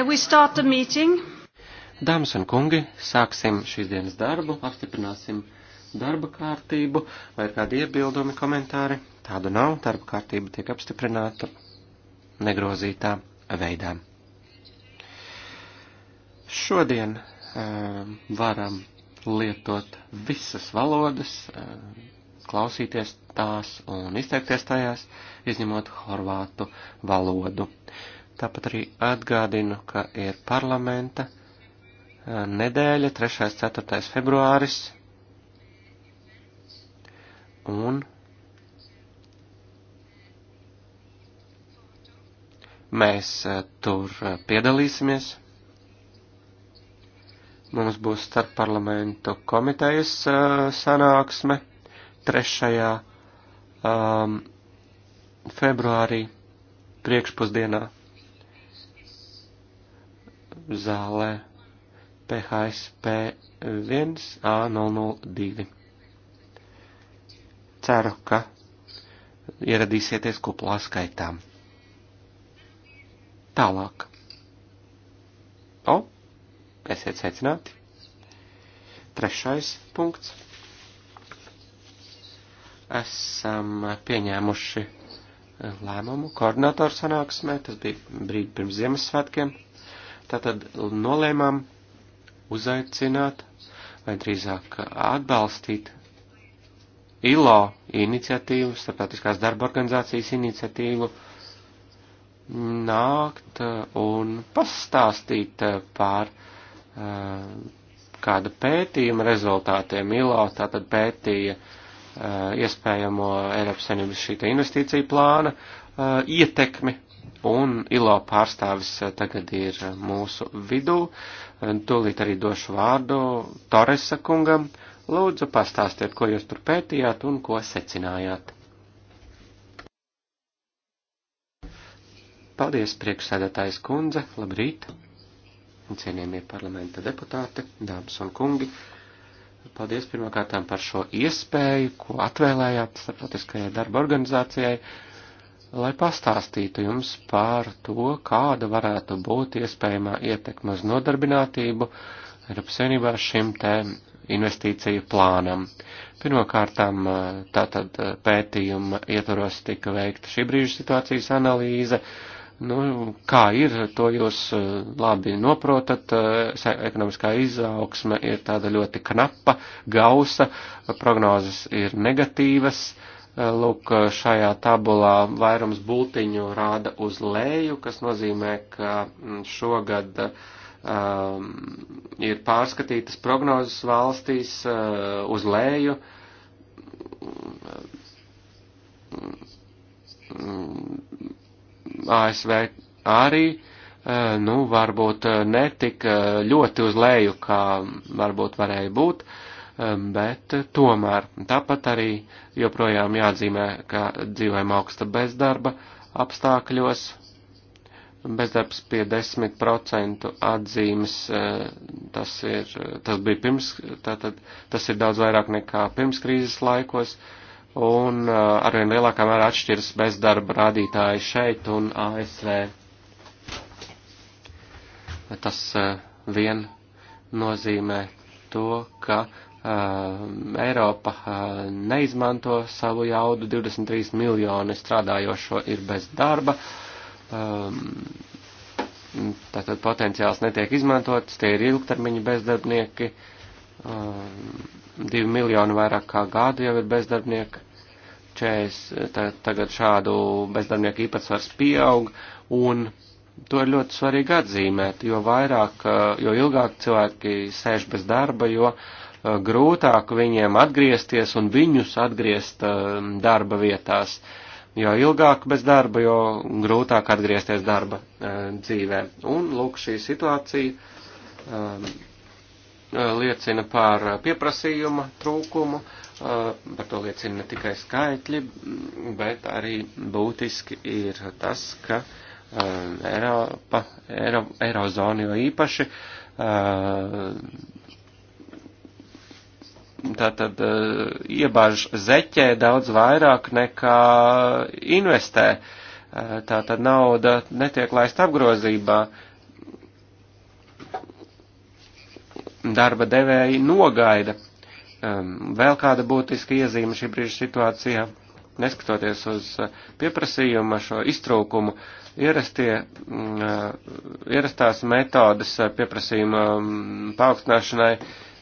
Uh, Dāmas un kungi, sāksim šīs dienas darbu, apstiprināsim darba kārtību, vai ir kādi iebildumi, komentāri. Tādu nav, darba kārtība tiek apstiprināta negrozītā veidā. Šodien uh, varam lietot visas valodas, uh, klausīties tās un izteikties tajās, izņemot horvātu valodu. Uh, Tāpat arī atgādinu, ka ir parlamenta nedēļa, 3. 4. februāris. Un mēs tur piedalīsimies. Mums būs starp parlamentu komitejas sanāksme 3. februārī priekšpusdienā zālē PHSP 1A002. Ceru, ka ieradīsieties kuplā skaitām. Tālāk. O, esiet sveicināti. Trešais punkts. Esam pieņēmuši lēmumu koordinatoru sanāksmē, tas bija brīdi pirms Ziemassvētkiem. Tātad nolēmām uzaicināt, vai drīzāk atbalstīt ILO iniciatīvu, starptautiskās darba organizācijas iniciatīvu, nākt uh, un pastāstīt uh, par uh, kāda pētījuma rezultātiem. ILO tātad pētīja iespējamo Eiropas Savienības šīta investīcija plāna ietekmi un ILO pārstāvis eh, tagad ir eh, mūsu vidū. Eh, tūlīt arī došu vārdu Toresa kungam. Lūdzu, pastāstiet, ko jūs tur pētījāt un ko secinājāt. Paldies, priekšsēdētājs kundze, labrīt, cienījamie parlamenta deputāti, dāmas un kungi. Paldies pirmkārtām par šo iespēju, ko atvēlējāt starptautiskajai darba organizācijai lai pastāstītu jums par to, kāda varētu būt iespējamā ietekma uz nodarbinātību Eiropas Savienībā šim te investīciju plānam. Pirmkārtām eh, tātad eh, pētījuma ietvaros tika veikta šī brīža situācijas analīze. Nu, kā ir, to jūs eh, labi noprotat, ekonomiskā izaugsme ir tāda ļoti knapa, gausa, prognozes ir negatīvas, uh, Lūk, šajā tabulā vairums bultiņu rāda uz leju, kas nozīmē, ka mm, šogad um, ir pārskatītas prognozes valstīs uh, uz leju. Mm, ASV arī, uh, nu, varbūt uh, netik uh, ļoti uz leju, kā varbūt varēja būt. Uh, bet tomēr tāpat arī joprojām jāatzīmē, ka dzīvojam augsta bezdarba apstākļos. Bezdarbs pie 10% atzīmes, e, tas, ir, tas bija pirms, tātad, tas ir daudz vairāk nekā pirms krīzes laikos, un e, arvien lielākā mērā atšķiras bezdarba rādītāji šeit un ASV. Tas e, vien nozīmē to, ka Uh, Eiropa uh, neizmanto savu jaudu, 23 miljoni strādājošo ir bez darba, um, tātad potenciāls netiek izmantots, tie ir ilgtermiņa bezdarbnieki, 2 um, miljoni vairāk kā gadu jau ir bezdarbnieki, 40, tagad šādu bezdarbnieku īpatsvars pieaug, un to ir ļoti svarīgi atzīmēt, jo vairāk, uh, jo ilgāk cilvēki sēž bez darba, jo uh, Eh, grūtāk viņiem atgriezties un viņus atgriezt eh, darba vietās. Jo ilgāk bez darba, jo grūtāk atgriezties darba eh, dzīvē. Un lūk, šī situācija liecina par pieprasījuma trūkumu, par to liecina ne tikai skaitļi, bet arī būtiski ir tas, ka Eiropa, Eiro, Eirozona jo īpaši tātad e, iebāž zeķē daudz vairāk nekā investē. E, tātad nauda netiek laista apgrozībā. Darba devēji nogaida. E, vēl kāda būtiska iezīme šī brīža situācijā, neskatoties uz pieprasījuma šo iztrūkumu, ierastie, mm, ierastās metodas pieprasījuma mm, paaugstināšanai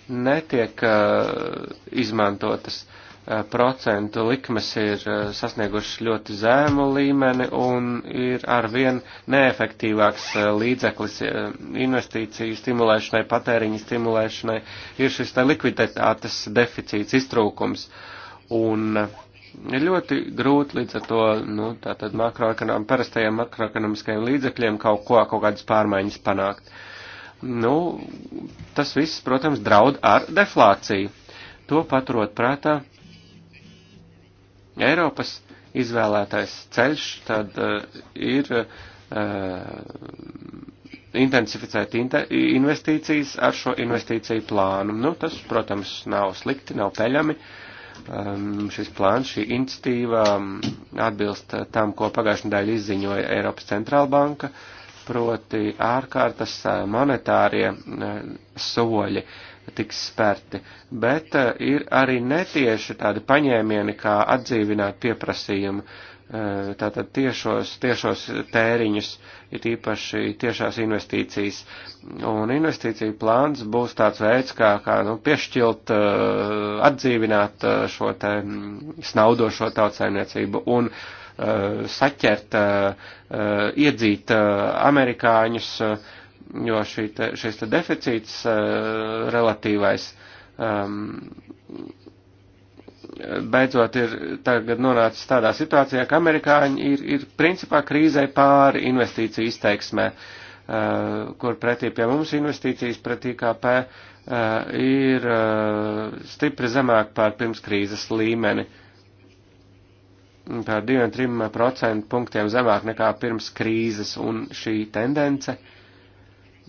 netiek eh, izmantotas. Eh, procentu likmes ir eh, sasniegušas ļoti zēmu līmeni un ir arvien neefektīvāks līdzeklis investīciju stimulēšanai, patēriņu stimulēšanai, ir šis te likviditātes deficīts, iztrūkums. Un ir ļoti grūti līdz ar to, nu, tātad makroekonom, parastajiem makroekonomiskajiem līdzekļiem kaut ko, kaut kādas pārmaiņas panākt. Uh, nu, tas viss, protams, draud ar deflāciju. To paturot prātā, Eiropas izvēlētais ceļš tad uh, ir uh, intensificēt inter, investīcijas ar šo investīciju plānu. Nu, tas, protams, nav slikti, nav peļami. Um, šis plāns, šī iniciatīva um, atbilst tam, ko pagājušajā nedēļā izziņoja Eiropas centrālbanka. Uh, proti ārkārtas monetārie soļi tiks spērti, bet ir arī netieši tādi paņēmieni, kā atdzīvināt pieprasījumu, tātad tiešos, tiešos tēriņus, ir īpaši tiešās investīcijas. Un investīcija plāns būs tāds veids, kā, kā nu, piešķilt, atdzīvināt šo te mm, snaudošo tautsaimniecību. Un uh, Eh, saķert, eh, eh, iedzīt amerikāņus, jo šī te, šis te deficīts relatīvais ehm, beidzot ir tagad nonācis tādā situācijā, ka amerikāņi ir, ir principā krīzē pāri investīciju izteiksmē, uh, kur pretī pie mums investīcijas pret IKP uh, ir uh, stipri zemāk pār pirms krīzes līmeni. Uh, par 2-3 procentu punktiem zemāk nekā pirms krīzes, un šī tendence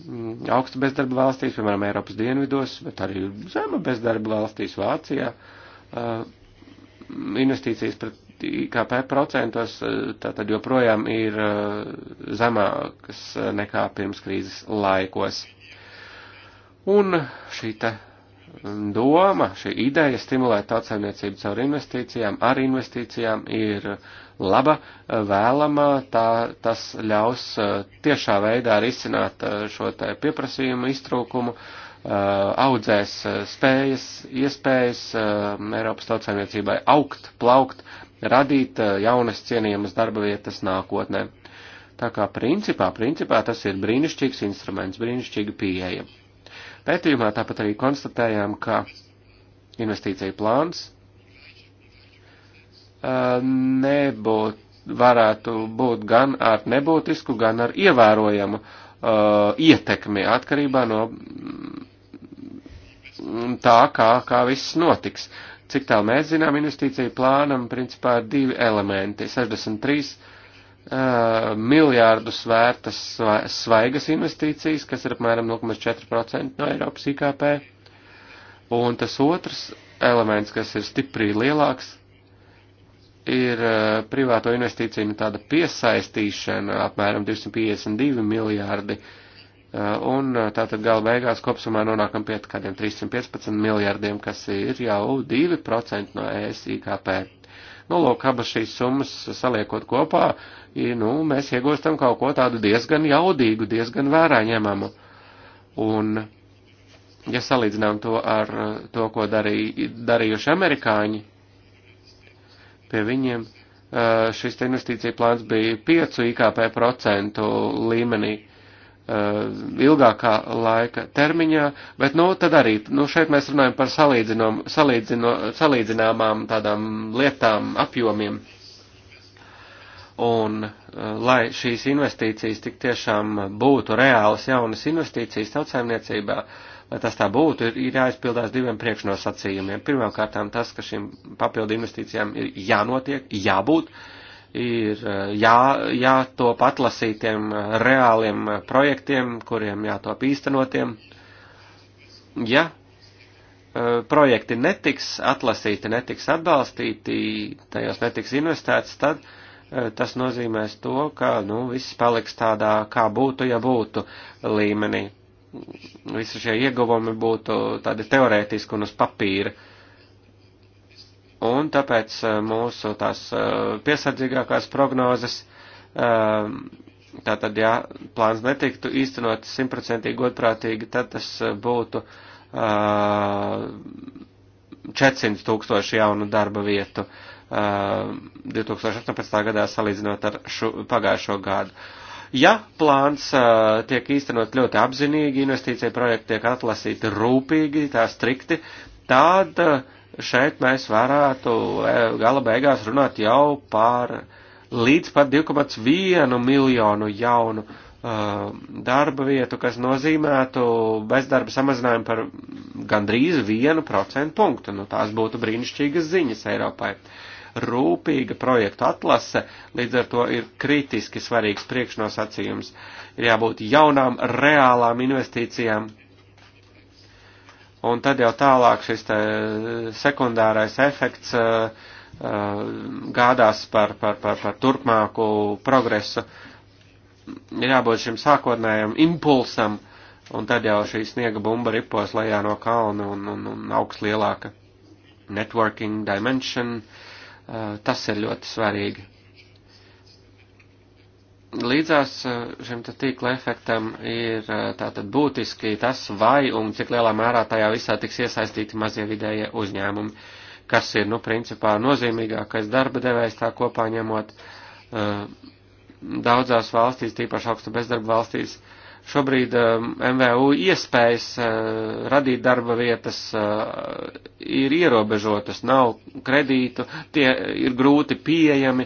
mm, augsta bezdarba valstīs, piemēram, Eiropas dienvidos, bet arī zema bezdarba valstīs Vācijā, investīcijas pret IKP procentos tātad joprojām ir zemākas nekā pirms krīzes laikos. Un šī te doma, šī ideja stimulēt tautsēmniecību caur investīcijām, ar investīcijām ir laba, vēlama, tā, tas ļaus tiešā veidā arī izcināt šo te pieprasījumu iztrūkumu, audzēs spējas, iespējas Eiropas tautsēmniecībai augt, plaukt, radīt jaunas cienījamas darba vietas nākotnē. Tā kā principā, principā tas ir brīnišķīgs instruments, brīnišķīga pieeja. Pētījumā tāpat arī konstatējām, ka investīcija plāns uh, nebūt, varētu būt gan ar nebūtisku, gan ar ievērojamu uh, ietekmi atkarībā no mm, tā, kā, kā viss notiks. Cik tālu mēs zinām, investīcija plānam principā ir divi elementi - 63 Eh, miljārdus vērtas svaigas investīcijas, kas ir apmēram 0,4% no Eiropas IKP. Un tas otrs elements, kas ir stipri lielāks, ir eh, privāto investīciju nu, tāda piesaistīšana apmēram 252 miljārdi. Eh, un tātad gala beigās kopsumā nonākam pie kādiem 315 miljārdiem, kas ir jau 2% no ES IKP. Nu, lūk, abas šīs summas saliekot kopā, i, nu, mēs iegūstam kaut ko tādu diezgan jaudīgu, diezgan vērā ņemamu. Un, ja salīdzinām to ar to, ko darī, darījuši amerikāņi, pie viņiem šis investīcija plāns bija 5 IKP procentu līmenī. Uh, ilgākā laika termiņā, bet, nu, tad arī, nu, šeit mēs runājam par salīdzino, salīdzināmām tādām lietām, apjomiem. Un, uh, lai šīs investīcijas tik tiešām būtu reālas jaunas investīcijas tautsēmniecībā, lai tas tā būtu, ir, ir jāizpildās diviem priekšnosacījumiem. Pirmkārtām tas, ka šīm papildu investīcijām ir jānotiek, jābūt, uh, ir eh, jā, jātop atlasītiem eh, reāliem eh, projektiem, kuriem jātop īstenotiem. Ja projekti netiks atlasīti, netiks atbalstīti, tajos netiks investēts, tad tas nozīmēs to, ka nu, viss paliks tādā, kā būtu, ja būtu līmenī. Visi šie ieguvumi būtu tādi teorētiski un uz papīra. Uh, un tāpēc eh, mūsu tās eh, piesardzīgākās prognozes, eh, tātad, ja plāns netiktu īstenot simtprocentīgi godprātīgi, tad tas būtu 400 tūkstoši jaunu darba vietu 2018. gadā salīdzinot ar šo, pagājušo gadu. Ja plāns uh, tiek īstenot ļoti apzinīgi, investīcija projekti tiek atlasīti rūpīgi, tā strikti, tad uh, šeit mēs varētu e, gala beigās runāt jau par līdz pat 2,1 miljonu jaunu uh, darba vietu, kas nozīmētu bezdarba samazinājumu par gandrīz 1% punktu. Nu, tās būtu brīnišķīgas ziņas Eiropai. Rūpīga projekta atlase līdz ar to ir kritiski svarīgs priekšnosacījums. Ir jābūt jaunām, reālām investīcijām un tad jau tālāk šis tā sekundārais efekts uh, uh, gādās par, par, par, par turpmāku progresu. Ir jābūt šim sākotnējam impulsam, un tad jau šī sniega bumba ripos lejā no kalna un, un, un augsts lielāka. Networking dimension, uh, tas ir ļoti svarīgi līdzās eh, šim tīkla efektam ir eh, tātad būtiski tas, vai un cik lielā mērā tajā visā tiks iesaistīti mazie vidējie uzņēmumi, kas ir, nu, principā nozīmīgākais darba devējs tā kopā ņemot eh, daudzās valstīs, tīpaši augstu bezdarba valstīs. Šobrīd MVU iespējas radīt darba vietas ir ierobežotas, nav kredītu, tie ir grūti pieejami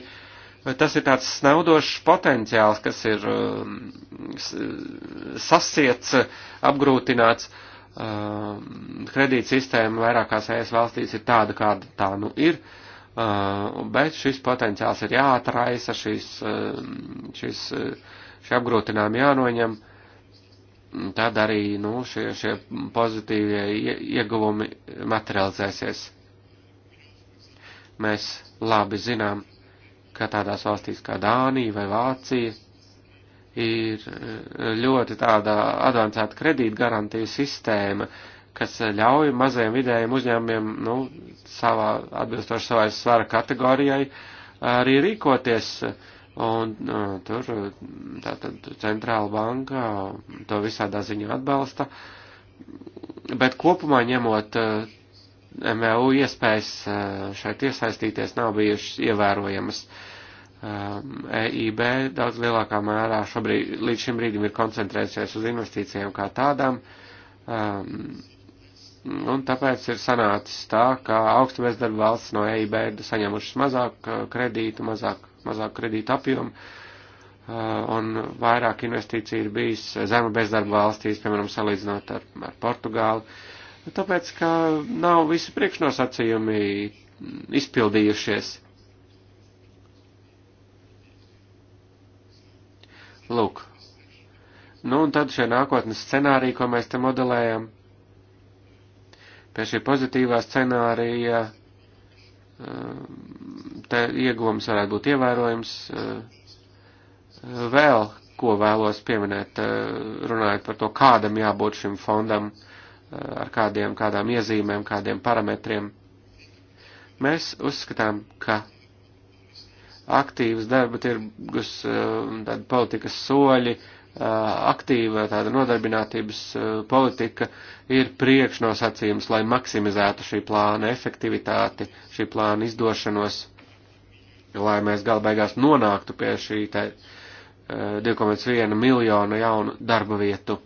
tas ir tāds snaudošs potenciāls, kas ir um, sasiets, apgrūtināts. Um, kredīt sistēma vairākās ES valstīs ir tāda, kāda tā nu ir, uh, bet šis potenciāls ir jāatraisa, šis, um, šis, šie apgrūtinājumi jānoņem. Tad arī nu, šie, šie pozitīvie ieguvumi materializēsies. Mēs labi zinām ka tādās valstīs kā Dānija vai Vācija ir eh, ļoti tāda advancēta kredītgarantija sistēma, kas ļauj mazajiem vidējiem uzņēmumiem, nu, savā, atbilstoši savai svara kategorijai, arī rīkoties. Un nu, tur tātad centrāla banka to visādā ziņā atbalsta. Bet kopumā ņemot eh, MVU iespējas eh, šeit iesaistīties nav bijušas ievērojamas. EIB ehm, e daudz lielākā mērā šobrīd līdz šim brīdim ir koncentrējusies uz investīcijām kā tādām, ehm, un tāpēc ir sanācis tā, ka augsta bezdarba valsts no EIB ir saņemušas mazāk eh, kredītu, mazāk, mazāk kredītu apjomu, ehm, un vairāk investīciju ir bijis zema bezdarba valstīs, piemēram, salīdzinot ar, ar Portugāli Nu, tāpēc, ka nav visi priekšnosacījumi izpildījušies. Lūk. Nu, un tad šie nākotnes scenāriji, ko mēs te modelējam, pie šī pozitīvā scenārija, um, te ieguvums varētu būt ievērojams. Uh, vēl, ko vēlos pieminēt, uh, runājot par to, kādam jābūt šim fondam, uh, ar kādiem, kādām iezīmēm, kādiem parametriem. Mēs uzskatām, ka aktīvas darba tirgus, eh, tāda politikas soļi, eh, aktīva tāda nodarbinātības eh, politika ir priekšnosacījums, lai maksimizētu šī plāna efektivitāti, šī plāna izdošanos, lai mēs gala beigās nonāktu pie šī 2,1 miljonu jaunu darba vietu.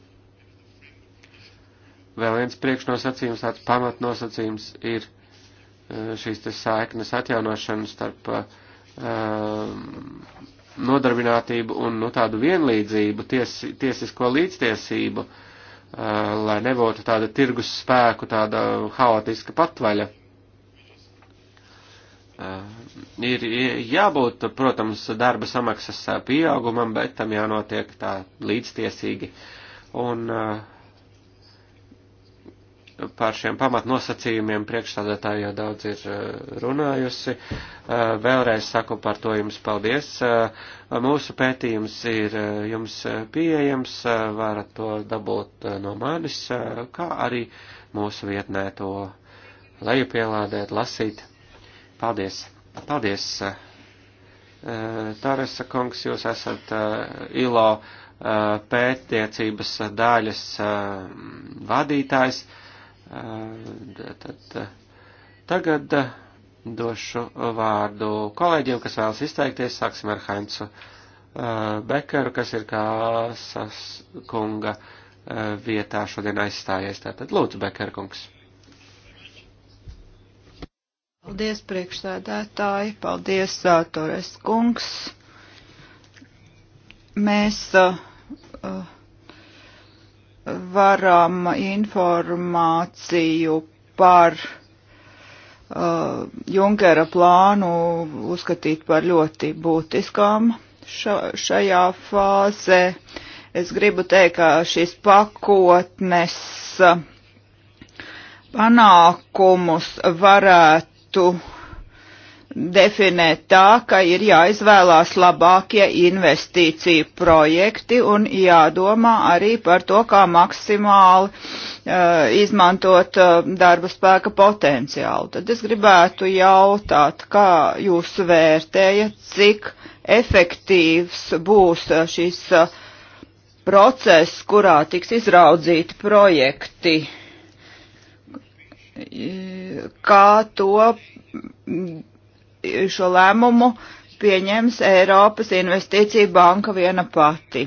Vēl viens priekšnosacījums, tāds pamatnosacījums ir e, šīs te saiknes atjaunošana starp e, nodarbinātību un nu, tādu vienlīdzību, ties, tiesisko līdztiesību, e, lai nebūtu tāda tirgus spēku, tāda haotiska patvaļa. Ir jābūt, protams, darba samaksas pieaugumam, bet tam jānotiek tā līdztiesīgi. Un uh, par šiem pamatnosacījumiem priekšstādātāji jau daudz ir eh, runājusi. Eh, vēlreiz saku par to jums paldies. Eh, mūsu pētījums ir jums pieejams, varat to dabūt no manis, kā arī mūsu vietnē to lejupielādēt, lasīt. Paldies! Paldies! Taresa kungs, jūs esat ILO pētniecības daļas vadītājs. Tad, tagad došu vārdu kolēģiem, kas vēlas izteikties. Sāksim ar Haincu Bekeru, kas ir kā saskunga vietā šodien aizstājies. Tātad lūdzu, Beker kungs. Paldies, priekšsēdētāji, paldies, Sātores kungs. Mēs uh, uh, varam informāciju par uh, Junkera plānu uzskatīt par ļoti būtiskām ša šajā fāzē. Es gribu teikt, ka šīs pakotnes panākumus varētu definē tā, ka ir jāizvēlās labākie investīciju projekti un jādomā arī par to, kā maksimāli uh, izmantot uh, darba spēka potenciālu. Tad es gribētu jautāt, kā jūs vērtējat, cik efektīvs būs eh, šis uh, process, kurā tiks izraudzīti projekti, kā to šo lēmumu pieņems Eiropas investīcija banka viena pati.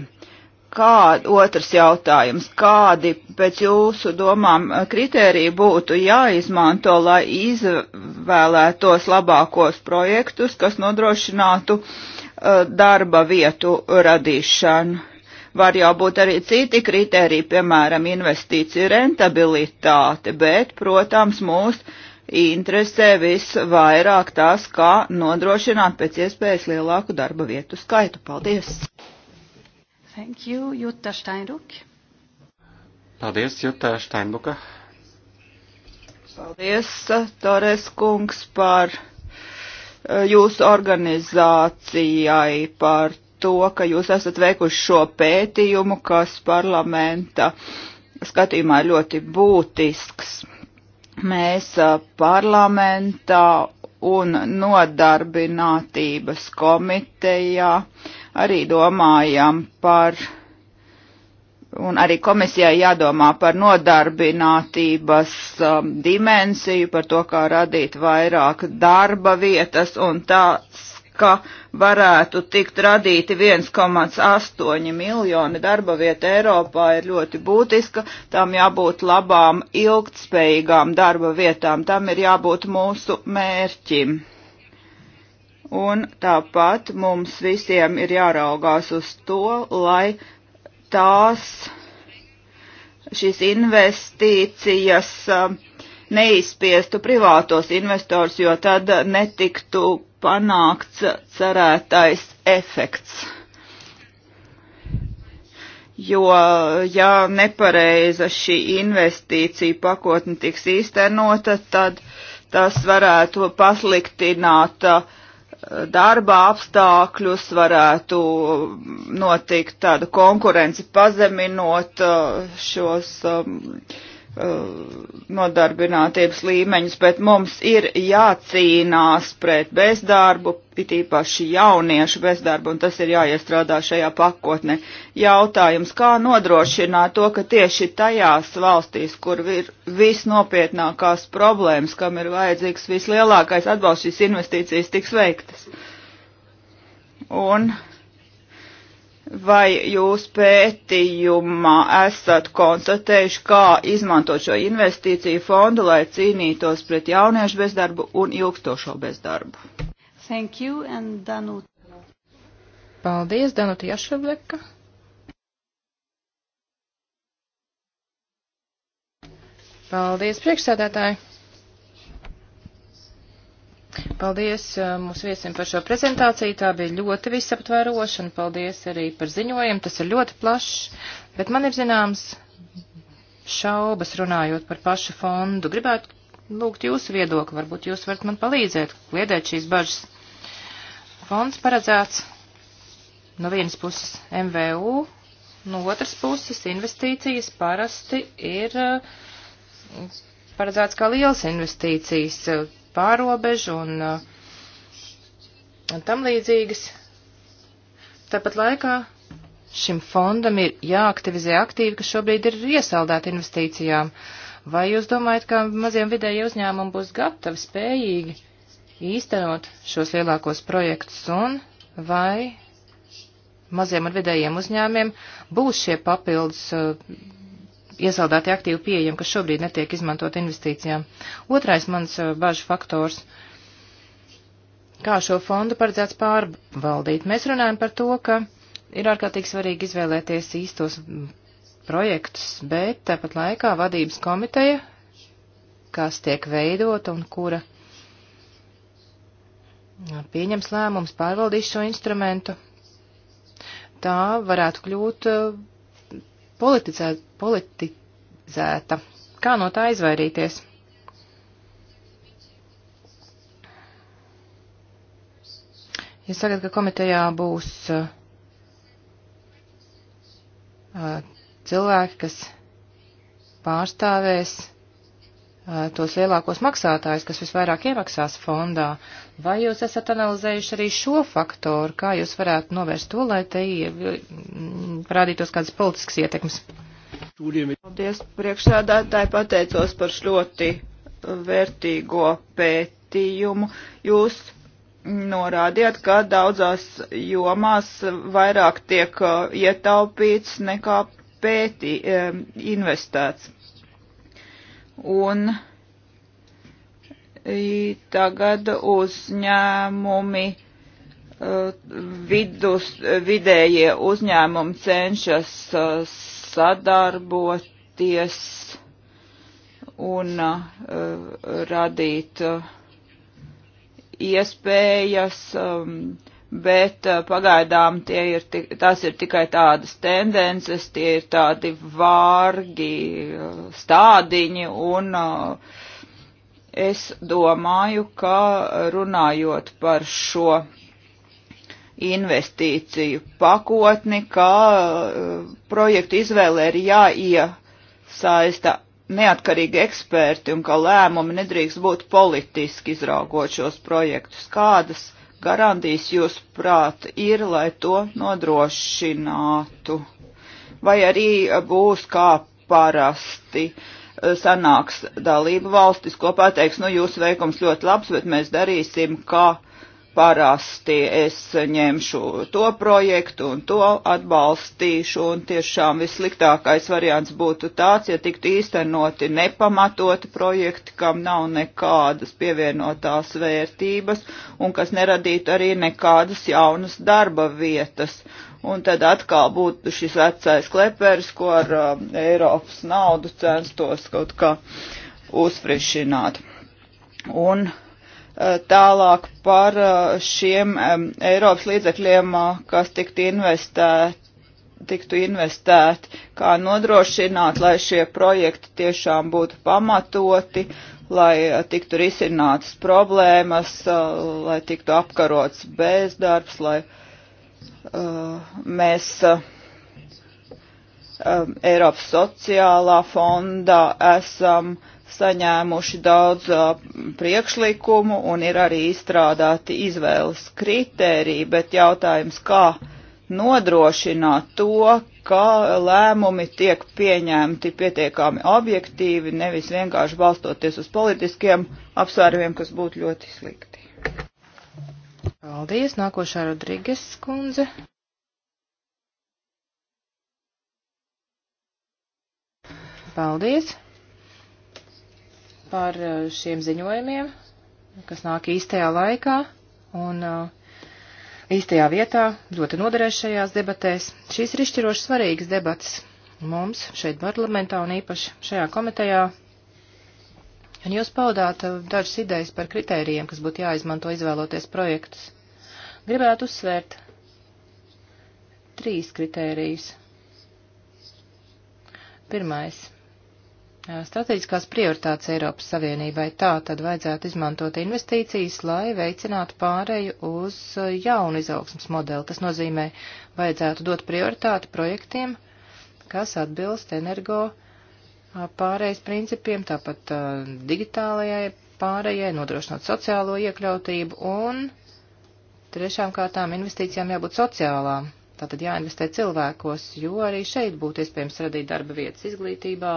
Kād, otrs jautājums, kādi pēc jūsu domām kritēriji būtu jāizmanto, lai izvēlētos labākos projektus, kas nodrošinātu uh, darba vietu radīšanu? Var jau būt arī citi kriteriji, piemēram, investīcija rentabilitāte, bet, protams, mūsu interesē visvairāk tas, kā nodrošināt pēc iespējas lielāku darba vietu skaitu. Paldies! Thank you, Jutta Steinruck. Paldies, Jutta Steinbuka. Paldies, Tores kungs, par eh, jūsu organizācijai, par to, ka jūs esat veikuši šo pētījumu, kas parlamenta skatījumā ir ļoti būtisks mēs parlamentā un nodarbinātības komitejā arī domājam par, un arī komisijai jādomā par nodarbinātības um, dimensiju, par to, kā radīt vairāk darba vietas un tās ka varētu tikt radīti 1,8 miljoni darba vietu Eiropā ir ļoti būtiska. Tam jābūt labām, ilgtspējīgām darba vietām. Tam ir jābūt mūsu mērķim. Un tāpat mums visiem ir jāraugās uz to, lai tās šīs investīcijas uh, neizspiestu privātos investors, jo tad netiktu panākts cerētais efekts. Jo, ja nepareiza šī investīcija pakotne tiks īstenota, tad tas varētu pasliktināt uh, darba apstākļus, varētu notikt tāda konkurence pazeminot uh, šos um, Uh, nodarbinātības līmeņus, bet mums ir jācīnās pret bezdarbu, it īpaši jauniešu bezdarbu, un tas ir jāiestrādā šajā pakotnē. Jautājums, kā nodrošināt to, ka tieši tajās valstīs, kur ir visnopietnākās problēmas, kam ir vajadzīgs vislielākais atbalsts, šīs investīcijas tiks veiktas. Un Vai jūs pētījumā esat konstatējuši, kā izmantot šo investīciju fondu, lai cīnītos pret jauniešu bezdarbu un ilgstošo bezdarbu? Thank you and Danut. Paldies, Danuta Jašavleka. Paldies, priekšsēdētāji. Paldies uh, mūsu viesim par šo prezentāciju. Tā bija ļoti visaptveroša un paldies arī par ziņojumu. Tas ir ļoti plašs, bet man ir zināms šaubas runājot par pašu fondu. Gribētu lūgt jūsu viedokli, varbūt jūs varat man palīdzēt, kliedēt šīs bažas. Fonds paredzēts no vienas puses MVU, no otras puses investīcijas parasti ir uh, paredzēts kā liels investīcijas uh, pārobežu un, uh, un tam līdzīgas. Tāpat laikā šim fondam ir jāaktivizē aktīvi, kas šobrīd ir iesaldēti investīcijām. Vai jūs domājat, ka maziem vidēji uzņēmumi būs gatavi, spējīgi īstenot šos lielākos projektus un vai maziem un vidējiem uzņēmiem būs šie papildus uh, iesaldēti aktīvi pieejami, kas šobrīd netiek izmantot investīcijām. Otrais mans bažu faktors. Kā šo fondu paredzēts pārvaldīt? Mēs runājam par to, ka ir ārkārtīgi svarīgi izvēlēties īstos projektus, bet tāpat laikā vadības komiteja, kas tiek veidota un kura pieņems lēmums, pārvaldīs šo instrumentu, tā varētu kļūt politizē, politizēta. Kā no tā izvairīties? Jūs ja sakat, ka komitejā būs uh, cilvēki, kas pārstāvēs tos lielākos maksātājus, kas visvairāk iemaksās fondā. Vai jūs esat analizējuši arī šo faktoru, kā jūs varētu novērst to, lai te parādītos kādas politiskas ietekmes? Paldies priekšsādātāji, pateicos par ļoti vērtīgo pētījumu. Jūs norādījāt, ka daudzās jomās vairāk tiek ietaupīts nekā pētī, investēts un tagad uzņēmumi, e, vidus, vidējie uzņēmumi cenšas e, sadarboties un e, radīt iespējas um, bet eh, pagaidām ir, tās ir tikai tādas tendences, tie ir tādi vārgi eh, stādiņi un eh, es domāju, ka runājot par šo investīciju pakotni, ka projektu izvēle ir jāiesaista neatkarīgi eksperti un ka lēmumi nedrīkst būt politiski izraugot šos projektus. Kādas garantijas jūs prāt ir, lai to nodrošinātu? Vai arī būs kā parasti eh, sanāks dalību valstis kopā teiks, nu jūsu veikums ļoti labs, bet mēs darīsim kā parasti es ņemšu to projektu un to atbalstīšu, un tiešām vissliktākais variants būtu tāds, ja tiktu īstenoti nepamatoti projekti, kam nav nekādas pievienotās vērtības, un kas neradītu arī nekādas jaunas darba vietas. Un tad atkal būtu šis vecais klepers, ko ar uh, Eiropas naudu censtos kaut kā uzfrišināt. Un uh, Eh, tālāk par eh, šiem Eiropas līdzekļiem, eh, kas tiktu investēti tiktu investēti, kā nodrošināt, lai šie projekti tiešām būtu pamatoti, lai tiktu risinātas problēmas, lai tiktu apkarots bezdarbs, lai uh, mēs uh, Eiropas sociālā fondā esam uh, saņēmuši daudz priekšlikumu un ir arī izstrādāti izvēles kritēriji, bet jautājums, kā nodrošināt to, ka lēmumi tiek pieņemti pietiekami objektīvi, nevis vienkārši balstoties uz politiskiem apsvērumiem, kas būtu ļoti slikti. Paldies, nākošā Rodriges kundze. Paldies! par eh, šiem ziņojumiem, kas nāk īstajā laikā un eh, īstajā vietā, ļoti noderēs šajās debatēs. Šīs ir izšķiroši svarīgas debatas mums šeit parlamentā un īpaši šajā komitejā. Un jūs paudāt eh, dažas idejas par kritērijiem, kas būtu jāizmanto izvēloties projektus. Gribētu uzsvērt trīs kritērijus. Pirmais Strateģiskās prioritātes Eiropas Savienībai tā tad vajadzētu izmantot investīcijas, lai veicinātu pāreju uz jaunu izaugsmas modeli. Tas nozīmē, vajadzētu dot prioritāti projektiem, kas atbilst energo pārējais principiem, tāpat digitālajai pārējai, nodrošinot sociālo iekļautību un trešām kārtām investīcijām jābūt sociālām. Tātad jāinvestē cilvēkos, jo arī šeit būtu iespējams radīt darba vietas izglītībā,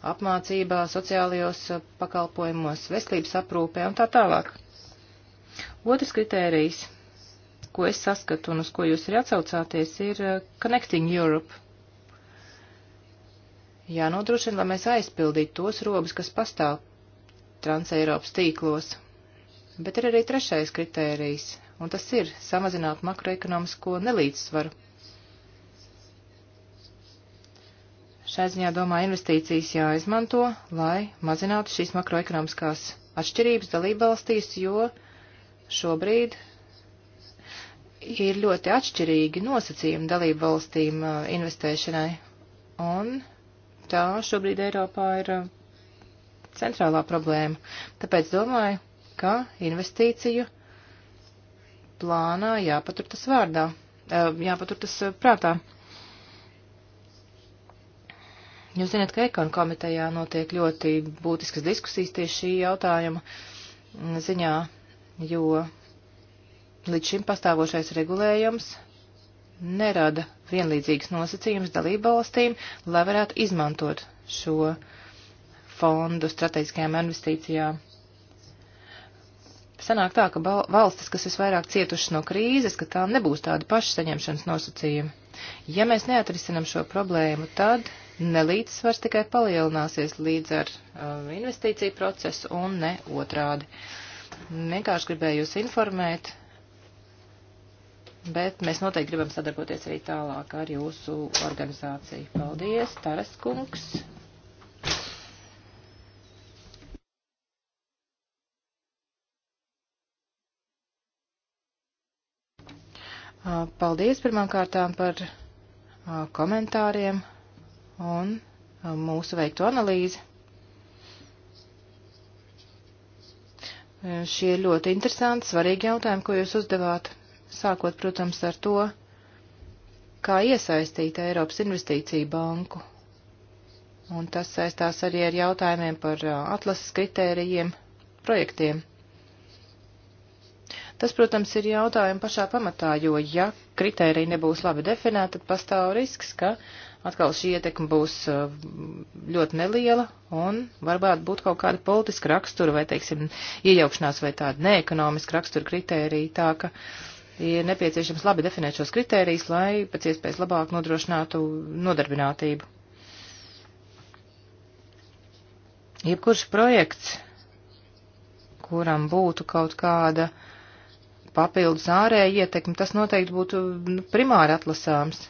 apmācībā, sociālajos pakalpojumos, veselības aprūpē un tā tālāk. Otrs kritērijs, ko es saskatu un uz ko jūs arī atsaucāties, ir uh, Connecting Europe. Jānodrošina, lai mēs aizpildītu tos robus, kas pastāv transeiropas tīklos. Bet ir arī trešais kritērijs, un tas ir samazināt makroekonomisko nelīdzsvaru Šai ziņā, domāju, investīcijas jāizmanto, lai mazinātu šīs makroekonomiskās atšķirības dalībvalstīs, jo šobrīd ir ļoti atšķirīgi nosacījumi dalībvalstīm uh, investēšanai. Un tā šobrīd Eiropā ir uh, centrālā problēma. Tāpēc domāju, ka investīciju plānā jāpatur tas vārdā, uh, jāpatur tas prātā. Jūs zināt, ka Ekonu komitejā notiek ļoti būtiskas diskusijas tieši šī jautājuma ziņā, jo līdz šim pastāvošais regulējums nerada vienlīdzīgas nosacījumus dalībvalstīm, lai varētu izmantot šo fondu strateģiskajām investīcijām. Sanāk tā, ka valstis, kas visvairāk cietušas no krīzes, ka tām nebūs tādi paši saņemšanas nosacījumi. Ja mēs neatrisinam šo problēmu, tad nelīdzsvars tikai palielināsies līdz ar uh, investīciju procesu un ne otrādi. Vienkārši gribēju jūs informēt, bet mēs noteikti gribam sadarboties arī tālāk ar jūsu organizāciju. Paldies, Taras kungs! Uh, paldies pirmkārtām par uh, komentāriem un uh, mūsu veikto analīzi. Uh, šie ir ļoti interesanti, svarīgi jautājumi, ko jūs uzdevāt, sākot, protams, ar to, kā iesaistīt Eiropas investīciju banku. Un tas saistās arī ar jautājumiem par uh, atlases kritērijiem, projektiem. Tas, protams, ir jautājumi pašā pamatā, jo ja kritērija nebūs labi definēta, tad pastāv risks, ka atkal šī ietekme būs eh, ļoti neliela un varbūt būtu kaut kāda politiska rakstura vai, teiksim, iejaukšanās vai tāda neekonomiska rakstura kritērija tā, ka ir nepieciešams labi definēt šos kritērijus, lai pēc iespējas labāk nodrošinātu nodarbinātību. Jebkurš projekts, kuram būtu kaut kāda papildus ārēja ietekme, tas noteikti būtu nu, primāri atlasāms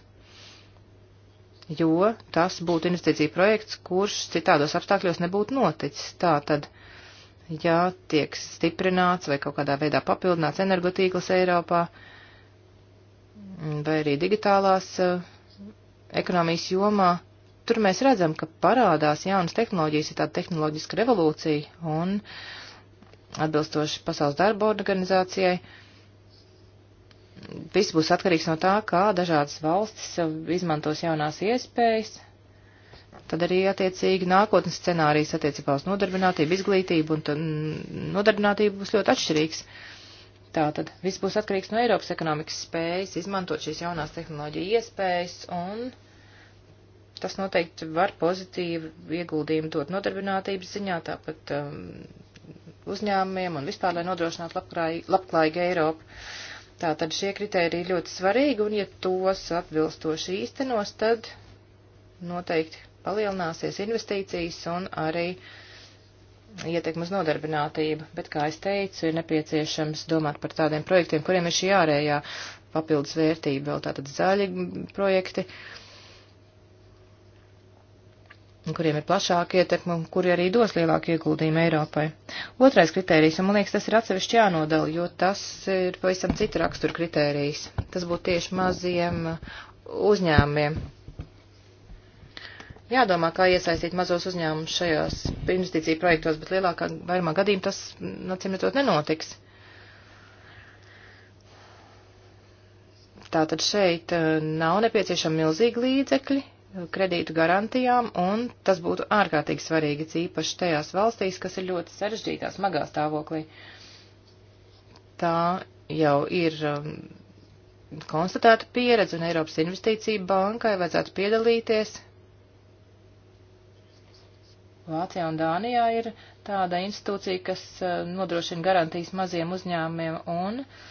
jo tas būtu investīcija projekts, kurš citādos apstākļos nebūtu noticis. Tātad, ja tiek stiprināts vai kaut kādā veidā papildināts energotīkls Eiropā, vai arī digitālās uh, ekonomijas jomā, tur mēs redzam, ka parādās jaunas tehnoloģijas, ir tāda tehnoloģiska revolūcija un atbilstoši Pasaules darba organizācijai. Uh, viss būs atkarīgs no tā, kā dažādas valstis izmantos jaunās iespējas. Tad arī attiecīgi nākotnes scenārijas attiecībā uz nodarbinātību, izglītību un nodarbinātību būs ļoti atšķirīgs. Tātad viss būs atkarīgs no Eiropas ekonomikas spējas izmantot šīs jaunās tehnoloģija iespējas un tas noteikti var pozitīvu ieguldījumu dot nodarbinātības ziņā, tāpat um, uzņēmumiem un vispār, lai nodrošinātu labklāj, labklājīgu Eiropu. Uh, Tātad šie kriteriji ir ļoti svarīgi, un ja tos atbilstoši īstenos, tad noteikti palielināsies investīcijas un arī ietekmi uz nodarbinātību. Bet, kā es teicu, ir nepieciešams domāt par tādiem projektiem, kuriem ir šī ārējā papildus vērtība, vēl tātad zaļi projekti. Uh, kuriem ir plašāka ietekme un kuri arī dos lielāku ieguldījumu Eiropai. Otrais kritērijs, un man liekas, tas ir atsevišķi jānodala, jo tas ir pavisam cita rakstura kritērijs. Tas būtu tieši maziem uh, uzņēmumiem. Jādomā, kā iesaistīt mazos uzņēmumus šajos investīciju projektos, bet lielākā vairumā gadījumā tas, nu, acīm redzot, nenotiks. Tātad šeit uh, nav nepieciešami milzīgi līdzekļi, kredītu garantijām, un tas būtu ārkārtīgi svarīgi, īpaši tajās valstīs, kas ir ļoti sarežģītā, smagā stāvoklī. Tā jau ir um, konstatēta pieredze, un Eiropas investīcija bankai vajadzētu piedalīties. Vācijā un Dānijā ir tāda institūcija, kas uh, nodrošina garantijas maziem uzņēmumiem, un uh,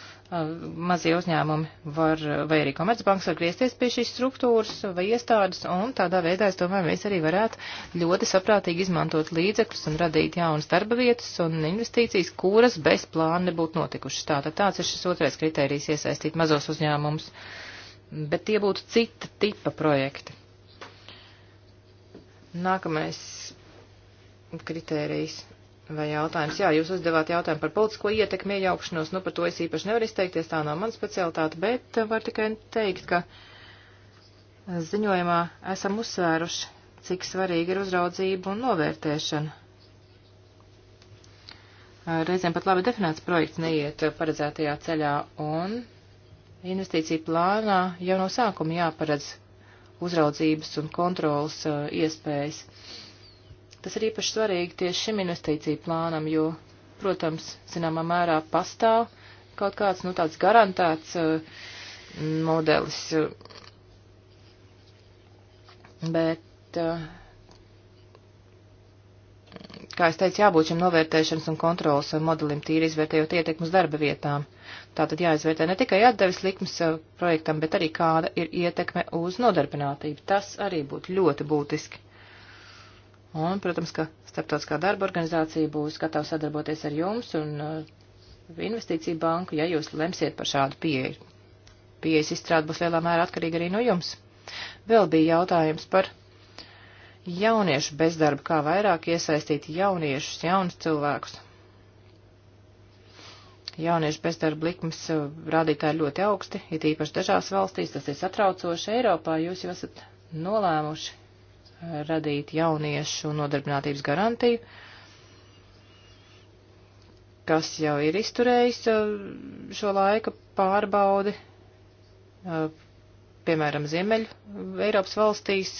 mazie uzņēmumi var, vai arī komercbanks var griezties pie šīs struktūras vai iestādes, un tādā veidā, es domāju, mēs arī varētu ļoti saprātīgi izmantot līdzekļus un radīt jaunas darba vietas un investīcijas, kuras bez plāna nebūtu notikušas. Tātad tāds ir šis otrais kriterijs iesaistīt mazos uzņēmumus, bet tie būtu cita tipa projekti. Nākamais kritērijs Vai jautājums? Jā, jūs uzdevāt jautājumu par politisko ietekmi iejaukšanos. Nu, par to es īpaši nevaru izteikties, tā nav mana specialitāte, bet var tikai teikt, ka ziņojumā esam uzsvēruši, cik svarīgi ir uzraudzība un novērtēšana. Reizēm pat labi definēts projekts neiet paredzētajā ceļā un investīcija plānā jau no sākuma jāparedz uzraudzības un kontrolas uh, iespējas. Uh, Tas ir īpaši svarīgi tieši šim investīciju plānam, jo, protams, zināmā mērā pastāv kaut kāds, nu, tāds garantēts uh, modelis. Bet, uh, kā es teicu, jābūt šim novērtēšanas un kontrolas modelim tīri izvērtējot ietekmus darba vietām. Tātad jāizvērtē ne tikai atdevis likmes eh, projektam, bet arī kāda ir ietekme uz nodarbinātību. Tas arī būtu ļoti būtiski. Un, protams, ka starptautiskā darba organizācija būs gatava sadarboties ar jums un uh, investīciju banku, ja jūs lemsiet par šādu pieeju. Pieejas izstrāde būs lielā mērā atkarīga arī no jums. Vēl bija jautājums par jauniešu bezdarbu, kā vairāk iesaistīt jauniešus, jaunus cilvēkus. Jauniešu bezdarba likmes uh, rādītāji ļoti augsti, it īpaši dažās valstīs, tas ir satraucoši. Eiropā jūs jau esat nolēmuši radīt jauniešu nodarbinātības garantiju, kas jau ir izturējis šo laika pārbaudi, piemēram, Ziemeļu Eiropas valstīs.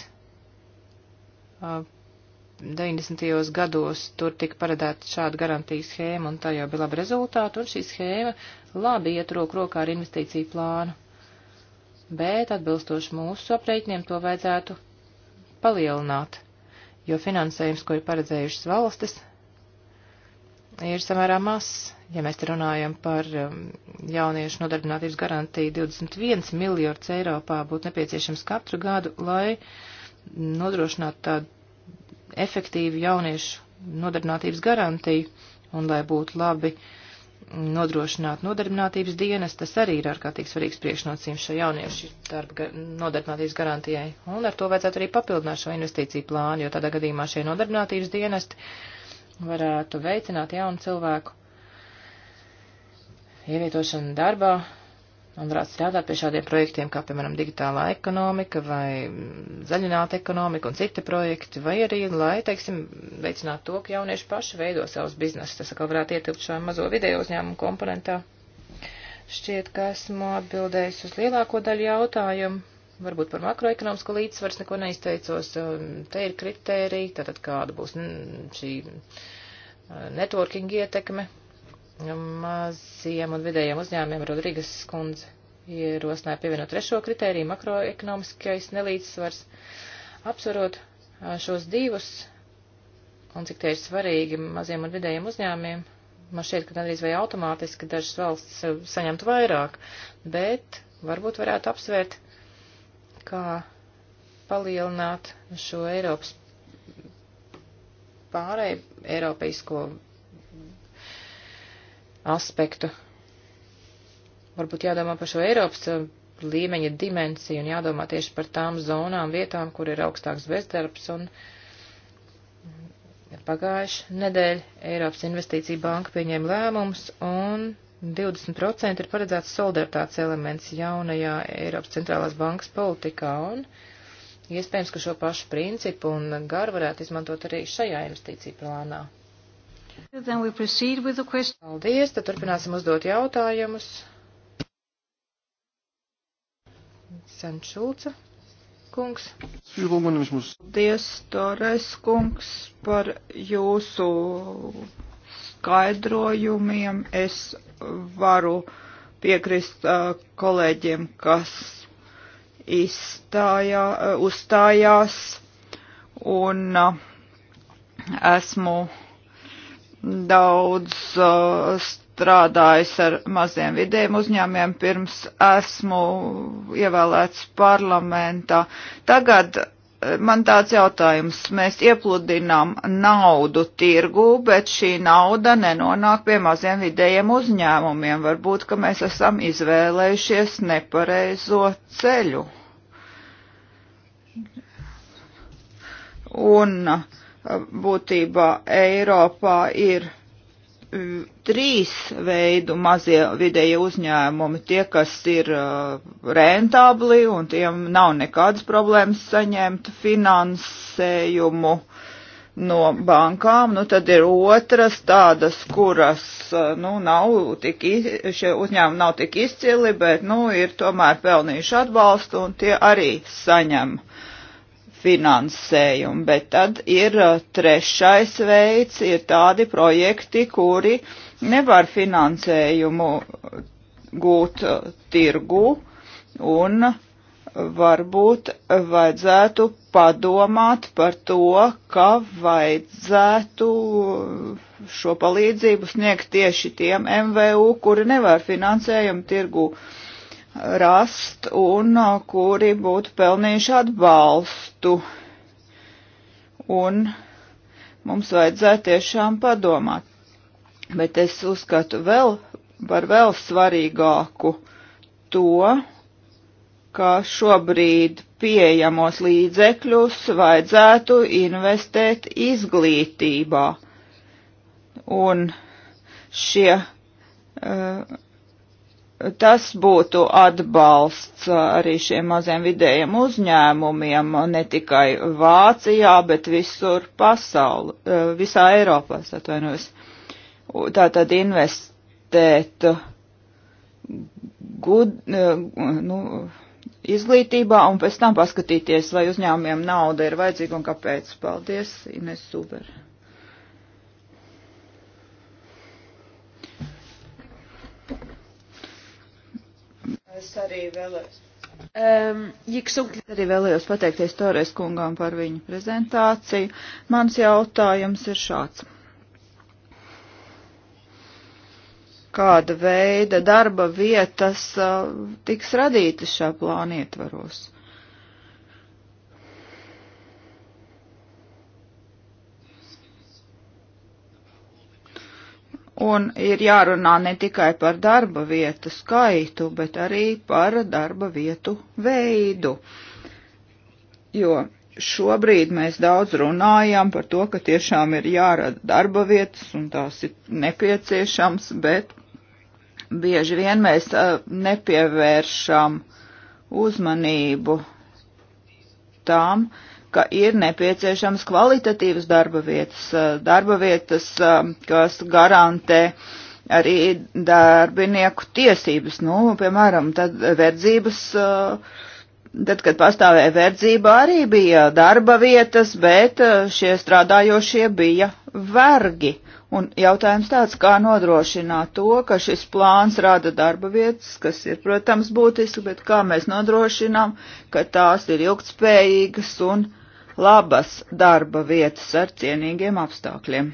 90. gados tur tika paredzēta šāda garantijas schēma, un tā jau bija laba rezultāta, un šī schēma labi iet roku rokā ar investīciju plānu. Bet atbilstoši mūsu aprēķiniem to vajadzētu palielināt, jo finansējums, ko ir paredzējušas valstis, ir samērā mazs. Ja mēs te runājam par um, jauniešu nodarbinātības garantiju 21 miljardus Eiropā būtu nepieciešams katru gadu, lai nodrošinātu tādu efektīvu jauniešu nodarbinātības garantiju un lai būtu labi uh, nodrošināt nodarbinātības dienas, tas arī ir ārkārtīgi svarīgs priekšnocījums šo jauniešu darba nodarbinātības garantijai. Un ar to vajadzētu arī papildināt šo investīciju plānu, jo tādā gadījumā šie nodarbinātības dienesti varētu veicināt jaunu cilvēku ievietošanu darbā, un varētu strādāt pie šādiem projektiem, kā piemēram digitālā ekonomika vai zaļināta ekonomika un citi projekti, vai arī, lai, teiksim, veicinātu to, ka jaunieši paši veido savus biznesus. Tas atkal varētu ietilpt šajā mazo video uzņēmumu komponentā. Šķiet, ka esmu atbildējis uz lielāko daļu jautājumu. Varbūt par makroekonomisko līdzsvars neko neizteicos. Um, Te ir kritērija, tātad kāda būs mm, šī uh, networking ietekme maziem un vidējiem uzņēmiem Rodrīgas skundze ierosināja pievienot trešo kritēriju - makroekonomiskais nelīdzsvars. Apsvarot šos divus, un cik tie ir svarīgi maziem un vidējiem uzņēmiem, man šķiet, ka gandrīz vai automātiski dažas valsts saņemtu vairāk, bet varbūt varētu apsvērt, kā palielināt šo Eiropas pārēju Eiropaisko aspektu. Varbūt jādomā par šo Eiropas uh, līmeņa dimensiju un jādomā tieši par tām zonām, vietām, kur ir augstāks bezdarbs. Un pagājuši nedēļ Eiropas investīcija banka pieņēma lēmums un 20% ir paredzēts solidaritātes elements jaunajā Eiropas centrālās bankas politikā. Un iespējams, ka šo pašu principu un garu varētu izmantot arī šajā investīcija plānā. Paldies, tad turpināsim uzdot jautājumus. Senčulca kungs. Paldies, Tores kungs, par jūsu skaidrojumiem. Es varu piekrist uh, kolēģiem, kas izstājā, uh, uzstājās, un uh, esmu daudz uh, strādājis ar maziem vidiem uzņēmiem pirms esmu ievēlēts parlamentā. Tagad eh, man tāds jautājums. Mēs iepludinām naudu tirgū, bet šī nauda nenonāk pie maziem vidējiem uzņēmumiem. Varbūt, ka mēs esam izvēlējušies nepareizo ceļu. Un uh, būtībā Eiropā ir mm, trīs veidu mazie vidēji uzņēmumi. Tie, kas ir uh, rentabli un tiem nav nekādas problēmas saņemt finansējumu no bankām, nu tad ir otras tādas, kuras, uh, nu, nav tik, šie uzņēmumi nav tik izcili, bet, nu, ir tomēr pelnījuši atbalstu un tie arī saņem uh, finansējumu, bet tad ir uh, trešais veids, ir tādi projekti, kuri nevar finansējumu gūt uh, tirgu un varbūt vajadzētu padomāt par to, ka vajadzētu šo palīdzību sniegt tieši tiem MVU, kuri nevar finansējumu tirgu uh, rast un kuri būtu pelnījuši atbalstu. Un mums vajadzētu tiešām padomāt. Bet es uzskatu vēl par vēl svarīgāku to, ka šobrīd pieejamos līdzekļus vajadzētu investēt izglītībā. Un šie uh, Tas būtu atbalsts uh, arī šiem maziem vidējiem uzņēmumiem ne tikai Vācijā, bet visur pasauli, uh, visā Eiropā, es atvainojos. Tā tad investēt uh, gud, nu, izglītībā un pēc tam paskatīties, vai uzņēmumiem nauda ir vajadzīga un kāpēc. Paldies, Ines Zuber. Es arī vēlēs. Um, Jiksunkis arī vēlējos pateikties toreiz kungām par viņu prezentāciju. Mans jautājums ir šāds. Kāda veida darba vietas uh, tiks radītas šā plāna ietvaros? Uh, Un ir jārunā ne tikai par darba vietu skaitu, bet arī par darba vietu veidu. Jo šobrīd mēs daudz runājam par to, ka tiešām ir jārada darba vietas un tās ir nepieciešams, bet bieži vien mēs nepievēršam uzmanību tām, uh, ka ir nepieciešams kvalitatīvas darba vietas, darba vietas, kas garantē arī darbinieku tiesības. Nu, piemēram, tad verdzības, tad, kad pastāvēja verdzība, arī bija darba vietas, bet šie strādājošie bija vergi. Un jautājums tāds, kā nodrošināt to, ka šis plāns rada darba vietas, kas ir, protams, būtiski, bet kā mēs nodrošinām, ka tās ir ilgtspējīgas un labas darba vietas ar cienīgiem apstākļiem.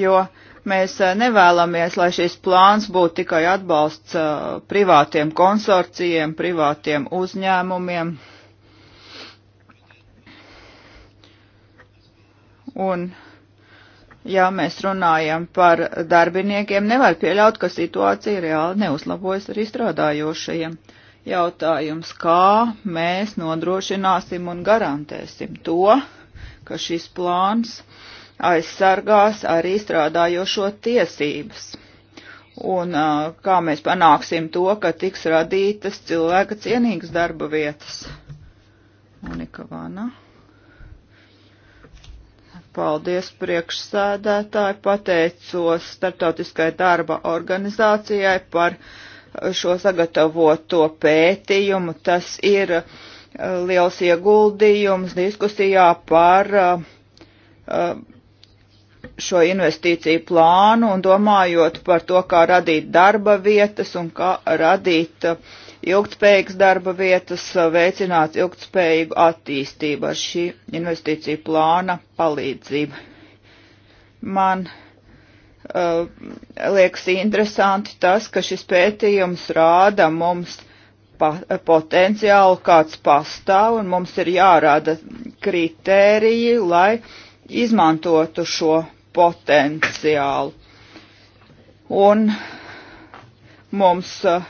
Jo mēs eh, nevēlamies, lai šis plāns būtu tikai atbalsts eh, privātiem konsorcijiem, privātiem uzņēmumiem. Un, ja mēs runājam par darbiniekiem, nevar pieļaut, ka situācija reāli neuzlabojas arī strādājošajiem. Uh, Jautājums, kā mēs nodrošināsim un garantēsim to, ka šis plāns aizsargās arī strādājošo tiesības. Un kā mēs panāksim to, ka tiks radītas cilvēka cienīgas darba vietas. Monika Vana. Paldies priekšsēdētāji, pateicos Startautiskai darba organizācijai par šo sagatavoto pētījumu. Tas ir uh, liels ieguldījums diskusijā par uh, uh, šo investīciju plānu un domājot par to, kā radīt darba vietas un kā radīt ilgtspējīgas darba vietas, veicināt ilgtspējīgu attīstību ar šī investīciju plāna palīdzību. Man uh, liekas interesanti tas, ka šis pētījums rāda mums pa, uh, potenciālu, kāds pastāv, un mums ir jārāda kritēriji, lai izmantotu šo potenciālu. Un mums, uh,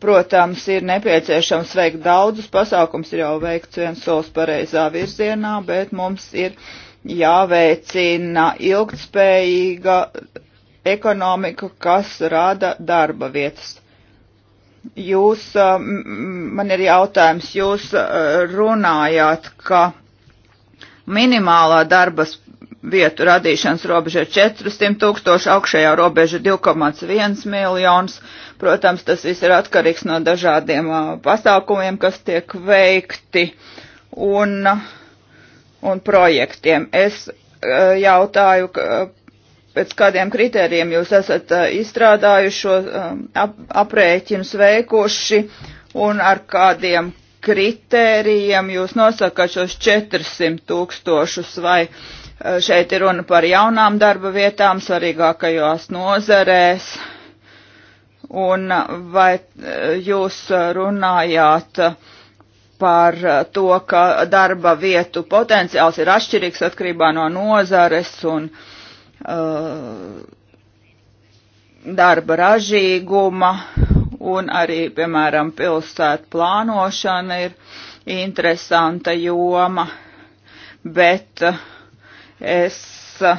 protams, ir nepieciešams veikt daudzus pasākums, ir jau veikts viens solis pareizā virzienā, bet mums ir uh, jāveicina ilgtspējīga ekonomika, kas rada darba vietas. Jūs, uh, man ir jautājums, jūs uh, runājāt, ka minimālā darba vietu radīšanas robeža ir 400 tūkstoši, augšējā robeža 2,1 miljonus. Protams, tas viss ir atkarīgs no dažādiem uh, pasākumiem, kas tiek veikti. Un uh, un projektiem. Es eh, jautāju, eh, pēc kādiem kritērijiem jūs esat eh, izstrādājuši šo ap, aprēķinus veikuši un ar kādiem kritērijiem jūs nosakat šos 400 tūkstošus vai šeit ir runa par jaunām darba vietām svarīgākajās nozerēs. Un vai jūs runājāt uh, par eh, to, ka darba vietu potenciāls ir atšķirīgs atkarībā no nozares un uh, darba ražīguma, un arī, piemēram, pilsētu plānošana ir interesanta joma, bet eh, es uh,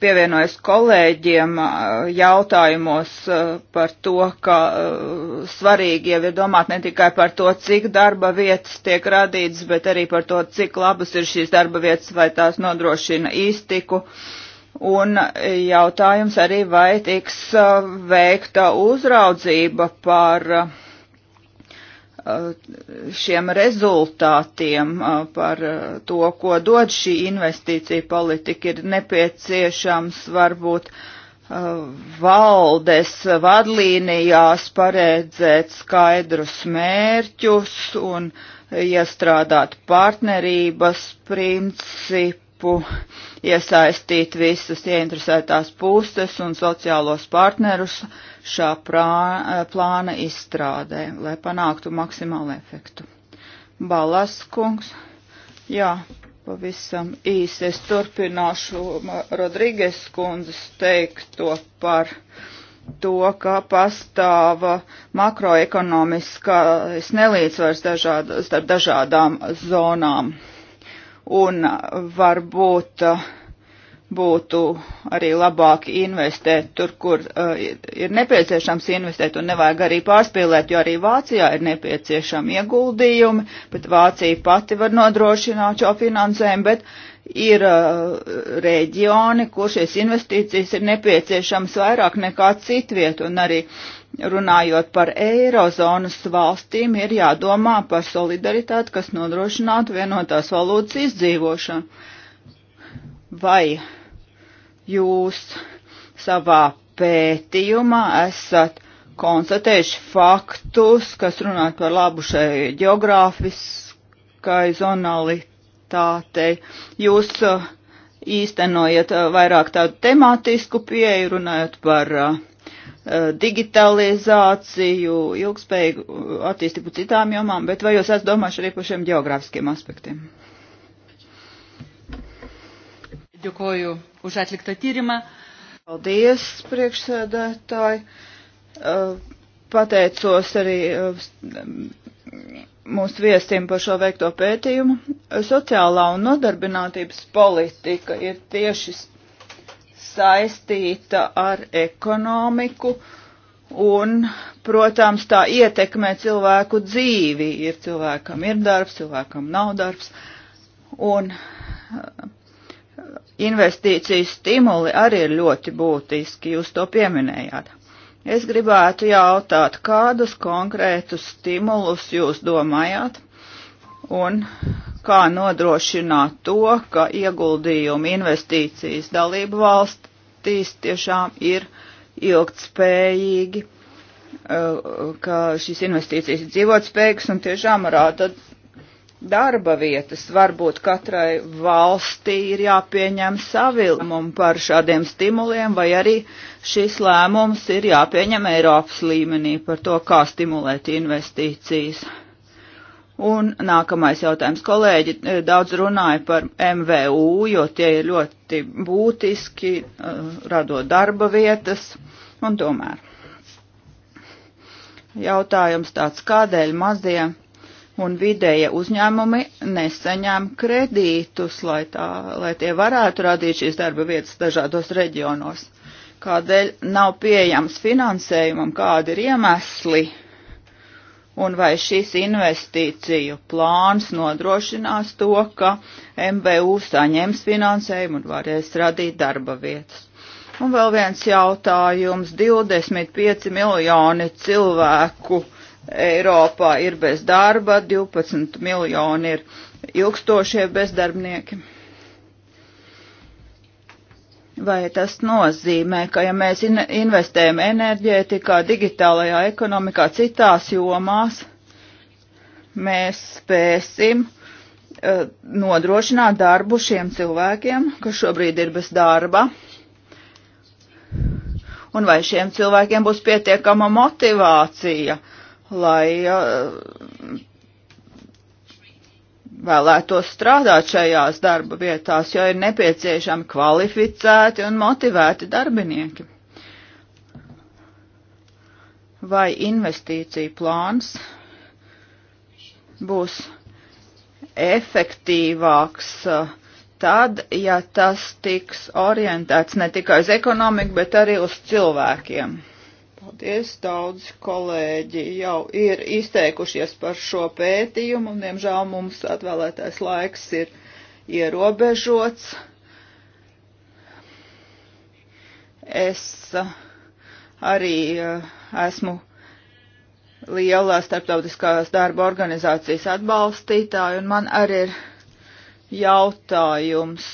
pievienojas kolēģiem uh, jautājumos uh, par to, ka uh, svarīgi jau ir domāt ne tikai par to, cik darba vietas tiek radītas, bet arī par to, cik labas ir šīs darba vietas, vai tās nodrošina īstiku. Un jautājums arī, vai tiks veikta uzraudzība par uh, Uh, šiem rezultātiem uh, par uh, to, ko dod šī investīcija politika, ir nepieciešams varbūt valdes vadlīnijās paredzēt skaidrus mērķus un iestrādāt partnerības principu, iesaistīt visas ieinteresētās puses un sociālos partnerus uh, šā prā, eh, plāna izstrādē, lai panāktu maksimālu efektu. Balas kungs, jā, pavisam īsi es turpināšu Rodrīgas kundzes teikto par to, ka pastāv makroekonomiskais nelīdzsvars dažāda, starp dažādām zonām. Un varbūt uh, būtu arī labāk investēt tur, kur uh, ir nepieciešams investēt, un nevajag arī pārspīlēt, jo arī Vācijā ir nepieciešami ieguldījumi, bet Vācija pati var nodrošināt šo finansējumu, bet ir uh, reģioni, kur šīs investīcijas ir nepieciešams vairāk nekā citviet, un arī runājot par eirozonas valstīm, ir jādomā par solidaritāti, kas nodrošinātu vienotās valūtas izdzīvošanu. Vai jūs savā pētījumā esat konstatējuši faktus, kas runāt par labu šai geogrāfiskai zonalitātei. Jūs uh, īstenojat uh, vairāk tādu tematisku pieeju, runājot par uh, digitalizāciju, ilgspējīgu attīstību citām jomām, bet vai jūs esat domājuši arī par šiem geogrāfiskiem aspektiem? Dėkoju už atliktą tyrimą. Paldies, priekšsēdētāji. Pateicos arī mūsu viestiem par šo veikto pētījumu. Sociālā un nodarbinātības politika ir tieši saistīta ar ekonomiku un, protams, tā ietekmē cilvēku dzīvi. Ir cilvēkam ir darbs, cilvēkam nav darbs. Un, uh, investīciju stimuli arī ir ļoti būtiski, jūs to pieminējāt. Es gribētu jautāt, kādus konkrētus stimulus jūs domājāt un kā nodrošināt to, ka ieguldījumi investīcijas dalību valstīs tiešām ir ilgtspējīgi, uh, ka šīs investīcijas ir dzīvotspējīgas un tiešām rāda darba vietas. Varbūt katrai valstī ir jāpieņem savi lēmumi par šādiem stimuliem, vai arī šis lēmums ir jāpieņem Eiropas līmenī par to, kā stimulēt investīcijas. Un nākamais jautājums. Kolēģi eh, daudz runāja par MVU, jo tie ir ļoti būtiski, eh, radot darba vietas. Un tomēr jautājums tāds, kādēļ maziem un vidēja uzņēmumi nesaņem kredītus, lai, tā, lai tie varētu radīt šīs darba vietas dažādos reģionos. Kādēļ nav pieejams finansējumam, kādi ir iemesli un vai šis investīciju plāns nodrošinās to, ka MBU saņems finansējumu un varēs radīt darba vietas. Un vēl viens jautājums - 25 miljoni cilvēku Eiropā ir bez darba, 12 miljoni ir ilgstošie bezdarbnieki. Vai tas nozīmē, ka ja mēs investējam enerģētikā, digitālajā ekonomikā, citās jomās, mēs spēsim uh, nodrošināt darbu šiem cilvēkiem, kas šobrīd ir bez darba? Un vai šiem cilvēkiem būs pietiekama motivācija uh, lai vēlētos strādāt šajās darba vietās, jo ir nepieciešami kvalificēti un motivēti darbinieki. Vai investīcija plāns būs efektīvāks uh, tad, ja tas tiks orientēts ne tikai uz ekonomiku, bet arī uz cilvēkiem? Paldies, daudz kolēģi jau ir izteikušies par šo pētījumu, un, diemžēl, mums atvēlētais laiks ir ierobežots. Es eh, arī eh, esmu lielā starptautiskās darba organizācijas atbalstītāja, un man arī ir jautājums,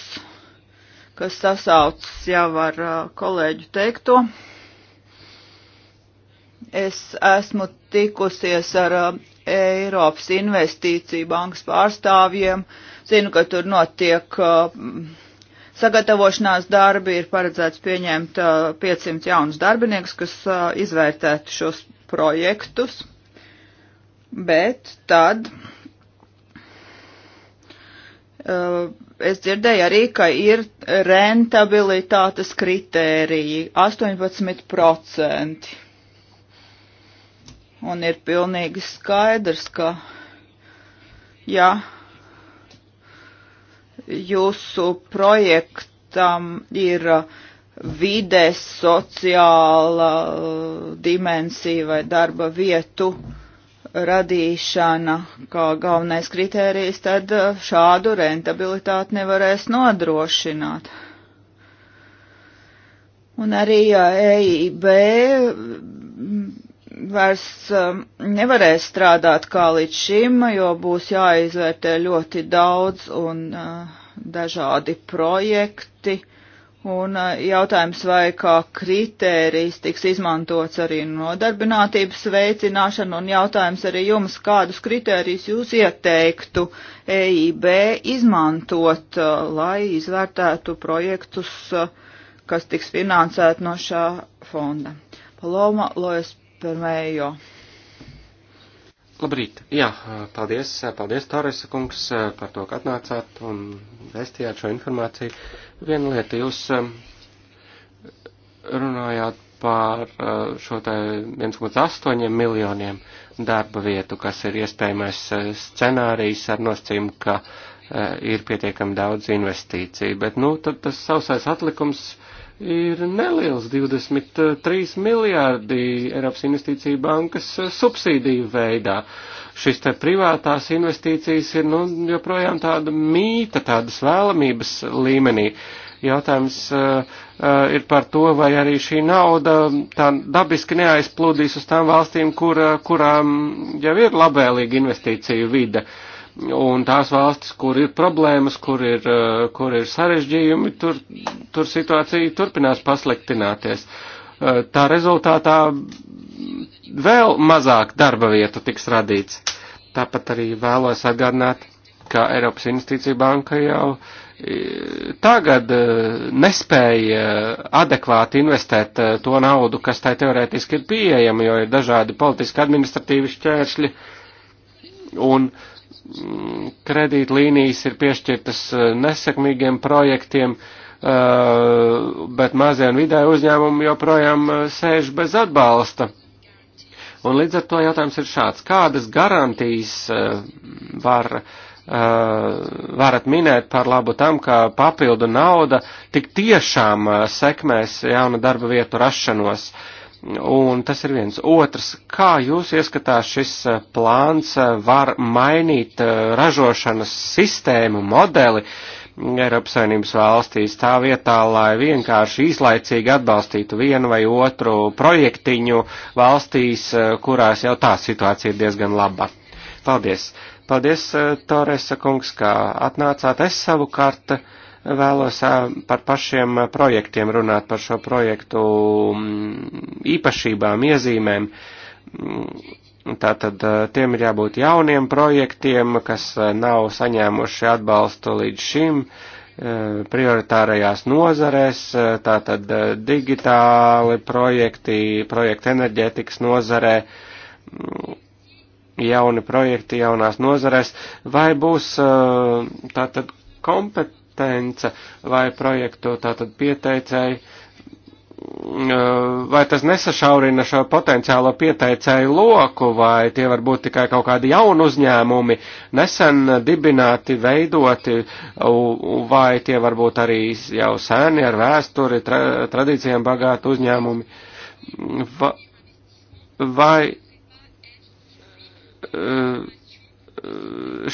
kas sasaucas jau ar eh, kolēģu teikto. Es esmu tikusies ar um, Eiropas investīciju bankas pārstāvjiem. Zinu, ka tur notiek um, sagatavošanās darbi, ir paredzēts pieņemt 500 uh, jaunus darbiniekus, kas uh, izvērtētu šos projektus. Bet tad uh, es dzirdēju arī, ka ir rentabilitātes kritēriji 18%. Un ir pilnīgi skaidrs, ka, ja jūsu projektam ir uh, vides, sociāla uh, dimensija vai darba vietu radīšana kā galvenais kritērijs, tad uh, šādu rentabilitāti nevarēs nodrošināt. Un arī EIB mm, vairs um, nevarēs strādāt kā līdz šim, jo būs jāizvērtē ļoti daudz un uh, dažādi projekti. Un uh, jautājums, vai kā kritērijs tiks izmantots arī nodarbinātības veicināšana, un jautājums arī jums, kādus kritērijus jūs ieteiktu EIB izmantot, uh, lai izvērtētu projektus, kas tiks finansēti no šā fonda. Paloma Lojas par mējo. Labrīt! Jā, paldies, paldies, Torisa kungs, par to, ka atnācāt un vēstījāt šo informāciju. Viena lieta, jūs um, runājāt par uh, šo te 1,8 miljoniem darba vietu, kas ir iespējamais uh, scenārijs ar nosacījumu, ka uh, ir pietiekami daudz investīciju, bet, nu, tad tas sausais atlikums ir neliels - 23 miljārdi Eiropas investīcija bankas subsīdiju veidā. Šis te privātās investīcijas ir nu, joprojām tāda mīta, tādas vēlamības līmenī. Jautājums uh, uh, ir par to, vai arī šī nauda tā dabiski neaizplūdīs uz tām valstīm, kur, eh, kurām jau ir labvēlīga investīciju vide. Uh, un tās valstis, kur ir problēmas, kur ir, eh, kur ir sarežģījumi, tur, tur situācija turpinās pasliktināties. Eh, tā rezultātā vēl mazāk darba vietu tiks radīts. Tāpat arī vēlos atgādināt, ka Eiropas Investīcija banka jau eh, tagad nespēja adekvāti investēt to naudu, kas tai teorētiski ir pieejama, jo ir dažādi politiski administratīvi šķēršļi. Un uh, Mm, kredītlīnijas ir piešķirtas eh, nesekmīgiem projektiem, eh, bet mazie un vidēji uzņēmumi joprojām eh, sēž bez atbalsta. Un līdz ar to jautājums ir šāds. Kādas garantijas var, varat minēt par labu tam, ka papildu nauda tik tiešām sekmēs jauna darba vietu rašanos? Uh, Un tas ir viens. Otrs, kā jūs ieskatās šis eh, plāns eh, var mainīt eh, ražošanas sistēmu, modeli Eiropas Savienības valstīs tā vietā, lai vienkārši īslaicīgi atbalstītu vienu vai otru projektiņu valstīs, kurās jau tā situācija ir diezgan laba. Paldies! Paldies, Toresa kungs, kā atnācāt. Es savukārt. Uh, vēlos par pašiem projektiem runāt, par šo projektu mm, īpašībām, iezīmēm. Mm, tātad tiem ir jābūt jauniem projektiem, kas nav saņēmuši atbalstu līdz šim prioritārajās nozarēs, tātad digitāli projekti, projekti enerģētikas nozarē, mm, jauni projekti jaunās nozarēs, vai būs tātad kompet kompetence vai projektu tātad pieteicēji, e, vai tas nesašaurina šo potenciālo pieteicēju loku, vai tie var būt tikai kaut kādi jauni uzņēmumi, nesen dibināti, veidoti, vai tie var būt arī jau sēni ar vēsturi, tra tradīcijām bagāti uzņēmumi, vai, vai e,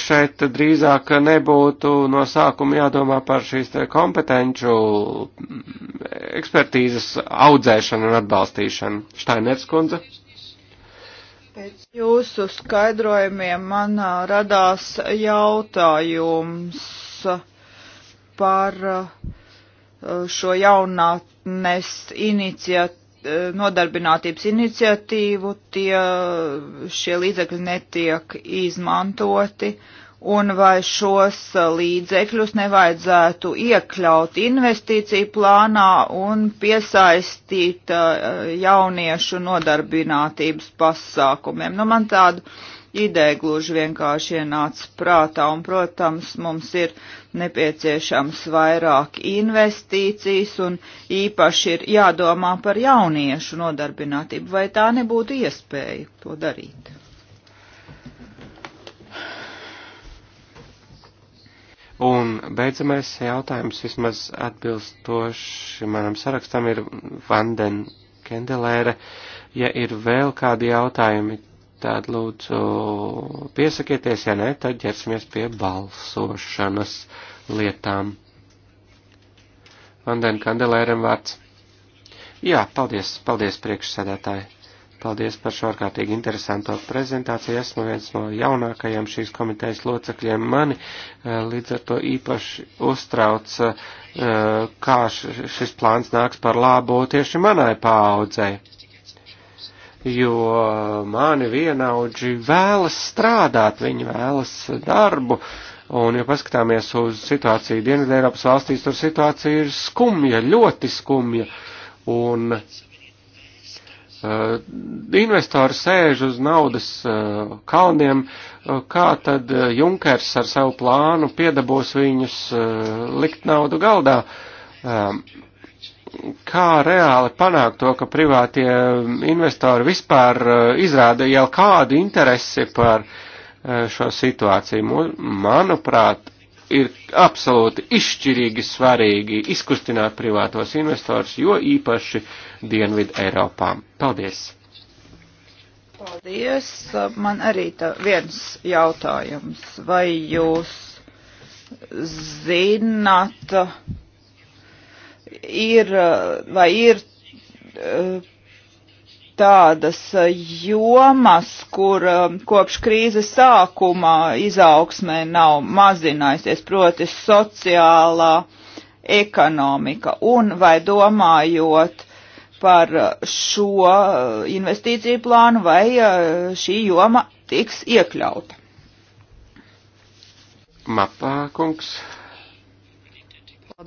šeit drīzāk nebūtu no sākuma jādomā par šīs kompetenču ekspertīzes audzēšanu un atbalstīšanu. Štainets kundze. Pēc jūsu skaidrojumiem man radās jautājums par uh, šo jaunatnes iniciatīvu E, nodarbinātības iniciatīvu, tie šie līdzekļi netiek izmantoti, un vai šos līdzekļus nevajadzētu iekļaut investīciju plānā un piesaistīt e, jauniešu nodarbinātības pasākumiem. Nu, man tādu ideja gluži vienkārši ienāca prātā, un, protams, mums ir nepieciešams vairāk investīcijas, un īpaši ir jādomā par jauniešu nodarbinātību, vai tā nebūtu iespēja to darīt. Un beidzamais jautājums, vismaz atbilstoši manam sarakstam, ir Vanden Kendelēra. Ja ir vēl kādi jautājumi, Tad lūdzu piesakieties, ja nē, tad ķersimies pie balsošanas lietām. Vandēna Kandelēram vārds. Jā, paldies, paldies priekšsēdētāji. Paldies par šo ārkārtīgi interesanto prezentāciju. Esmu viens no jaunākajiem šīs komitejas locekļiem. Mani eh, līdz ar to īpaši uztrauc, eh, kā šis plāns nāks par labu tieši manai paaudzei jo mani vienaudži vēlas strādāt, viņi vēlas darbu. Un, ja paskatāmies uz situāciju Dienvidē Eiropas valstīs, tur situācija ir skumja, ļoti skumja. Un Uh, investori sēž uz naudas uh, kalniem, uh, kā tad Junkers ar savu plānu piedabos viņus likt naudu galdā kā reāli panākt to, ka privātie investori vispār eh, izrāda jau kādu interesi par eh, šo situāciju. Manuprāt, ir absolūti izšķirīgi svarīgi izkustināt privātos investors, jo īpaši Dienvidu Eiropā. Paldies! Paldies! Man arī tā viens jautājums. Vai jūs zināt, ir vai ir tādas jomas, kur kopš krīzes sākuma izaugsmē nav mazinājusies, proti sociālā ekonomika. Un vai domājot par šo investīciju plānu, vai šī joma tiks iekļauta? Mapā, kungs.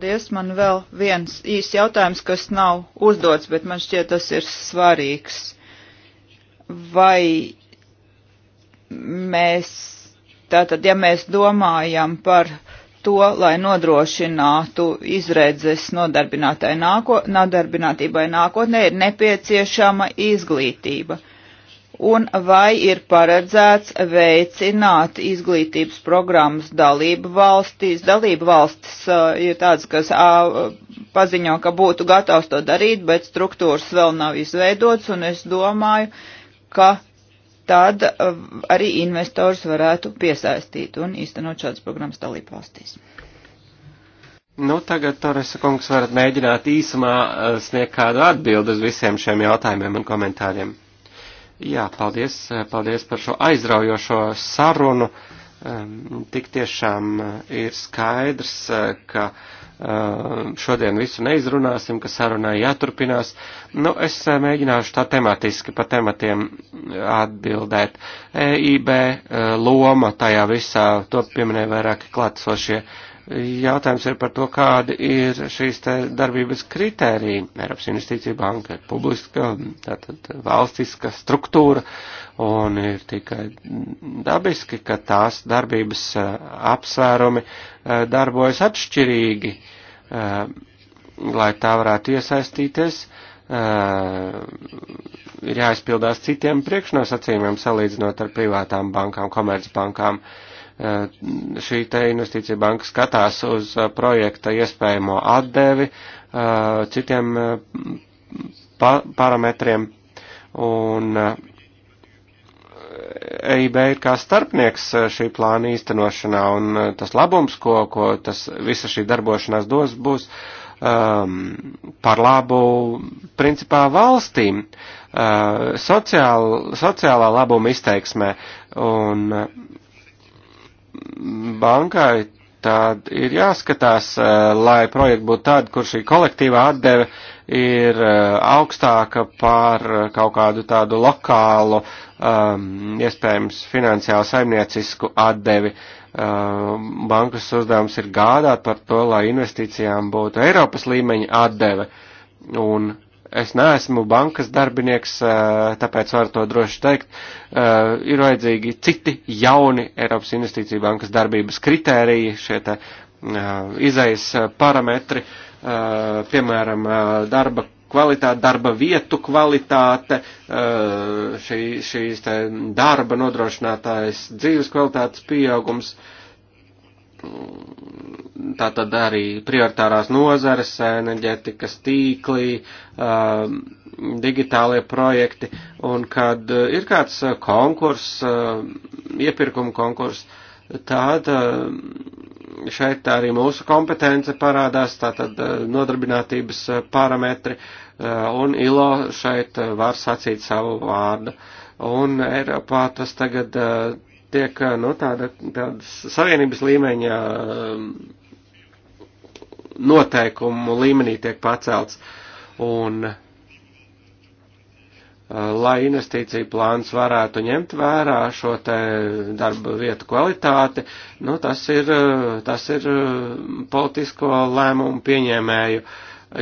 Paldies. Man vēl viens īsts jautājums, kas nav uzdots, bet man šķiet tas ir svarīgs. Vai mēs, tātad, ja mēs domājam par to, lai nodrošinātu izredzes nodarbinātai nāko, nodarbinātībai nākotnē, ir nepieciešama izglītība un vai ir paredzēts veicināt izglītības programmas dalību valstīs. Dalību valstis uh, ir tāds, kas uh, paziņo, ka būtu gatavs to darīt, bet struktūras vēl nav izveidots, un es domāju, ka tad uh, arī investors varētu piesaistīt un īstenot šādas programmas dalību valstīs. Nu, tagad, Toresa kungs, varat mēģināt īsumā eh, sniegt kādu atbildi uz visiem šiem jautājumiem un komentāriem. Jā, paldies, paldies par šo aizraujošo sarunu. Tik tiešām eh, ir skaidrs, eh, ka eh, šodien visu neizrunāsim, ka sarunai jāturpinās. Nu, es mēģināšu tā tematiski pa tematiem atbildēt. EIB loma tajā visā, to pieminēja vairāki klātsošie jautājums ir par to, kādi ir šīs darbības kritēriji. Eiropas investīcija banka ir publiska, tātad valstiska struktūra, un ir tikai dabiski, ka tās darbības eh, apsvērumi eh, darbojas atšķirīgi, eh, lai tā varētu iesaistīties. Ir jāizpildās citiem priekšnosacījumiem salīdzinot ar privātām bankām, komercbankām. bankām šī te investīcija banka skatās uz uh, projekta iespējamo atdevi uh, citiem uh, pa parametriem. Un EIB ir kā starpnieks šī plāna īstenošanā, un tas labums, ko, ko tas visa šī darbošanās dos, būs um, par labu principā valstīm, uh, sociāl, sociālā labuma izteiksmē. Un, uh, bankai tad ir jāskatās, eh, lai projekti būtu tādi, kur šī kolektīvā atdeve ir eh, augstāka par kaut kādu tādu lokālu, um, iespējams, finansiālu saimniecisku atdevi. Um, bankas uzdevums ir gādāt par to, lai investīcijām būtu Eiropas līmeņa atdeve. Un es neesmu bankas darbinieks, eh, tāpēc varu to droši teikt, eh, ir vajadzīgi citi jauni Eiropas investīcija bankas darbības kritēriji, šie te eh, izaisa parametri, piemēram, darba kvalitāte, darba vietu kvalitāte, šī, šīs darba nodrošinātājs dzīves kvalitātes pieaugums. Uh, tā tad arī prioritārās nozares, enerģetikas tīklī, digitālie projekti, un kad ir kāds konkurss, iepirkuma konkurss, tad šeit arī mūsu kompetence parādās, tātad nodarbinātības parametri, un ILO šeit var sacīt savu vārdu. Un Eiropā tas tagad tiek, eh, nu, tāda, tādas savienības līmeņa eh, noteikumu līmenī tiek pacelts. Un, eh, lai investīcija plāns varētu ņemt vērā šo te darba vietu kvalitāti, nu, tas ir, tas ir politisko lēmumu pieņēmēju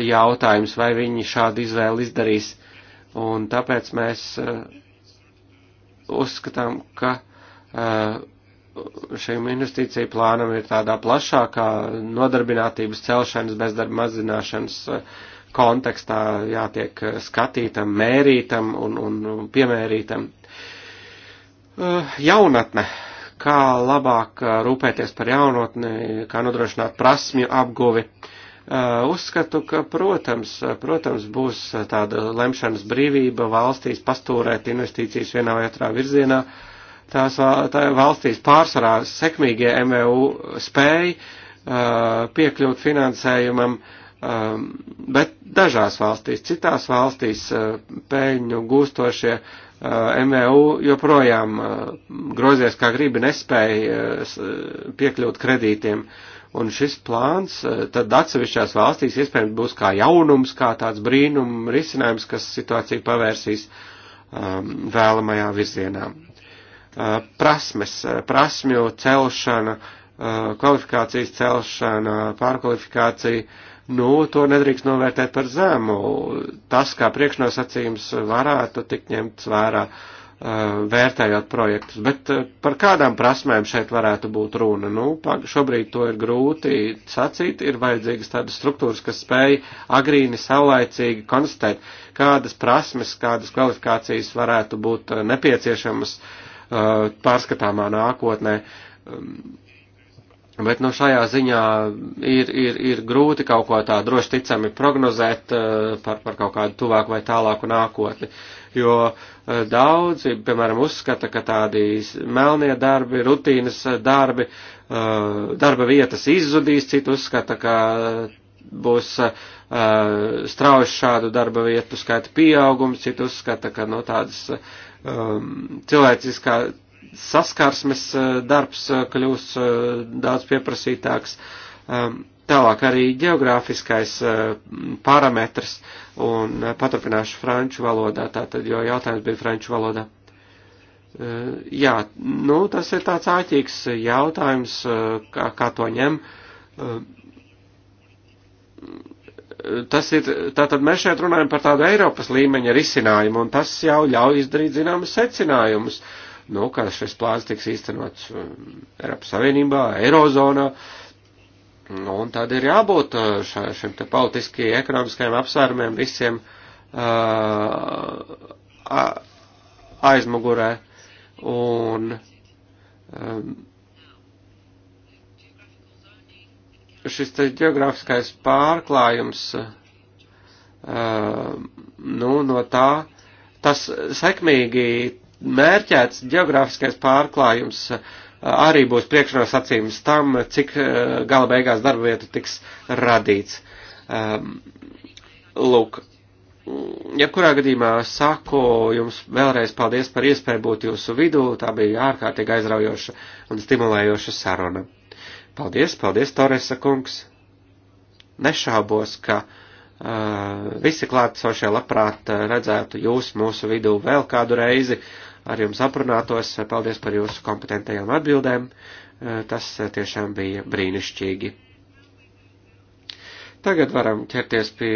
jautājums, vai viņi šādu izvēli izdarīs. Un tāpēc mēs uzskatām, ka Eh, šim investīciju plānam ir tādā plašākā nodarbinātības celšanas, bezdarba mazināšanas eh, kontekstā jātiek eh, skatītam, mērītam un, un piemērītam. Jaunatne. Kā labāk rūpēties par jaunotni, kā nodrošināt prasmju apguvi. Uzskatu, ka, protams, protams, būs tāda lemšanas brīvība valstīs pastūrēt investīcijas vienā vai otrā virzienā. Uh, tās tā valstīs pārsvarā sekmīgie MVU spēj uh, piekļūt finansējumam, um, bet dažās valstīs, citās valstīs uh, pēļņu gūstošie uh, MVU joprojām grozies kā gribi nespēja piekļūt kredītiem. Un šis plāns tad atsevišķās valstīs iespējams būs kā jaunums, kā tāds brīnum risinājums, kas situāciju pavērsīs um, vēlamajā virzienā. Uh, prasmes, uh, prasmju celšana, uh, kvalifikācijas celšana, pārkvalifikācija, nu, to nedrīkst novērtēt par zemu. Tas, kā priekšnosacījums varētu tikt ņemts vērā, vērtējot projektus. Bet par kādām prasmēm šeit varētu būt runa? Nu, šobrīd to ir grūti sacīt, ir vajadzīgas tādas struktūras, kas spēj agrīni saulaicīgi konstatēt, kādas prasmes, kādas kvalifikācijas varētu būt nepieciešamas uh, Uh, pārskatāmā nākotnē. Um, bet nu, šajā ziņā ir, ir, ir grūti kaut ko tā droši ticami prognozēt uh, par, par kaut kādu tuvāku vai tālāku nākotni, jo uh, daudzi, piemēram, uzskata, ka tādi melnie darbi, rutīnas darbi, darba vietas izzudīs, citi uzskata, ka būs uh, strauji šādu darba vietu skaita pieaugums, citi uzskata, ka no nu, tādas Um, cilvēciskā saskarsmes uh, darbs uh, kļūs uh, daudz pieprasītāks. Um, tālāk arī geogrāfiskais parametrs un paturpināšu franču valodā, tātad, jo jautājums bija franču valodā. Jā, nu tas ir tāds āķīgs jautājums, kā, kā to ņem tas ir, tātad mēs šeit runājam par tādu Eiropas līmeņa risinājumu, un tas jau ļauj izdarīt zināmas secinājumus, nu, kā šis plāns tiks īstenots um, Eiropas Savienībā, Eirozonā, nu, un tad ir jābūt uh, šā, šim te politiski ekonomiskajiem apsvērumiem visiem uh, aizmugurē, un um, šis te geogrāfiskais pārklājums, eh, nu, no tā, tas sekmīgi mērķēts geogrāfiskais pārklājums eh, arī būs priekšnosacījums tam, cik eh, gala beigās darba vietu tiks radīts. Ehm, lūk, jebkurā ja gadījumā saku jums vēlreiz paldies par iespēju būt jūsu vidū, tā bija ārkārtīgi aizraujoša un stimulējoša saruna. Paldies, paldies, Toresa kungs! Nešaubos, ka uh, visi klātsošie labprāt redzētu jūs mūsu vidū vēl kādu reizi, ar jums aprunātos, paldies par jūsu kompetentajām atbildēm, uh, tas tiešām bija brīnišķīgi. Tagad varam ķerties pie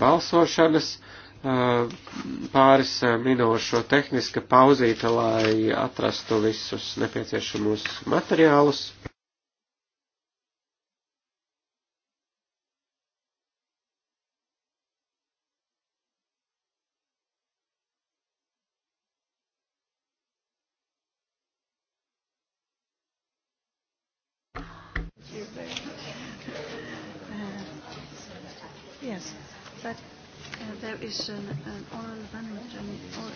balsošanas. Uh, pāris minūšu tehniska pauzīte, lai atrastu visus nepieciešamos materiālus. there is an, an oral amendment. An oral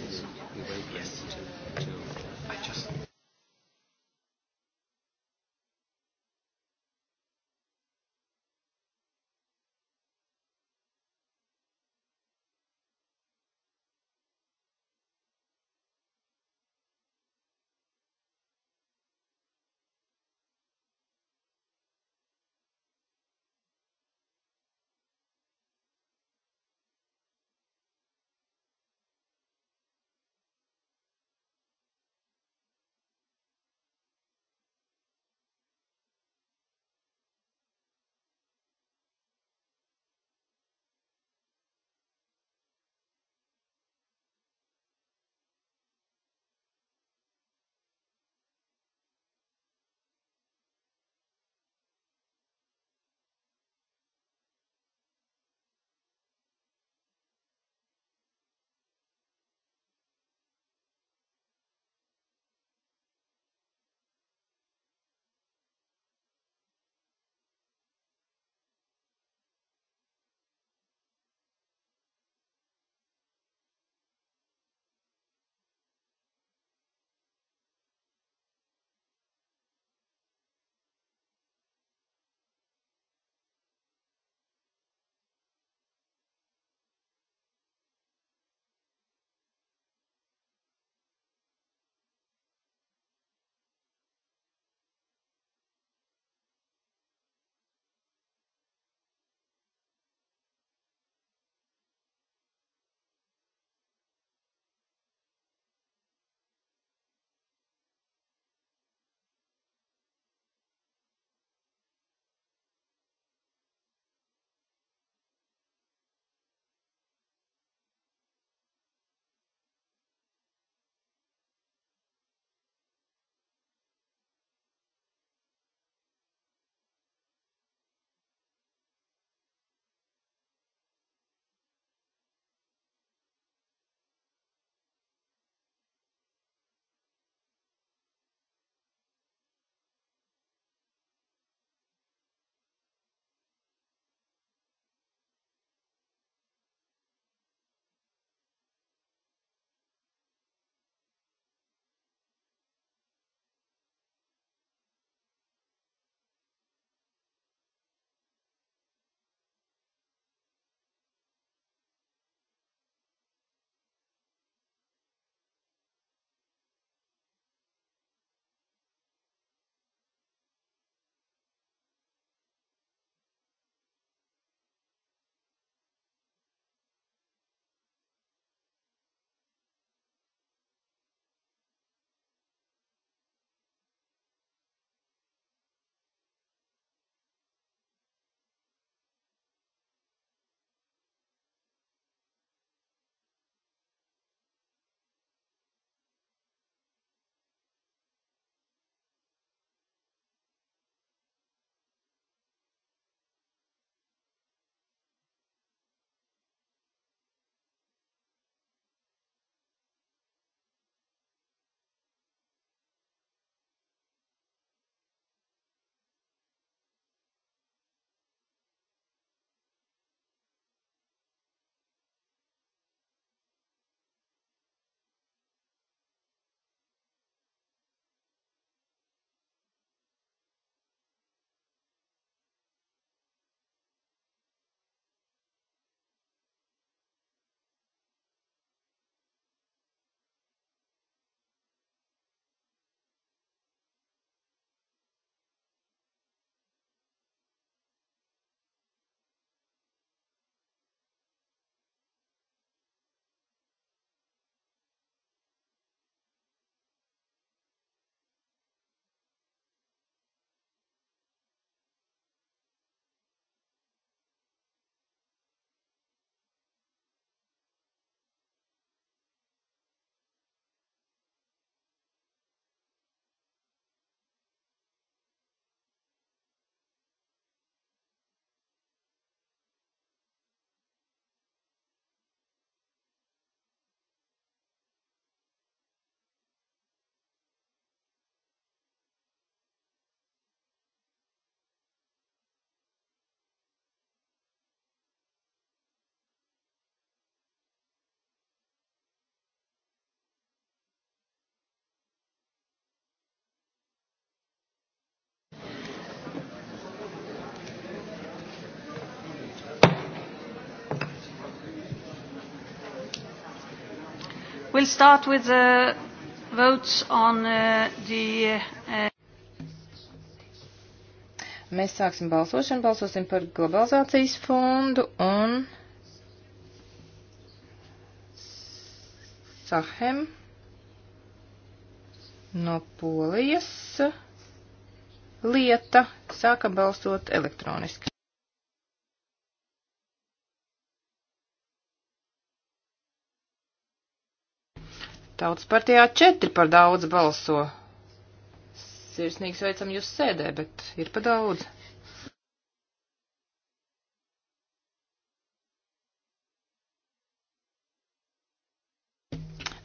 We'll start with the votes on uh, the. Uh... Mēs sāksim balsošanu, balsosim par globalizācijas fondu un Sahem no Polijas lieta. Sākam balsot elektroniski. Tautas partijā četri par daudz balso. Sirsnīgi sveicam jūs sēdē, bet ir pa daudz.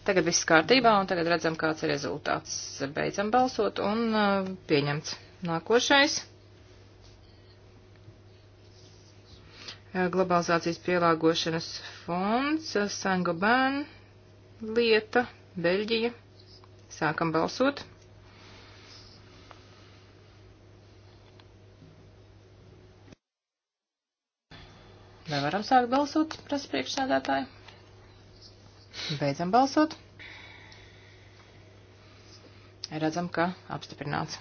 Tagad viss kārtībā, un tagad redzam, kāds ir rezultāts. Beidzam balsot un uh, pieņemts. Nākošais. Uh, globalizācijas pielāgošanas fonds, uh, Sangoban lieta, Beļģija. Sākam balsot. Nevaram sākt balsot, prasa priekšsēdētāji. Beidzam balsot. Redzam, ka apstiprināts.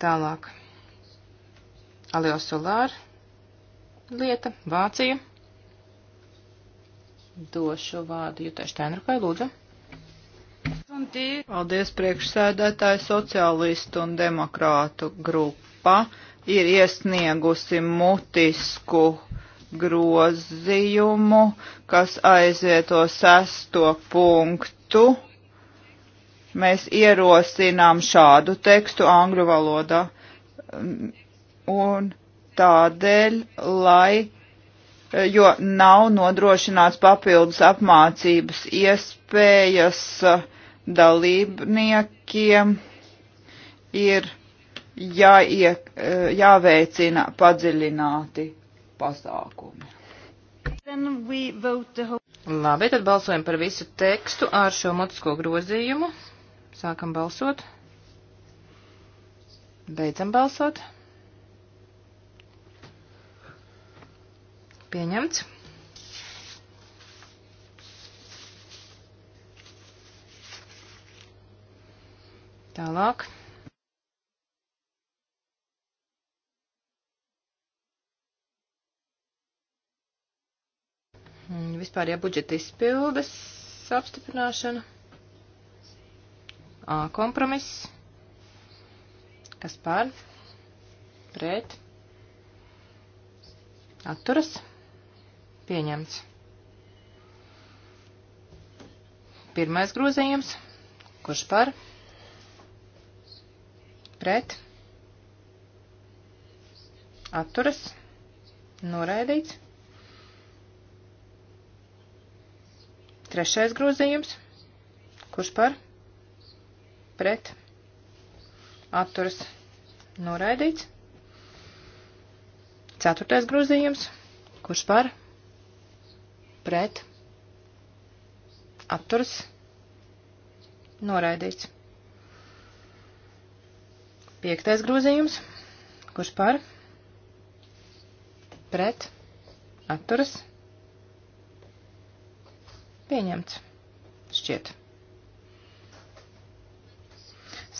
Tālāk. Alio Solāra lieta, Vācija došu vārdu Jutai Steinrukai, lūdzu. Paldies priekšsēdētāji sociālistu un demokrātu grupa ir iesniegusi mutisku grozījumu, kas aizvieto sesto punktu. Mēs ierosinām šādu tekstu angļu valodā un tādēļ, lai Eh, jo nav nodrošināts papildus apmācības iespējas eh, dalībniekiem ir jāiek, eh, jāveicina padziļināti pasākumi. Whole... Labi, tad balsojam par visu tekstu ar šo motisko grozījumu. Sākam balsot. Beidzam balsot. Pieņemts. Tālāk. Vispār, ja budžeta izpildes apstiprināšana. A, kompromiss. Kas par? Pret. Atturas. Pieņemts. Pirmais grozījums. Kurš par? Pret. Atturas. Noraidīts. Trešais grozījums. Kurš par? Pret. Atturas. Noraidīts. Ceturtais grozījums. Kurš par? Pret pret, atturs, noraidīts. Piektais grozījums, kurš par, pret, atturas, pieņemts, šķiet.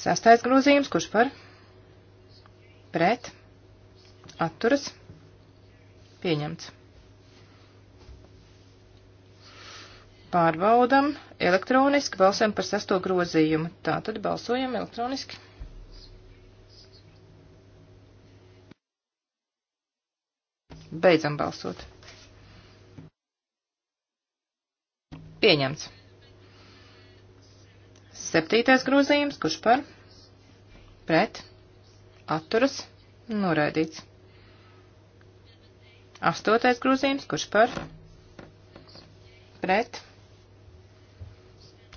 Sastais grozījums, kurš par, pret, atturas, pieņemts. Pārbaudam elektroniski, balsojam par sesto grozījumu. Tā tad balsojam elektroniski. Beidzam balsot. Pieņemts. Septītais grozījums, kurš par? Pret. Atturas. Noraidīts. Astotais grozījums, kurš par? Pret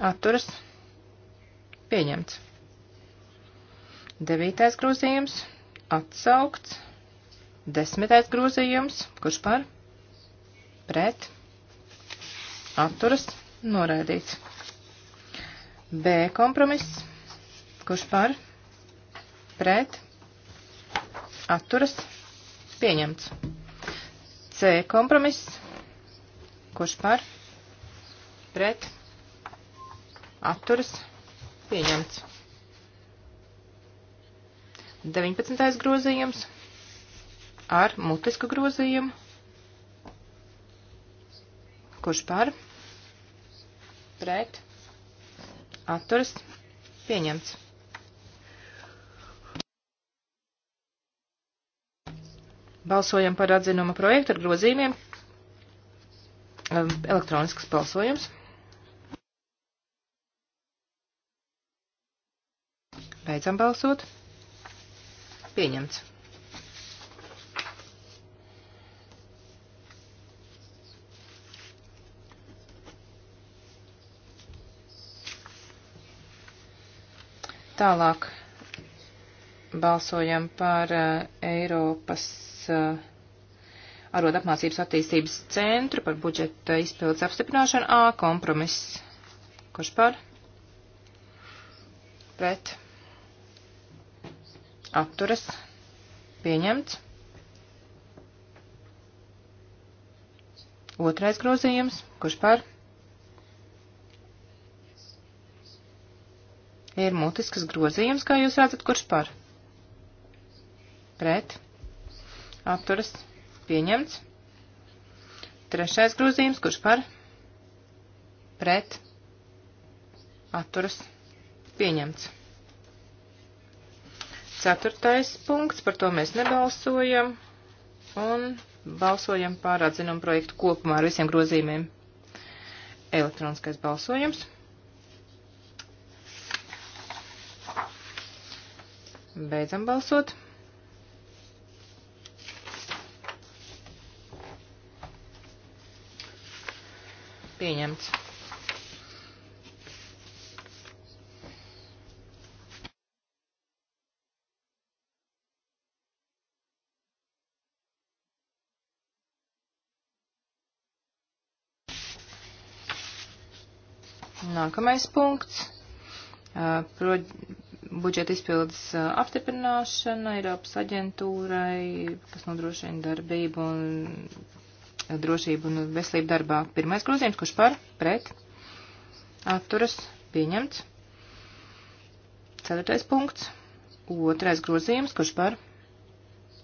atturas pieņemts. Devītais grozījums atsaukts. Desmitais grozījums, kurš par pret atturas noraidīts. B kompromiss, kurš par pret atturas pieņemts. C kompromiss, kurš par pret atturas atturas pieņemts. 19. grozījums ar mutisku grozījumu. Kurš par? Pret. Atturas. Pieņemts. Balsojam par atzinuma projektu ar grozījumiem. Ehm, elektronisks balsojums. Beidzam balsot. Pieņemts. Tālāk balsojam par uh, Eiropas uh, arod apmācības attīstības centru par budžeta izpildes apstiprināšanu A kompromiss. Kurš par? Pret atturas pieņemts. Otrais grozījums, kurš par? Ir mutiskas grozījums, kā jūs redzat, kurš par? Pret. Atturas pieņemts. Trešais grozījums, kurš par? Pret. Atturas pieņemts. Ceturtais punkts, par to mēs nebalsojam un balsojam pār atzinumu projektu kopumā ar visiem grozījumiem. Elektroniskais balsojums. Beidzam balsot. Pieņemts. Nākamais punkts. Pro budžeta izpildes apstiprināšana Eiropas aģentūrai, kas nodrošina darbību un drošību un veselību darbā. Pirmais grozījums, kurš par, pret, atturas, pieņemts. Ceturtais punkts. Otrais grozījums, kurš par,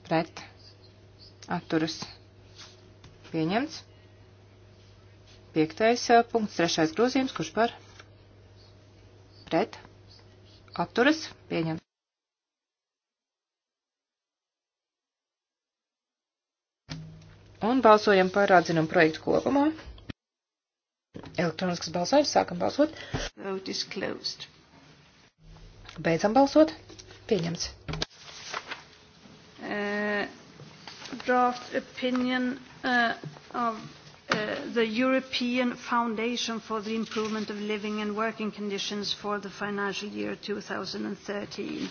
pret, atturas, pieņemts. Piektais punkts, trešais grozījums, kurš par, pret pret, atturas, pieņemts. Un balsojam par atzinumu projektu kopumā. Elektronisks balsojums, sākam balsot. Vote is closed. Beidzam balsot. Pieņemts. Uh, draft opinion uh, of uh, the European Foundation for the Improvement of Living and Working Conditions for the financial year 2013.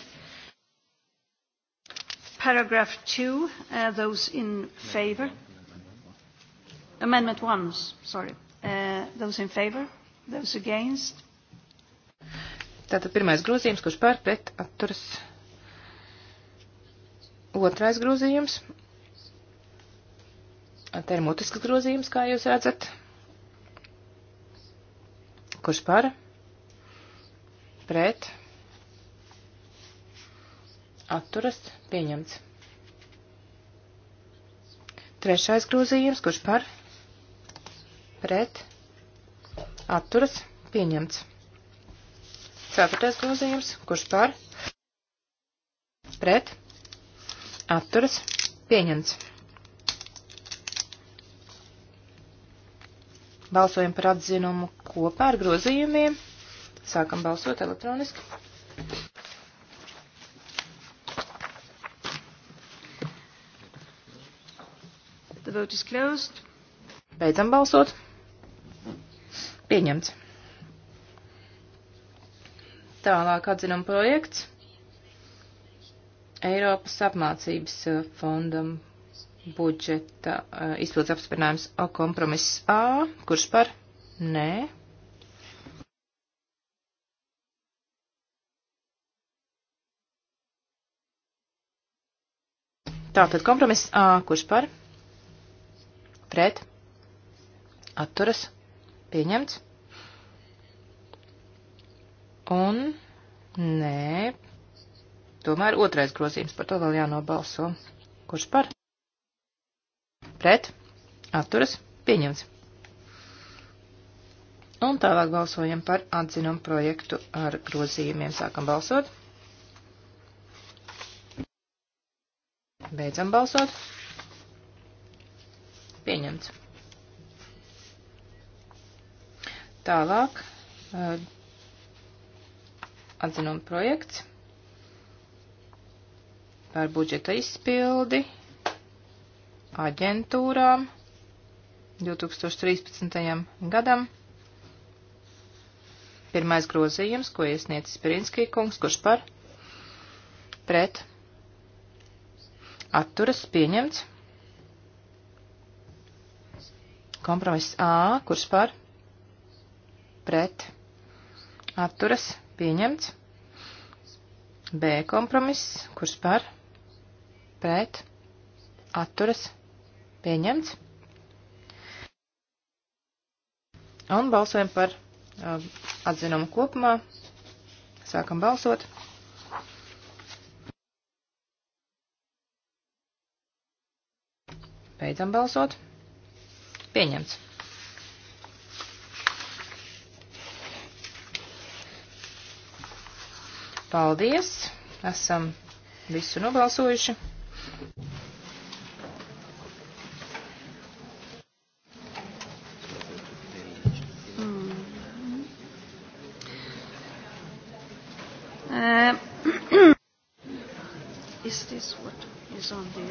Paragraph 2, uh, those in favour. Amendment 1, sorry. Uh, those in favour, those against. Tātad pirmais grozījums, kurš pār pret atturas. Otrais grozījums Te ir mutisks grozījums, kā jūs redzat. Kurš par? Pret? Atturas? Pieņemts. Trešais grozījums, kurš par? Pret? Atturas? Pieņemts. Ceturtais grozījums, kurš par? Pret? Atturas? Pieņemts. Balsojam par atzinumu kopā ar grozījumiem. Sākam balsot elektroniski. The vote is closed. Beidzam balsot. Pieņemts. Tālāk atzinuma projekts Eiropas apmācības eh, fondam budžeta eh, izpildes apstiprinājums o kompromiss A, kurš par? Nē. Tātad kompromiss A, kurš par? Pret. Atturas. Pieņemts. Un nē. Tomēr otrais grozījums par to vēl jānobalso. Kurš par? pret, atturas, pieņemts. Un tālāk balsojam par atzinumu projektu ar grozījumiem. Sākam balsot. Beidzam balsot. Pieņemts. Tālāk eh, atzinuma projekts par budžeta izpildi aģentūrām 2013. gadam. Pirmais grozījums, ko iesniedzis Pirinskī kungs, kurš par pret atturas pieņemts. Kompromiss A, kurš par pret atturas pieņemts. B kompromiss, kurš par pret atturas pieņemts Pieņemts. Un balsojam par uh, atzinumu kopumā. Sākam balsot. Beidzam balsot. Pieņemts. Paldies! Esam visu nobalsojuši. Shanti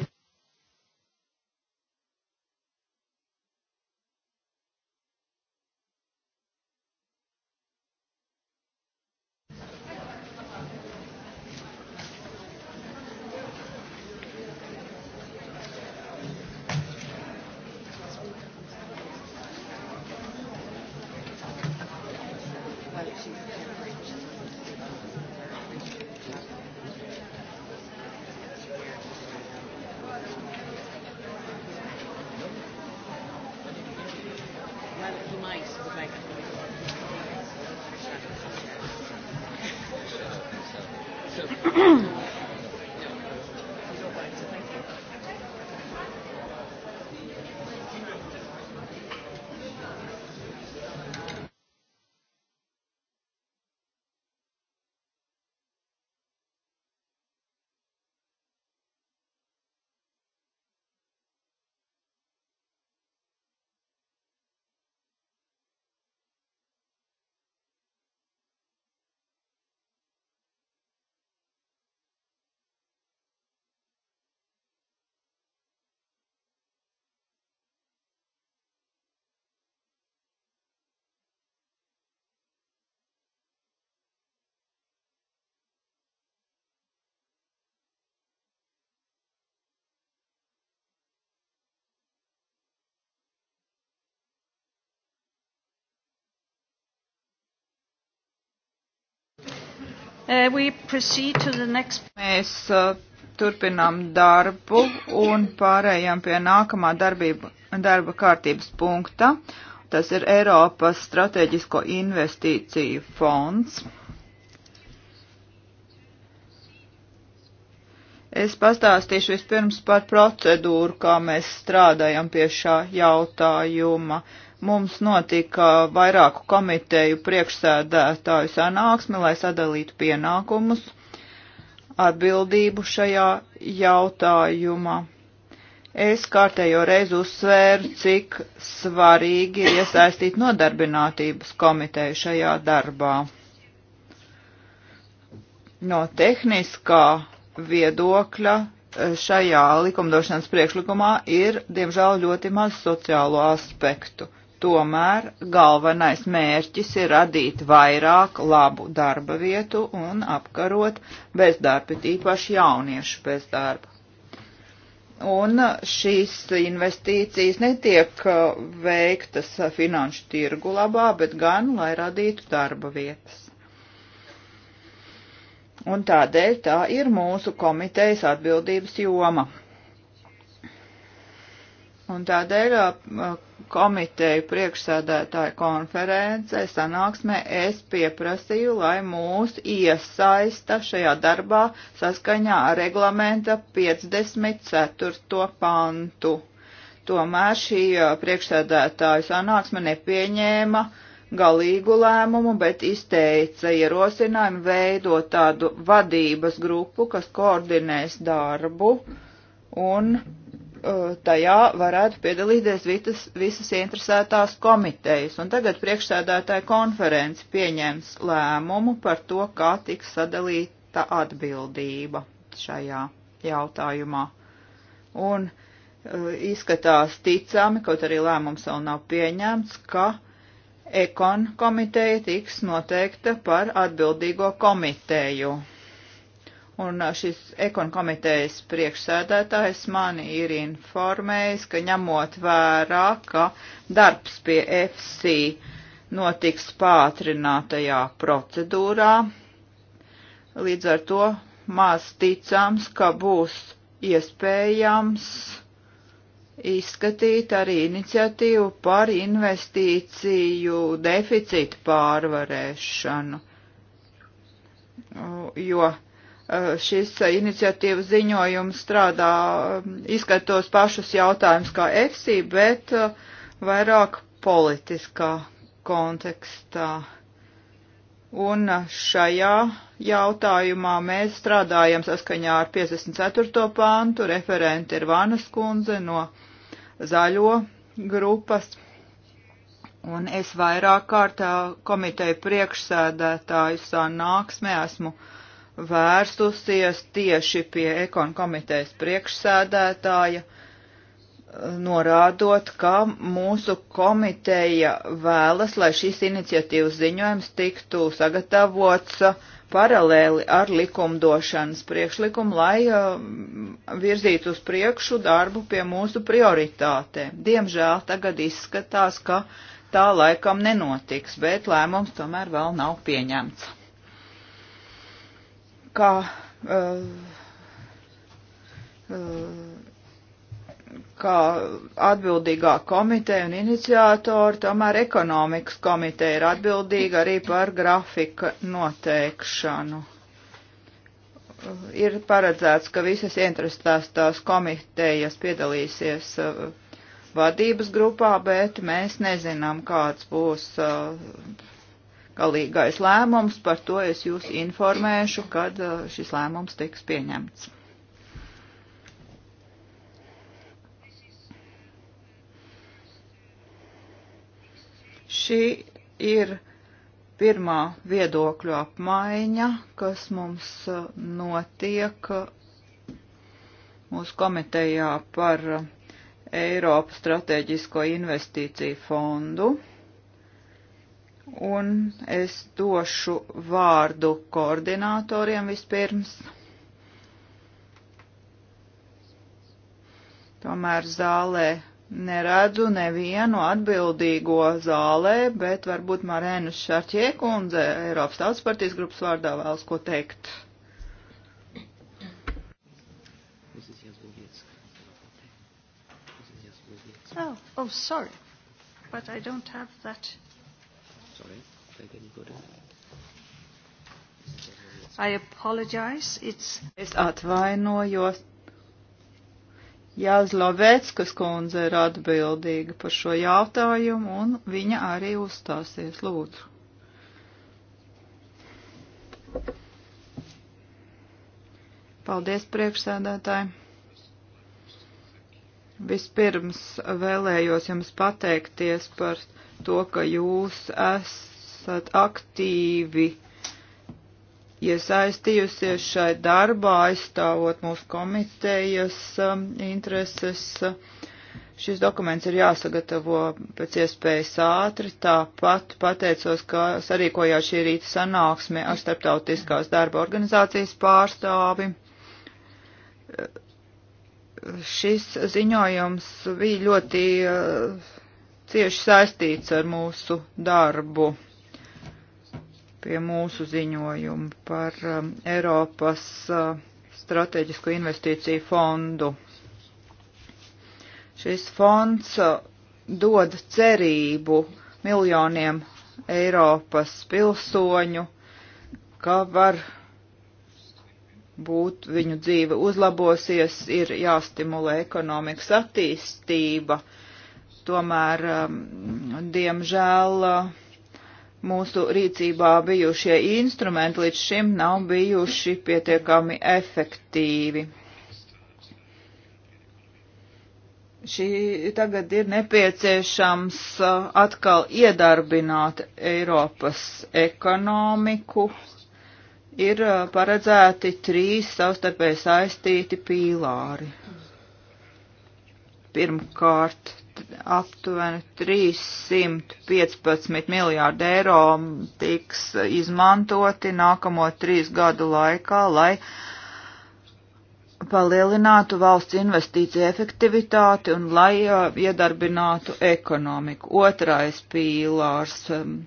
Uh, next... Mēs uh, turpinām darbu un pārējām pie nākamā darbība, darba kārtības punkta. Tas ir Eiropas Strateģisko investīciju fonds. Es pastāstīšu vispirms par procedūru, kā mēs strādājam pie šā jautājuma. Uh, Mums notika vairāku komiteju priekšsēdētāju sanāksme, lai sadalītu pienākumus, atbildību šajā jautājumā. Es kārtējo reizi uzsvēru, cik svarīgi ir iesaistīt nodarbinātības komiteju šajā darbā. No tehniskā viedokļa e, šajā likumdošanas priekšlikumā ir, diemžēl, ļoti maz sociālo aspektu. Tomēr galvenais mērķis ir radīt vairāk labu darba vietu un apkarot bezdarbu, tīpaši jauniešu bezdarbu. Un šīs investīcijas netiek uh, veiktas finanšu tirgu labā, bet gan, lai radītu darba vietas. Un tādēļ tā ir mūsu komitejas atbildības joma Un tādēļ komiteju priekšsēdētāju konferencē sanāksmē es pieprasīju, lai mūs iesaista šajā darbā saskaņā ar reglamenta 54. pantu. Tomēr šī priekšsēdētāju sanāksme nepieņēma galīgu lēmumu, bet izteica ierosinājumu veidot tādu vadības grupu, kas koordinēs darbu un Uh, tajā varētu piedalīties visas, visas interesētās komitejas. Un tagad priekšsēdētāja konferenci pieņems lēmumu par to, kā tiks sadalīta atbildība šajā jautājumā. Un uh, izskatās ticami, kaut arī lēmums vēl nav pieņemts, ka ekon komiteja tiks noteikta par atbildīgo komiteju. Un šis ekonkomitejas priekšsēdētājs mani ir informējis, ka ņemot vērā, ka darbs pie FC notiks pātrinātajā procedūrā, līdz ar to maz ticams, ka būs iespējams izskatīt arī iniciatīvu par investīciju deficītu pārvarēšanu, jo Eh, šis iniciatīvas ziņojums strādā, eh, izskatos pašus jautājumus kā EFSI, bet eh, vairāk politiskā kontekstā. Un šajā jautājumā mēs strādājam saskaņā ar 54. pāntu, referenti ir Vānas kundze no zaļo grupas. Un es vairāk kārtā komiteju priekšsēdētāju sanāksmē esmu uh, vērstusies tieši pie ekon komitejas priekšsēdētāja, norādot, ka mūsu komiteja vēlas, lai šīs iniciatīvas ziņojums tiktu sagatavots paralēli ar likumdošanas priekšlikumu, lai uh, virzītu uz priekšu darbu pie mūsu prioritātēm. Diemžēl tagad izskatās, ka tā laikam nenotiks, bet lēmums tomēr vēl nav pieņemts kā uh, uh, kā atbildīgā komiteja un iniciatori, tomēr ekonomikas komiteja ir atbildīga arī par grafika noteikšanu. Ir paredzēts, ka visas interesētās tās komitejas piedalīsies uh, vadības grupā, bet mēs nezinām, kāds būs uh, galīgais lēmums. Par to es jūs informēšu, kad uh, šis lēmums tiks pieņemts. Šī ir pirmā viedokļu apmaiņa, kas mums uh, notiek uh, mūsu komitejā par Eiropas strateģisko investīciju fondu un es došu vārdu koordinatoriem vispirms. Tomēr zālē neredzu nevienu atbildīgo zālē, bet varbūt Marēnu Šarķie kundze Eiropas Tautas partijas grupas vārdā vēlas ko teikt. Oh, oh, sorry, but I don't have that. I apologize. It's... Es atvainojos. Jāzloveckas kundze ir atbildīga par šo jautājumu, un viņa arī uzstāsies. Lūdzu. Paldies, priekšsēdētāji. Vispirms vēlējos jums pateikties par to, ka jūs esat aktīvi iesaistījusies šai darbā, aizstāvot mūsu komitejas um, intereses. Šis dokuments ir jāsagatavo pēc iespējas ātri, tāpat pateicos, ka sarīkojā šī rīta sanāksme ar starptautiskās darba organizācijas pārstāvi šis ziņojums bija ļoti uh, cieši saistīts ar mūsu darbu pie mūsu ziņojumu par um, Eiropas uh, strateģisko investīciju fondu. Šis fonds uh, dod cerību miljoniem Eiropas pilsoņu, ka var būt viņu dzīve uzlabosies, ir jāstimulē ekonomikas attīstība. Uh, Tomēr, um, diemžēl, uh, mūsu rīcībā bijušie instrumenti līdz šim nav bijuši pietiekami efektīvi. šī tagad ir nepieciešams uh, atkal iedarbināt Eiropas ekonomiku. Ir uh, paredzēti trīs savstarpēji saistīti pīlāri. Pirmkārt, aptuveni 315 miljārdi eiro tiks izmantoti nākamo trīs gadu laikā, lai palielinātu valsts investīciju efektivitāti un lai uh, iedarbinātu ekonomiku. Otrais pīlārs. Um,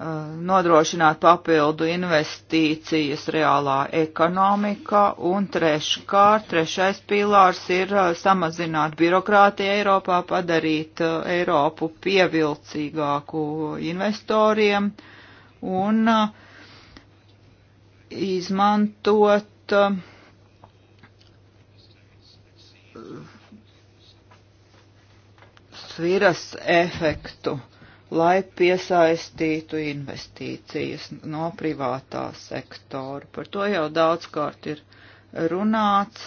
Uh, nodrošināt papildu investīcijas reālā ekonomikā, un treškārt, trešais pīlārs ir uh, samazināt birokrātiju Eiropā, padarīt uh, Eiropu pievilcīgāku investoriem un izmantot sviras efektu lai piesaistītu investīcijas no privātā sektora. Par to jau daudzkārt ir runāts.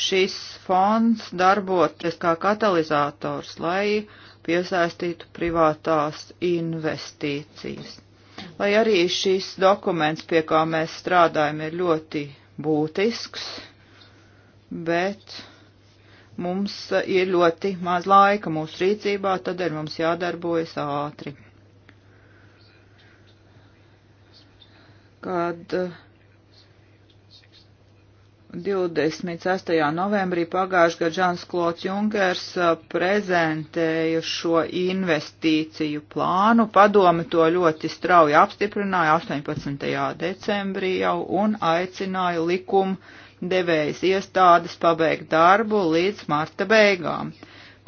Šis fonds darboties kā katalizators, lai piesaistītu privātās investīcijas. Lai arī šis dokuments, pie kā mēs strādājam, ir ļoti būtisks, bet mums e, ir ļoti maz laika mūsu rīcībā, tad ir mums jādarbojas ātri. Kad 26. E, novembrī pagājušajā gadā Žans Klots Junkers e, prezentēja šo investīciju plānu, padome to ļoti strauji apstiprināja 18. decembrī jau un aicināja likumu devējas iestādes pabeigt darbu līdz marta beigām.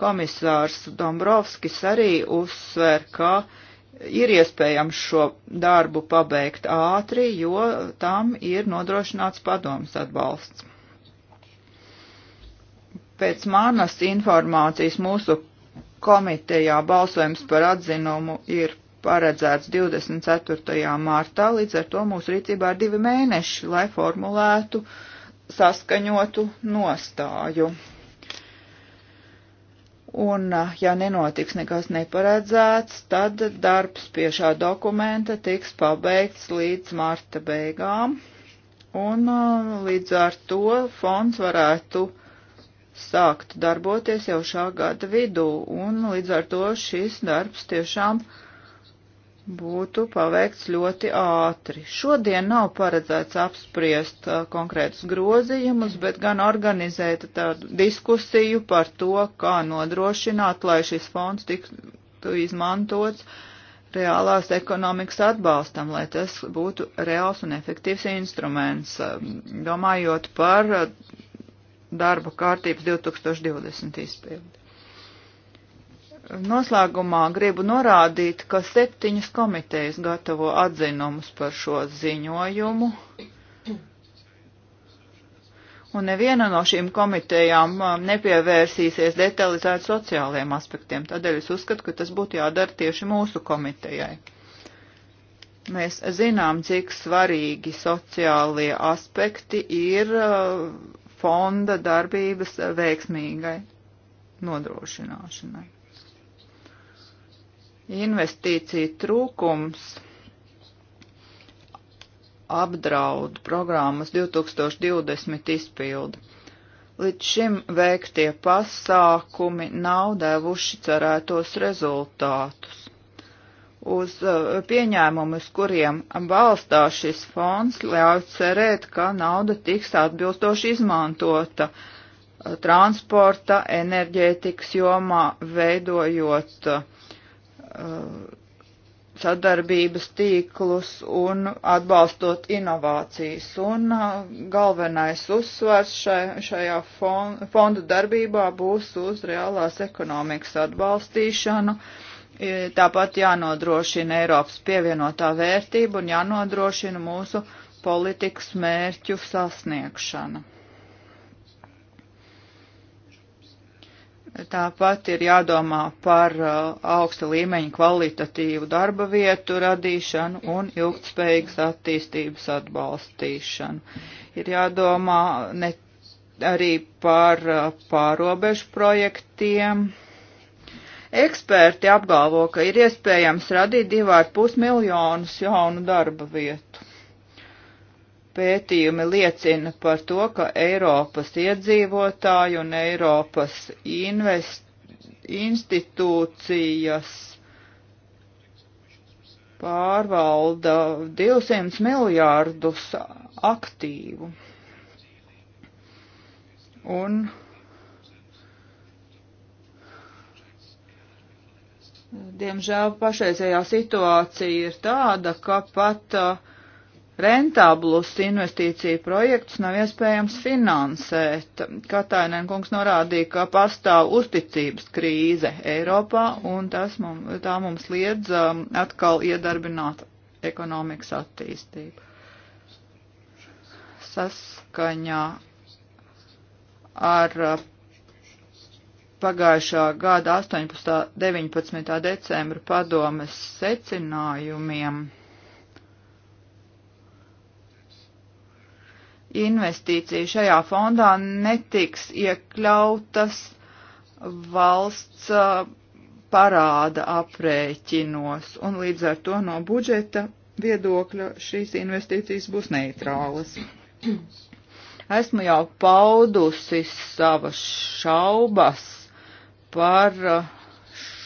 Komisārs Dombrovskis arī uzsver, ka ir iespējams šo darbu pabeigt ātri, jo tam ir nodrošināts padomas atbalsts. Pēc manas informācijas mūsu komitejā balsojums par atzinumu ir paredzēts 24. martā, līdz ar to mūsu rīcībā ir divi mēneši, lai formulētu uh, saskaņotu nostāju. Un, ja nenotiks nekas neparedzēts, tad darbs pie šā dokumenta tiks pabeigts līdz marta beigām, un līdz ar to fonds varētu sākt darboties jau šā gada vidū, un līdz ar to šis darbs tiešām būtu paveikts ļoti ātri. Šodien nav paredzēts apspriest uh, konkrētus grozījumus, bet gan organizēt tādu diskusiju par to, kā nodrošināt, lai šis fonds tiktu izmantots reālās ekonomikas atbalstam, lai tas būtu reāls un efektīvs instruments, um, domājot par uh, darba kārtības 2020 izpildi. Noslēgumā gribu norādīt, ka septiņas komitejas gatavo atzinumus par šo ziņojumu, un neviena no šīm komitejām um, nepievērsīsies detalizēt sociālajiem aspektiem. Tādēļ es uzskatu, ka tas būtu jādara tieši mūsu komitejai. Mēs zinām, cik svarīgi sociālie aspekti ir uh, fonda darbības veiksmīgai nodrošināšanai. Investīcija trūkums apdraud programmas 2020 izpildu. Līdz šim veiktie pasākumi nav devuši cerētos rezultātus. Uz eh, pieņēmumu, uz kuriem balstās šis fonds, ļauj cerēt, ka nauda tiks atbilstoši izmantota eh, transporta, enerģētikas jomā, veidojot uh, Uh, sadarbības tīklus un atbalstot inovācijas. Un uh, galvenais uzsvars šajā fondu darbībā būs uz reālās ekonomikas atbalstīšanu. Tāpat jānodrošina Eiropas pievienotā vērtība un jānodrošina mūsu politikas mērķu sasniegšana. Tāpat ir jādomā par uh, augsta līmeņa kvalitatīvu darba vietu radīšanu un ilgtspējīgas attīstības atbalstīšanu. Ir jādomā ne arī par uh, pārobežu projektiem. Eksperti apgalvo, ka ir iespējams radīt 2,5 miljonus jaunu darba vietu. Pētījumi liecina par to, ka Eiropas iedzīvotāji un Eiropas invest, institūcijas pārvalda 200 miljārdus aktīvu. Un Diemžēl pašreizējā situācija ir tāda, ka pat uh, rentablus investīciju projektus nav iespējams finansēt. Katainen kungs norādīja, ka pastāv uzticības krīze Eiropā, un tas mums, tā mums liedz um, atkal iedarbināt ekonomikas attīstību. Saskaņā ar uh, pagājušā gada 18. 19. decembra padomes secinājumiem investīciju šajā fondā netiks iekļautas valsts uh, parāda aprēķinos, un līdz ar to no budžeta viedokļa šīs investīcijas būs neitrālas. Esmu jau paudusi savas šaubas par uh,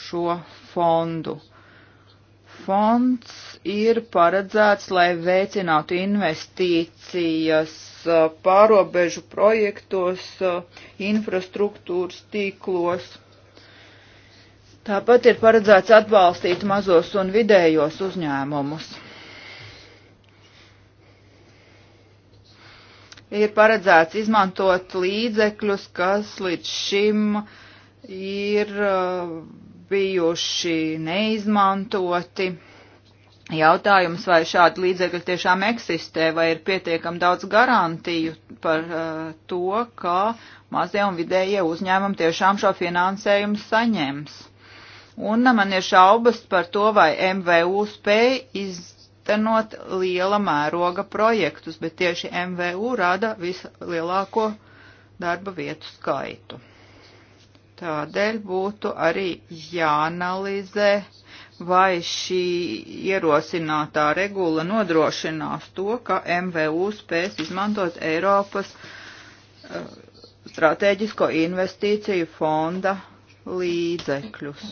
šo fondu. Fonds ir paredzēts, lai veicinātu investīcijas Uh, pārobežu projektos, uh, infrastruktūras tīklos. Tāpat ir paredzēts atbalstīt mazos un vidējos uzņēmumus. Ir paredzēts izmantot līdzekļus, kas līdz šim ir uh, bijuši neizmantoti jautājums, vai šādi līdzekļi tiešām eksistē, vai ir pietiekam daudz garantiju par uh, to, ka mazie un vidējie uzņēmumi tiešām šo finansējumu saņems. Un man ir šaubas par to, vai MVU spēj iztenot liela mēroga projektus, bet tieši MVU rada vislielāko darba vietu skaitu. Tādēļ būtu arī jāanalizē uh, vai šī ierosinātā regula nodrošinās to, ka MVU spēs izmantot Eiropas uh, strateģisko investīciju fonda līdzekļus.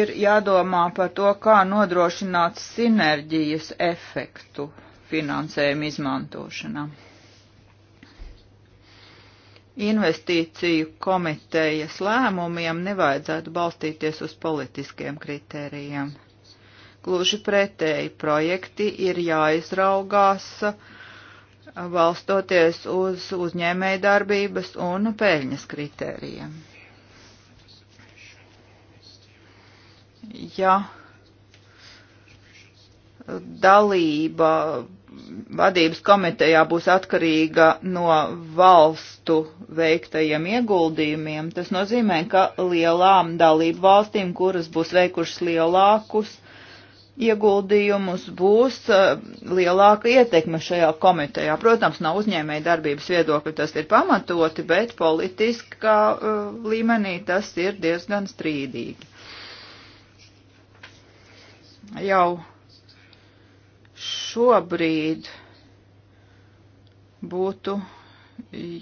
Ir jādomā par to, kā nodrošināt sinerģijas efektu finansējuma izmantošanā investīciju komitejas lēmumiem nevajadzētu balstīties uz politiskiem kritērijiem. Gluži pretēji projekti ir jāizraugās balstoties uz uzņēmēja darbības un peļņas kritērijiem. Ja dalība vadības komitejā būs atkarīga no valstu veiktajiem ieguldījumiem. Tas nozīmē, ka lielām dalību valstīm, kuras būs veikušas lielākus ieguldījumus, būs uh, lielāka ietekme šajā komitejā. Protams, nav uzņēmēja darbības viedokļa, tas ir pamatoti, bet politiskā uh, līmenī tas ir diezgan strīdīgi. Jau šobrīd būtu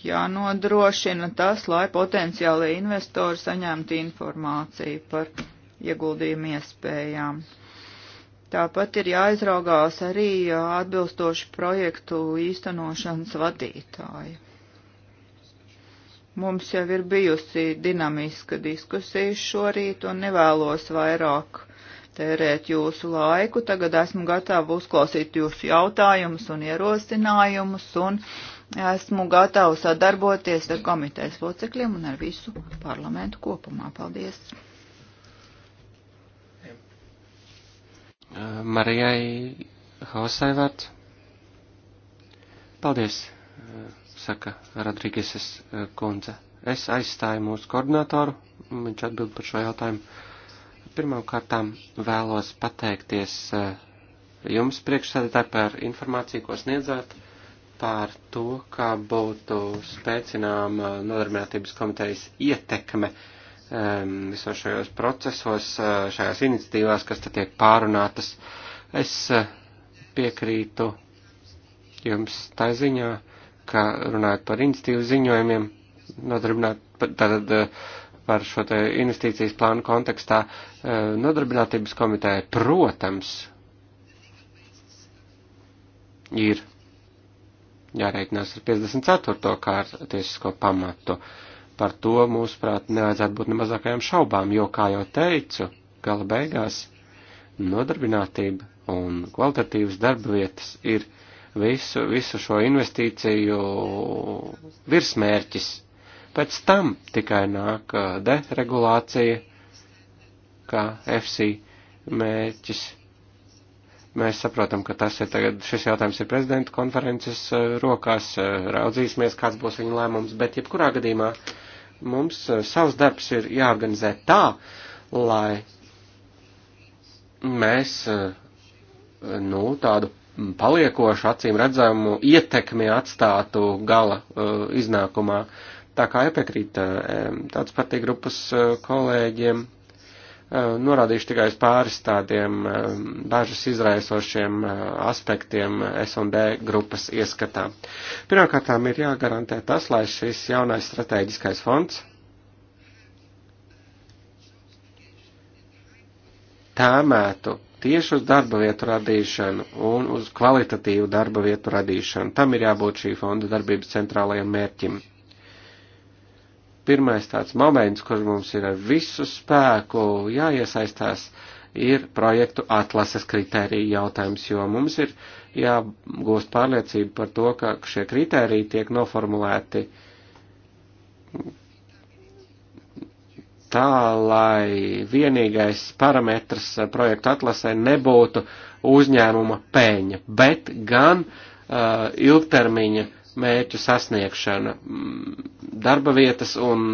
jānodrošina tas, lai potenciāli investori saņemtu informāciju par ieguldījumu iespējām. Tāpat ir jāizraugās arī atbilstoši projektu īstenošanas vadītāji. Mums jau ir bijusi dinamiska diskusija šorīt un nevēlos vairāk uh, tērēt jūsu laiku. Tagad esmu gatava uzklausīt jūsu jautājumus un ierosinājumus un esmu gatava sadarboties ar komitejas locekļiem un ar visu parlamentu kopumā. Paldies! Eh, Marijai Hausai vārds. Paldies, eh, saka Rodrīgeses eh, kundze. Es aizstāju mūsu koordinatoru, viņš atbild par šo jautājumu. Pirmkārtām vēlos pateikties eh, jums priekšsēdētāji par informāciju, ko sniedzāt, par to, kā būtu spēcināma nodarbinātības komitejas ietekme ehm, visos šajos procesos, eh, šajās iniciatīvās, kas te tiek pārunātas. Es eh, piekrītu jums tā ziņā, ka runājot par iniciatīvu ziņojumiem, nodarbināt, tātad par šo te investīcijas plānu kontekstā eh, nodarbinātības komitē, protams, ir jāreikinās ar 54. kārtu tiesisko pamatu. Par to, mūsuprāt, nevajadzētu būt nemazākajām šaubām, jo, kā jau teicu, gala beigās nodarbinātība un kvalitatīvas darba vietas ir visu, visu šo investīciju virsmērķis Pēc tam tikai nāk uh, deregulācija, kā FC mērķis. Mēs saprotam, ka tas ir tagad, šis jautājums ir prezidenta konferences uh, rokās, uh, raudzīsimies, kāds būs viņa lēmums, bet jebkurā gadījumā mums savs darbs ir jāorganizē tā, lai mēs, nu, tādu paliekošu acīm redzamu ietekmi atstātu gala uh, iznākumā. Uh, Tā kā nepiekrīt eh, tāds partija grupas eh, kolēģiem, eh, norādīšu tikai uz pāris tādiem dažus izraisošiem aspektiem S&D grupas ieskatā. Pirmkārt, ir jāgarantē tas, lai šis jaunais strateģiskais fonds tēmētu tieši uz darba vietu radīšanu un uz kvalitatīvu darba vietu radīšanu. Tam ir jābūt šī fonda darbības centrālajiem mērķim pirmais tāds moments, kur mums ir ar visu spēku jāiesaistās, ir projektu atlases kritērija jautājums, jo mums ir jāgūst pārliecība par to, ka šie kritēriji tiek noformulēti tā, lai vienīgais parametrs projektu atlasē nebūtu uzņēmuma pēļņa, bet gan uh, ilgtermiņa mērķu sasniegšana, mm, darba vietas un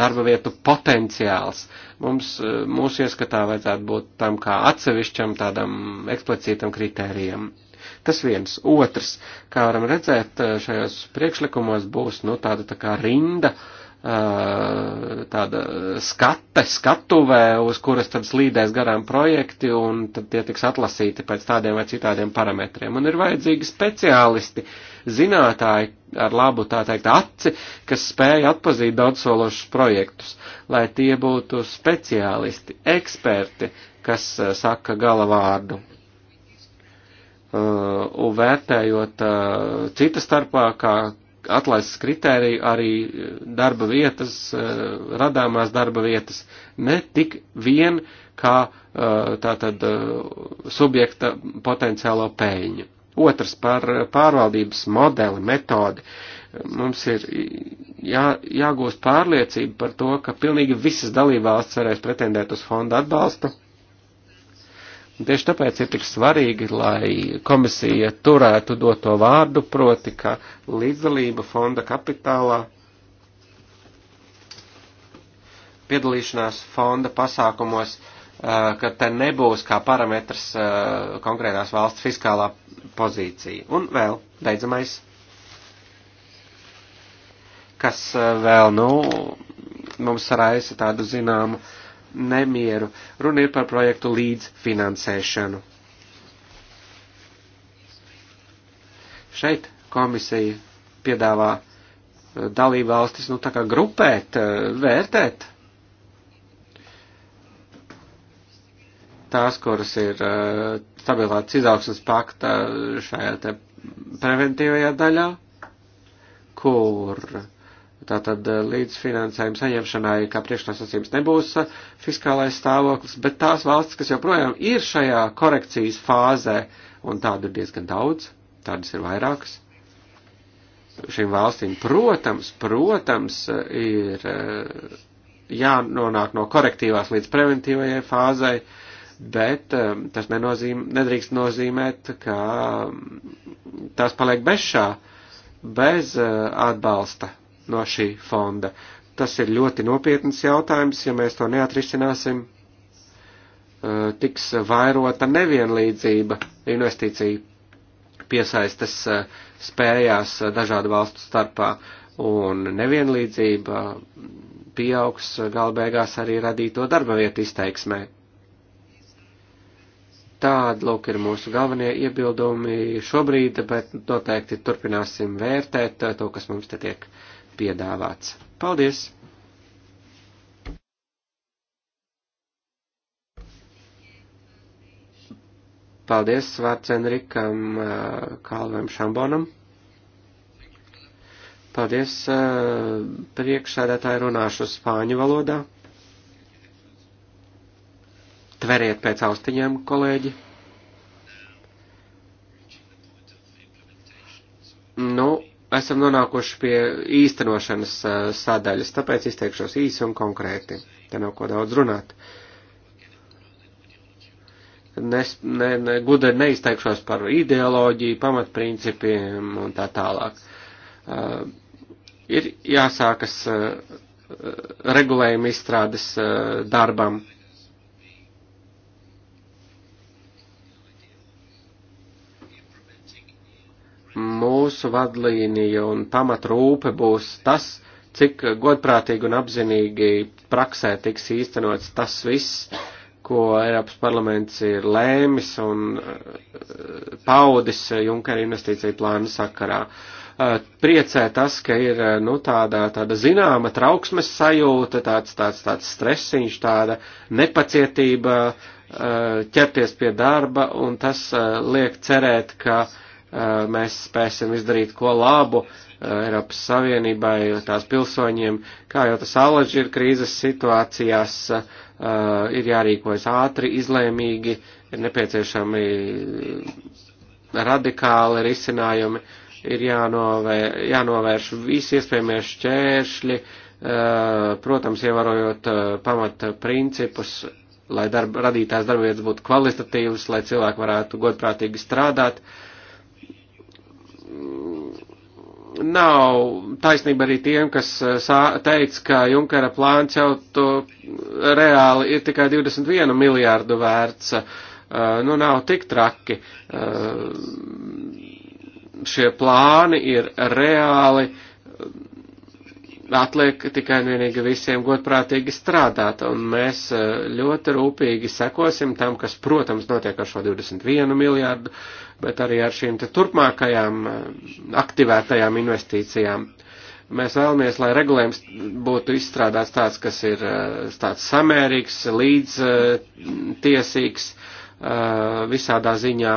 darba vietu potenciāls. Mums, e, mūsu ieskatā, vajadzētu būt tam kā atsevišķam tādam eksplicītam kritērijam. Tas viens. Otrs, kā varam redzēt, e, šajos priekšlikumos būs, nu, tāda tā kā rinda, e, tāda skate, skatuvē, uz kuras tad slīdēs garām projekti, un tad tie tiks atlasīti pēc tādiem vai citādiem parametriem. Un ir vajadzīgi speciālisti, uh, zinātāji ar labu, tā teikt, aci, kas spēja atpazīt daudzsološus projektus, lai tie būtu speciālisti, eksperti, kas eh, saka gala vārdu. Uh, un vērtējot uh, cita starpā, kā atlaists kritēriju arī darba vietas, radāmās darba vietas, ne tik vien kā tātad subjekta potenciālo pēļņu. Otrs par pārvaldības modeli, metodi. Mums ir jā, jāgūst pārliecība par to, ka pilnīgi visas dalībvalsts varēs pretendēt uz fonda atbalstu. Tieši tāpēc ir tik svarīgi, lai komisija turētu doto vārdu, proti, ka līdzdalība fonda kapitālā, piedalīšanās fonda pasākumos uh, Uh, ka te nebūs kā parametrs uh, konkrētās valsts fiskālā pozīcija. Un vēl, beidzamais, kas uh, vēl, nu, mums raisa tādu zināmu nemieru. Runa ir par projektu līdzfinansēšanu. Šeit komisija piedāvā dalībvalstis, nu, tā kā grupēt, vērtēt tās, kuras ir eh, stabilitātes izaugsmas pakta šajā te preventīvajā daļā, kur tātad eh, līdzfinansējuma saņemšanai, kā priekšnosacījums, nebūs eh, fiskālais stāvoklis, bet tās valstis, kas joprojām ir šajā korekcijas fāzē, un tādu ir diezgan daudz, tādas ir vairākas, šīm valstīm, protams, protams, ir jānonāk no korektīvās līdz preventīvajai fāzai, uh, bet eh, tas nenozīm, nedrīkst nozīmēt, ka mm, tās paliek bez šā, bez eh, atbalsta no šī fonda. Tas ir ļoti nopietns jautājums, ja mēs to neatrisināsim, eh, tiks vairota nevienlīdzība investīciju piesaistes spējās dažādu valstu starpā, un nevienlīdzība mm, pieaugs galbeigās arī radīto darba vietu izteiksmē. Tāda, lūk, ir mūsu galvenie iebildumi šobrīd, bet noteikti turpināsim vērtēt to, kas mums te tiek piedāvāts. Paldies! Paldies vārds Enrikam eh, Kalvem Šambonam. Paldies eh, priekšsēdētāju runāšu spāņu valodā. Tveriet pēc austiņām, kolēģi. Nu, esam nonākuši pie īstenošanas sadaļas, tāpēc izteikšos īsi un konkrēti. Te nav ko daudz runāt. Nes, ne, ne, gudri neizteikšos par ideoloģiju, pamatprincipiem un tā tālāk. Uh, ir jāsākas uh, regulējuma izstrādes uh, darbam mūsu vadlīnija un pamatrūpe būs tas, cik godprātīgi un apzinīgi praksē tiks īstenots tas viss, ko Eiropas parlaments ir lēmis un eh, paudis Junkera investīciju plānu sakarā. Eh, priecē tas, ka ir, eh, nu, tāda, tāda zināma trauksmes sajūta, tāds, tāds, tāds stresiņš, tāda nepacietība ķerties pie darba, un tas liek cerēt, ka uh, Uh, mēs spēsim izdarīt ko labu uh, Eiropas Savienībai, tās pilsoņiem, kā jau tas alaži ir krīzes situācijās, uh, ir jārīkojas ātri, izlēmīgi, ir nepieciešami radikāli risinājumi, ir jānovēr, jānovērš visi iespējamie šķēršļi, protams, ievērojot pamata principus, lai darb, radītās darbvietas būtu kvalitatīvas, lai cilvēki varētu godprātīgi strādāt. Uh, Mm, nav taisnība arī tiem, kas eh, teica, ka Junkara plāns jau to reāli ir tikai 21 miljārdu vērts. Eh, nu, nav tik traki. Eh, šie plāni ir reāli. Atliek tikai un vienīgi visiem godprātīgi strādāt, un mēs ļoti rūpīgi sekosim tam, kas, protams, notiek ar šo 21 miljārdu uh, bet arī ar šīm turpmākajām eh, aktivētajām investīcijām. Mēs vēlamies, lai regulējums būtu izstrādāts tāds, kas ir eh, tāds samērīgs, līdz eh, tiesīgs visādā ziņā.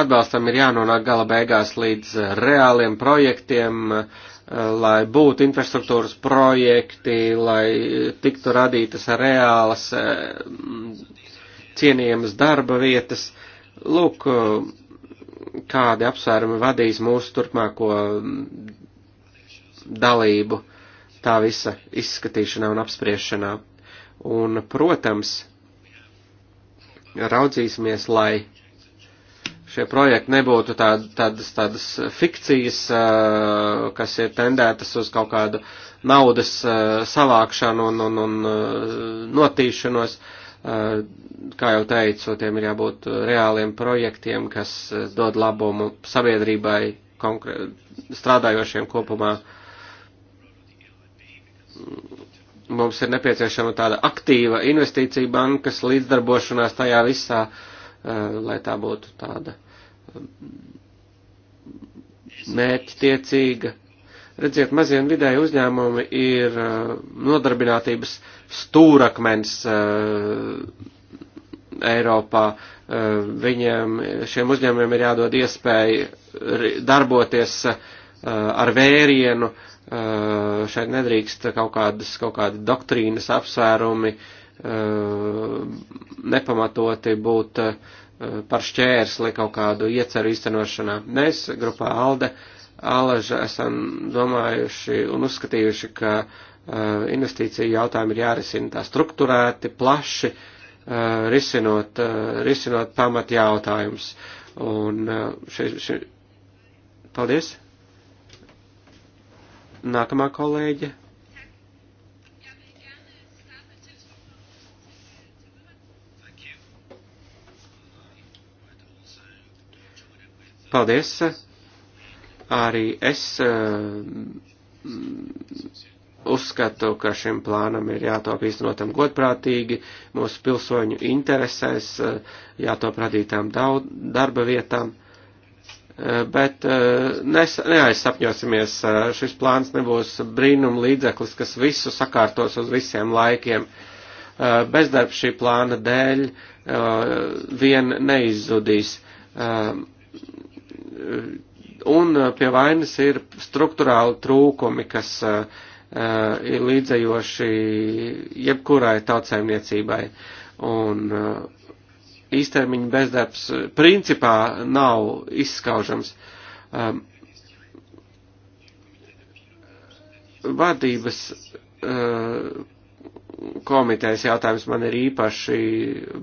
Atbalstam ir jānonāk gala beigās līdz reāliem projektiem, uh, lai būtu infrastruktūras projekti, lai tiktu radītas reālas eh, cienījamas darba vietas. Lūk, kādi apsvērumi vadīs mūsu turpmāko mm, dalību tā visa izskatīšanā un apspriešanā. Un, protams, raudzīsimies, lai šie projekti nebūtu tād, tādas, tādas fikcijas, kas ir tendētas uz kaut kādu naudas savākšanu un, un, un notīšanos. Kā jau teicu, tiem ir jābūt reāliem projektiem, kas dod labumu sabiedrībai, strādājošiem kopumā. Mums ir nepieciešama tāda aktīva investīcija bankas līdzdarbošanās tajā visā uh, Eh, lai tā būtu tāda eh, mērķtiecīga. Redziet, mazie un vidēji uzņēmumi ir eh, nodarbinātības stūrakmens Eiropā. Viņiem, šiem uzņēmumiem ir jādod iespēja darboties ar vērienu, šeit nedrīkst kaut kādas, kaut kādi doktrīnas apsvērumi uh, Eh, nepamatoti būt eh, par šķērsli kaut kādu ieceru īstenošanā. Mēs grupā Alde Alaža esam domājuši un uzskatījuši, ka eh, investīciju jautājumi ir jārisina tā strukturēti, plaši, risinot, risinot pamat jautājumus. Un šī, šī... Paldies! Nākamā kolēģe. Paldies! Arī es eh, uzskatu, ka šim plānam ir jātop īstenotam godprātīgi, mūsu pilsoņu interesēs, eh, jātop radītām daudz darba vietām, eh, bet nes, neaizsapņosimies, šis plāns nebūs brīnum līdzeklis, kas visu sakārtos uz visiem laikiem. Bezdarbs šī plāna dēļ vien neizzudīs Eh, un eh, pie vainas ir struktūrāli trūkumi, kas uh, ir līdzējoši jebkurai tautsēmniecībai. Un uh, īstermiņa bezdarbs principā nav izskaužams. Um, vadības uh, komitejas jautājums man ir īpaši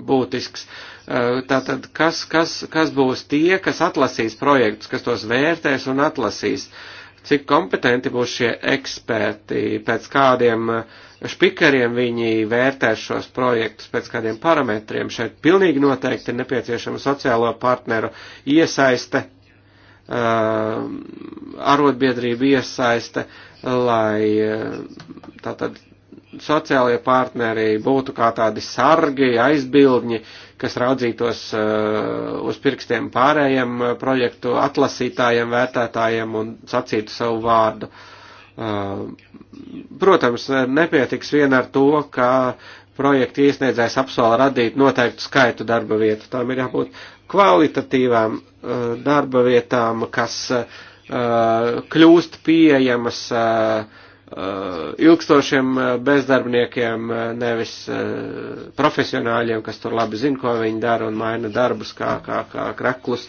būtisks. Eh, tātad, kas, kas, kas būs tie, kas atlasīs projektus, kas tos vērtēs un atlasīs? Cik kompetenti būs šie eksperti, pēc kādiem špikariem eh, viņi vērtēs šos projektus, pēc kādiem parametriem? Šeit pilnīgi noteikti ir nepieciešama sociālo partneru iesaiste, eh, arotbiedrību iesaiste, lai tātad sociālie partneri būtu kā tādi sargi, aizbildņi, kas raudzītos uh, uz pirkstiem pārējiem uh, projektu atlasītājiem, vērtētājiem un sacītu savu vārdu. Uh, protams, nepietiks vien ar to, ka projekta iesniedzējs apsola radīt noteiktu skaitu darba vietu. Tām ir jābūt kvalitatīvām darba vietām, kas kļūst pieejamas uh, Uh, ilgstošiem uh, bezdarbniekiem, uh, nevis profesionāļiem, kas tur labi zina, ko viņi dara un maina darbus kā, kā, kā kreklus.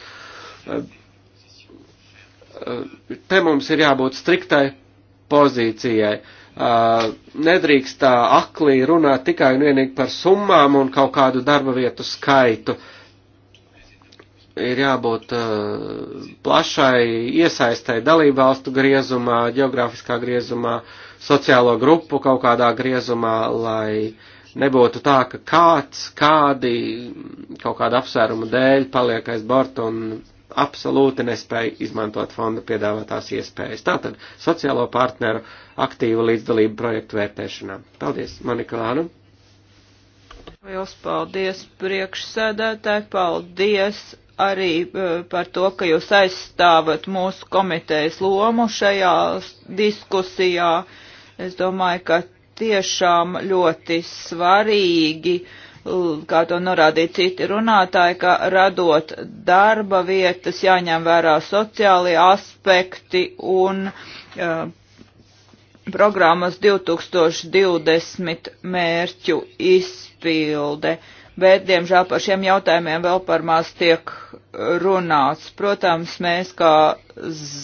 Te mums ir jābūt striktai pozīcijai. Nedrīkst tā aklī runāt tikai un vienīgi par summām un kaut kādu darba vietu skaitu. Uh, ir jābūt uh, plašai iesaistai dalībvalstu griezumā, geogrāfiskā griezumā, sociālo grupu kaut kādā griezumā, lai nebūtu tā, ka kāds, kādi kaut kāda apsvēruma dēļ paliek aiz borta un absolūti nespēja izmantot fonda piedāvātās iespējas. Tātad sociālo partneru aktīvu līdzdalību projektu vērtēšanā. Paldies, Monika Lānu. Liels paldies priekšsēdētāji, paldies arī eh, par to, ka jūs aizstāvat mūsu komitejas lomu šajā diskusijā. Es domāju, ka tiešām ļoti svarīgi, kā to norādīja citi runātāji, ka radot darba vietas jāņem vērā sociālie aspekti un uh, programmas 2020 mērķu izpilde. Uh, bet, diemžēl, par šiem jautājumiem vēl par maz tiek runāts. Protams, mēs kā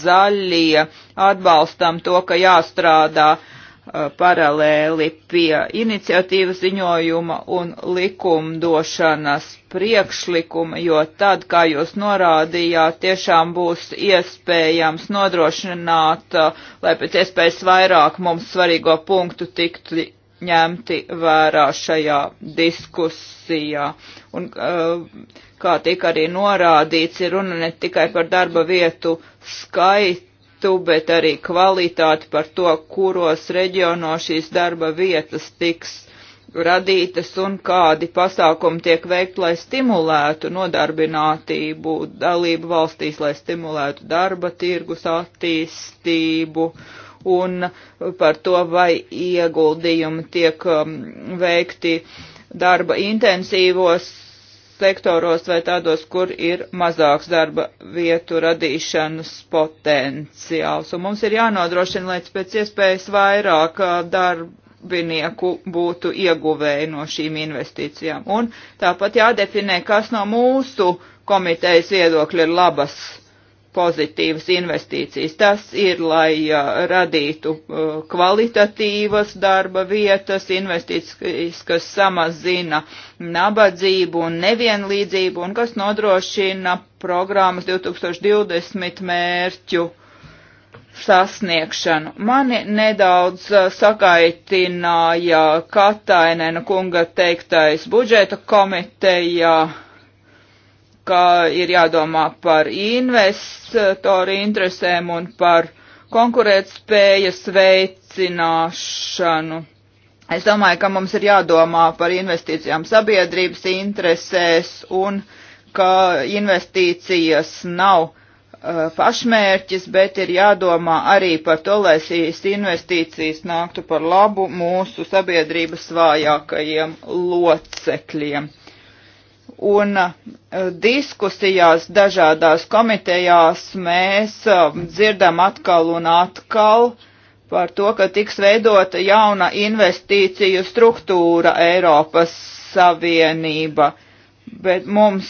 zaļie atbalstam to, ka jāstrādā uh, paralēli pie iniciatīvas ziņojuma un likumdošanas priekšlikuma, jo tad, kā jūs norādījāt, tiešām būs iespējams nodrošināt, uh, lai pēc iespējas vairāk mums svarīgo punktu tiktu ņemti vērā šajā diskusijā. Un, uh, kā tika arī norādīts, ir runa ne tikai par darba vietu skaitu, bet arī kvalitāti par to, kuros reģionos šīs darba vietas tiks radītas un kādi pasākumi tiek veikt, lai stimulētu nodarbinātību dalību valstīs, lai stimulētu darba tirgus attīstību un par to, vai ieguldījumi tiek um, veikti darba intensīvos sektoros vai tādos, kur ir mazāks darba vietu radīšanas potenciāls. Un mums ir jānodrošina, lai pēc iespējas vairāk uh, darbinieku būtu ieguvēji no šīm investīcijām. Un tāpat jādefinē, kas no mūsu komitejas viedokļa ir labas pozitīvas investīcijas. Tas ir, lai radītu kvalitatīvas darba vietas, investīcijas, kas samazina nabadzību un nevienlīdzību un kas nodrošina programmas 2020 mērķu sasniegšanu. Mani nedaudz sakaitināja Katainena kunga teiktais budžeta komitejā ka ir jādomā par investoru interesēm un par konkurētspējas veicināšanu. Es domāju, ka mums ir jādomā par investīcijām sabiedrības interesēs un ka investīcijas nav uh, pašmērķis, bet ir jādomā arī par to, lai šīs investīcijas nāktu par labu mūsu sabiedrības vājākajiem locekļiem. Un uh, diskusijās dažādās komitejās mēs um, dzirdam atkal un atkal par to, ka tiks veidota jauna investīciju struktūra Eiropas Savienība. Bet mums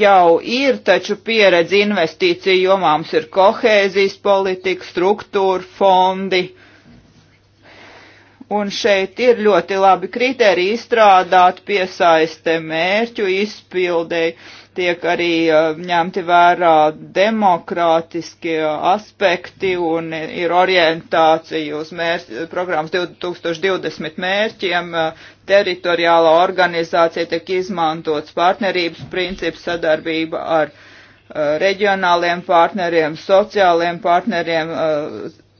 jau ir taču pieredze investīciju jomā, mums ir kohēzijas politika, struktūra fondi Un šeit ir ļoti labi kriteriji izstrādāt piesaiste mērķu izpildēji, tiek arī ņemti vērā demokrātiskie aspekti un ir orientācija uz mērķi, programmas 2020 mērķiem, teritoriālā organizācija tiek izmantots partnerības princips sadarbība ar reģionāliem partneriem, sociāliem partneriem,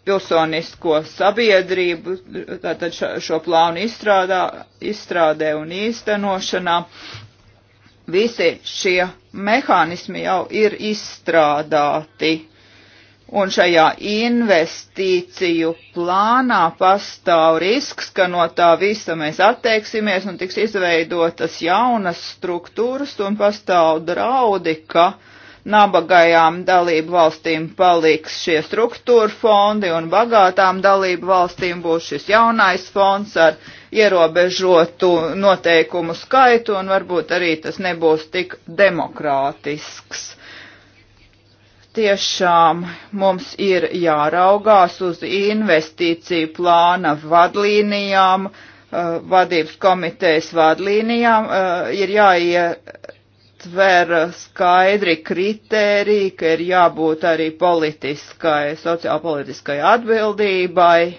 pilsonisko sabiedrību, tātad šo plānu izstrādā, izstrādē un īstenošanā. Visi šie mehānismi jau ir izstrādāti. Un šajā investīciju plānā pastāv risks, ka no tā visa mēs atteiksimies un tiks izveidotas jaunas struktūras un pastāv draudi, ka uh, nabagajām dalību valstīm paliks šie struktūra fondi un bagātām dalību valstīm būs šis jaunais fonds ar ierobežotu noteikumu skaitu un varbūt arī tas nebūs tik demokrātisks. Tiešām mums ir jāraugās uz investīciju plāna vadlīnijām, uh, vadības komitejas vadlīnijām, uh, ir jāie jāietver skaidri kriteriji, ka ir jābūt arī politiskai, sociālpolitiskai atbildībai.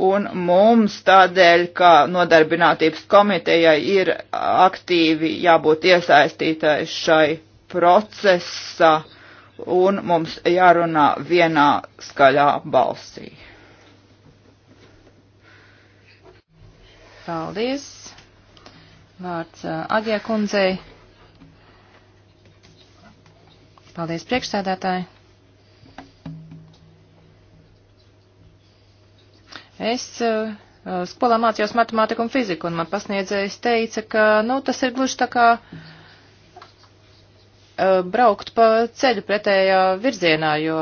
Un mums tādēļ, ka nodarbinātības komitejai ir aktīvi jābūt iesaistītai šai procesa, un mums jārunā vienā skaļā balsī. Paldies! Vārds uh, Agē kundzei. Paldies, priekšsēdētāji! Es uh, skolā mācījos matemātiku un fiziku, un man pasniedzējs teica, ka, nu, tas ir gluži tā kā uh, braukt pa ceļu pretējā virzienā, jo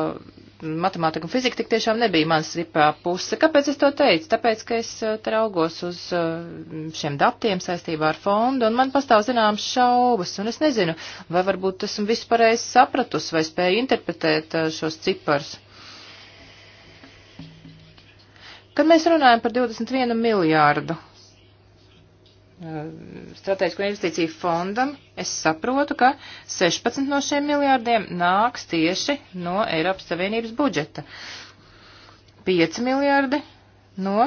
matemātika un fizika tik tiešām nebija mans stiprā puse. Kāpēc es to teicu? Tāpēc, ka es eh, traugos uz eh, šiem datiem saistībā ar fondu, un man pastāv zināmas šaubas, un es nezinu, vai varbūt esmu vispareiz sapratus, vai spēju interpretēt eh, šos ciparus. Kad mēs runājam par 21 miljārdu Eh, strateģisko investīciju fondam es saprotu, ka 16 no šiem miljārdiem nāks tieši no Eiropas Savienības budžeta. 5 miljārdi no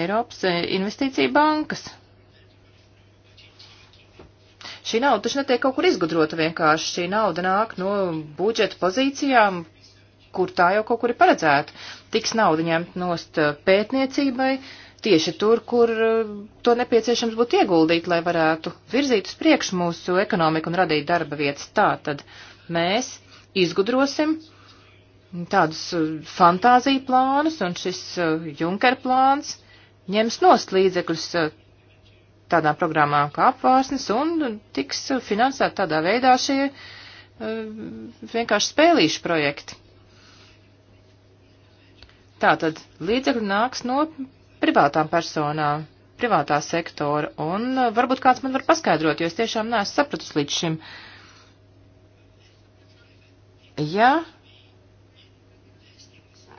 Eiropas eh, Investīcija bankas. Šī nauda taču netiek kaut kur izgudrota vienkārši. Šī nauda nāk no budžeta pozīcijām, kur tā jau kaut kur ir paredzēta. Tiks nauda ņemt nost eh, pētniecībai, uh, tieši tur, kur eh, to nepieciešams būtu ieguldīt, lai varētu virzīt uz priekšu mūsu ekonomiku un radīt darba vietas. Tā tad mēs izgudrosim tādus eh, fantāziju plānus, un šis eh, Junker plāns ņems nost līdzekļus tādām programmām kā apvārsnes un tiks finansēt tādā veidā šie vienkārši spēlīšu projekti. Tātad līdzekļi nāks no privātām personām, privātā sektora, un uh, varbūt kāds man var paskaidrot, jo es tiešām neesmu sapratusi līdz šim. Ja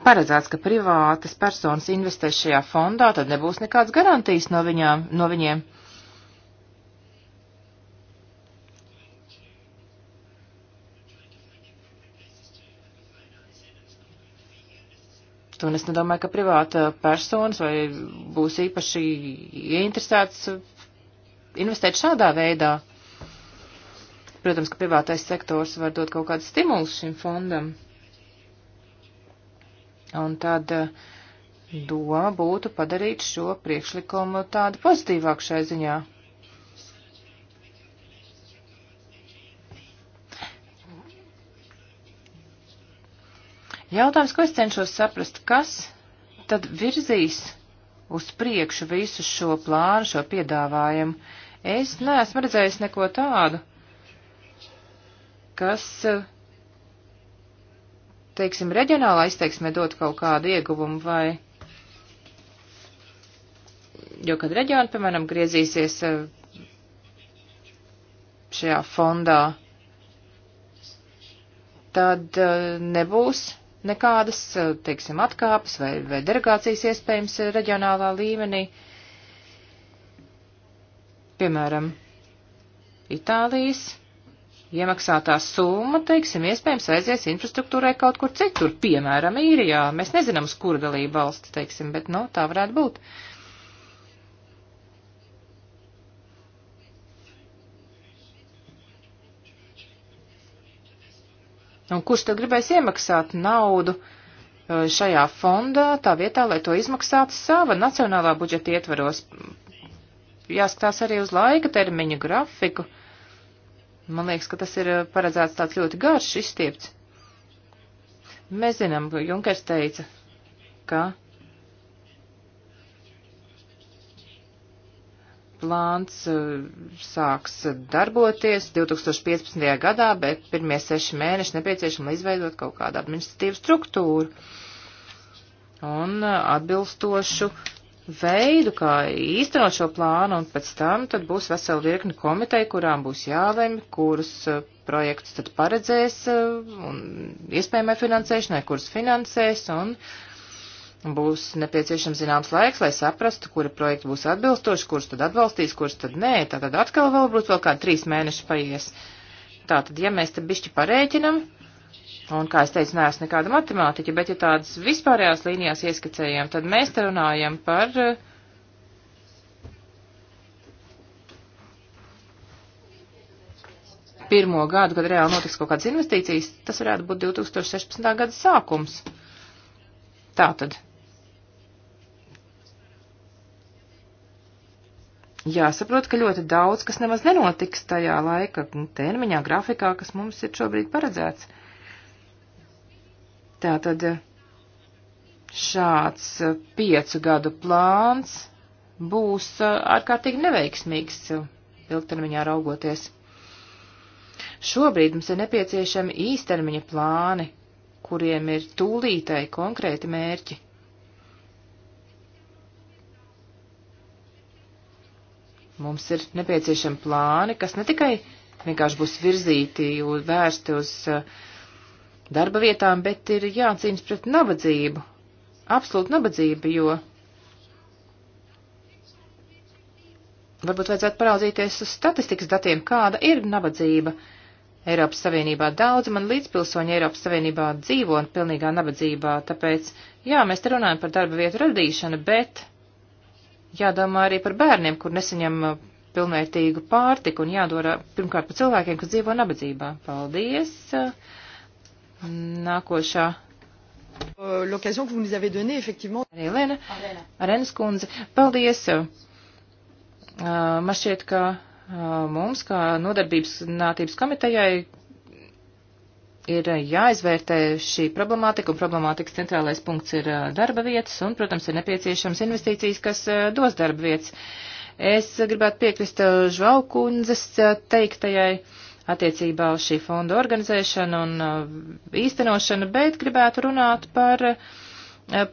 paredzēts, ka privātas personas investē šajā fondā, tad nebūs nekāds garantijas no, viņām, no viņiem. Un es nedomāju, ka privāta personas vai būs īpaši ieinteresēts investēt šādā veidā. Protams, ka privātais sektors var dot kaut kādu stimulu šim fondam. Un tad eh, doma būtu padarīt šo priekšlikumu tādu pozitīvāku šai ziņā. Jautājums, ko es cenšos saprast, kas tad virzīs uz priekšu visu šo plānu, šo piedāvājumu? Es neesmu redzējis neko tādu, kas, teiksim, reģionālā izteiksmē dot kaut kādu ieguvumu vai. Jo, kad reģioni, piemēram, griezīsies šajā fondā, tad nebūs nekādas, eh, teiksim, atkāpes vai, vai derogācijas iespējams eh, reģionālā līmenī. Piemēram, Itālijas iemaksātā summa, teiksim, iespējams aizies infrastruktūrai kaut kur citur, piemēram, īrijā. Mēs nezinām, uz kura dalība valsts, teiksim, bet, nu, tā varētu būt. Uh, Un kurš tad gribēs iemaksāt naudu eh, šajā fondā, tā vietā, lai to izmaksātu sava nacionālā budžeta ietvaros? Jāskatās arī uz laika termiņu grafiku. Man liekas, ka tas ir eh, paredzēts tāds ļoti garš izstiepts. Mēs zinām, Junkers teica, ka plāns eh, sāks darboties 2015. gadā, bet pirmie seši mēneši nepieciešami, lai izveidot kaut kādu administratīvu struktūru un eh, atbilstošu veidu, kā īstenot šo plānu, un pēc tam tad būs vesela virkni komiteja, kurām būs jālemj, kurus eh, projektus tad paredzēs un iespējamai finansēšanai, kurus finansēs, un uh, būs nepieciešams zināms laiks, lai saprastu, kuri projekti būs atbilstoši, kurus tad atbalstīs, kurus tad nē. Tātad atkal vēl būs vēl kādi trīs mēneši paies. Tātad, ja mēs te bišķi parēķinam, un, kā es teicu, neesmu nekāda matemātiķa, bet ja tādas vispārējās līnijās ieskicējam, tad mēs te runājam par eh, pirmo gadu, kad reāli notiks kaut kādas investīcijas, tas varētu būt 2016. gada sākums. Tātad jāsaprot, ka ļoti daudz, kas nemaz nenotiks tajā laika termiņā, grafikā, kas mums ir šobrīd paredzēts. Tātad šāds eh, piecu gadu plāns būs eh, ārkārtīgi neveiksmīgs eh, ilgtermiņā raugoties. Šobrīd mums ir nepieciešami īstermiņa plāni, kuriem ir tūlītai konkrēti mērķi. Mums ir nepieciešami plāni, kas ne tikai vienkārši būs virzīti un vērsti uz uh, darba vietām, bet ir jācīnas pret nabadzību, absolūtu nabadzību, jo varbūt vajadzētu paraudzīties uz statistikas datiem, kāda ir nabadzība. Eiropas Savienībā daudz man līdzpilsoņi Eiropas Savienībā dzīvo un pilnīgā nabadzībā, tāpēc, jā, mēs te runājam par darba vietu radīšanu, bet jādomā arī par bērniem, kur nesaņem uh, pilnvērtīgu pārtiku un jādara pirmkārt par cilvēkiem, kas dzīvo nabadzībā. Paldies! Uh, nākošā. Uh, l'occasion, que vous nous avez donnée, effectivement. Arī Lena. Arenas kundze. Paldies! Man šķiet, ka mums, kā nodarbības nātības komitejai, ir eh, jāizvērtē šī problemātika, un problemātikas centrālais punkts ir eh, darba vietas, un, protams, ir nepieciešams investīcijas, kas eh, dos darba vietas. Es gribētu piekrist Žvaukundzes teiktajai attiecībā uz šī fonda organizēšanu un īstenošanu, bet gribētu runāt par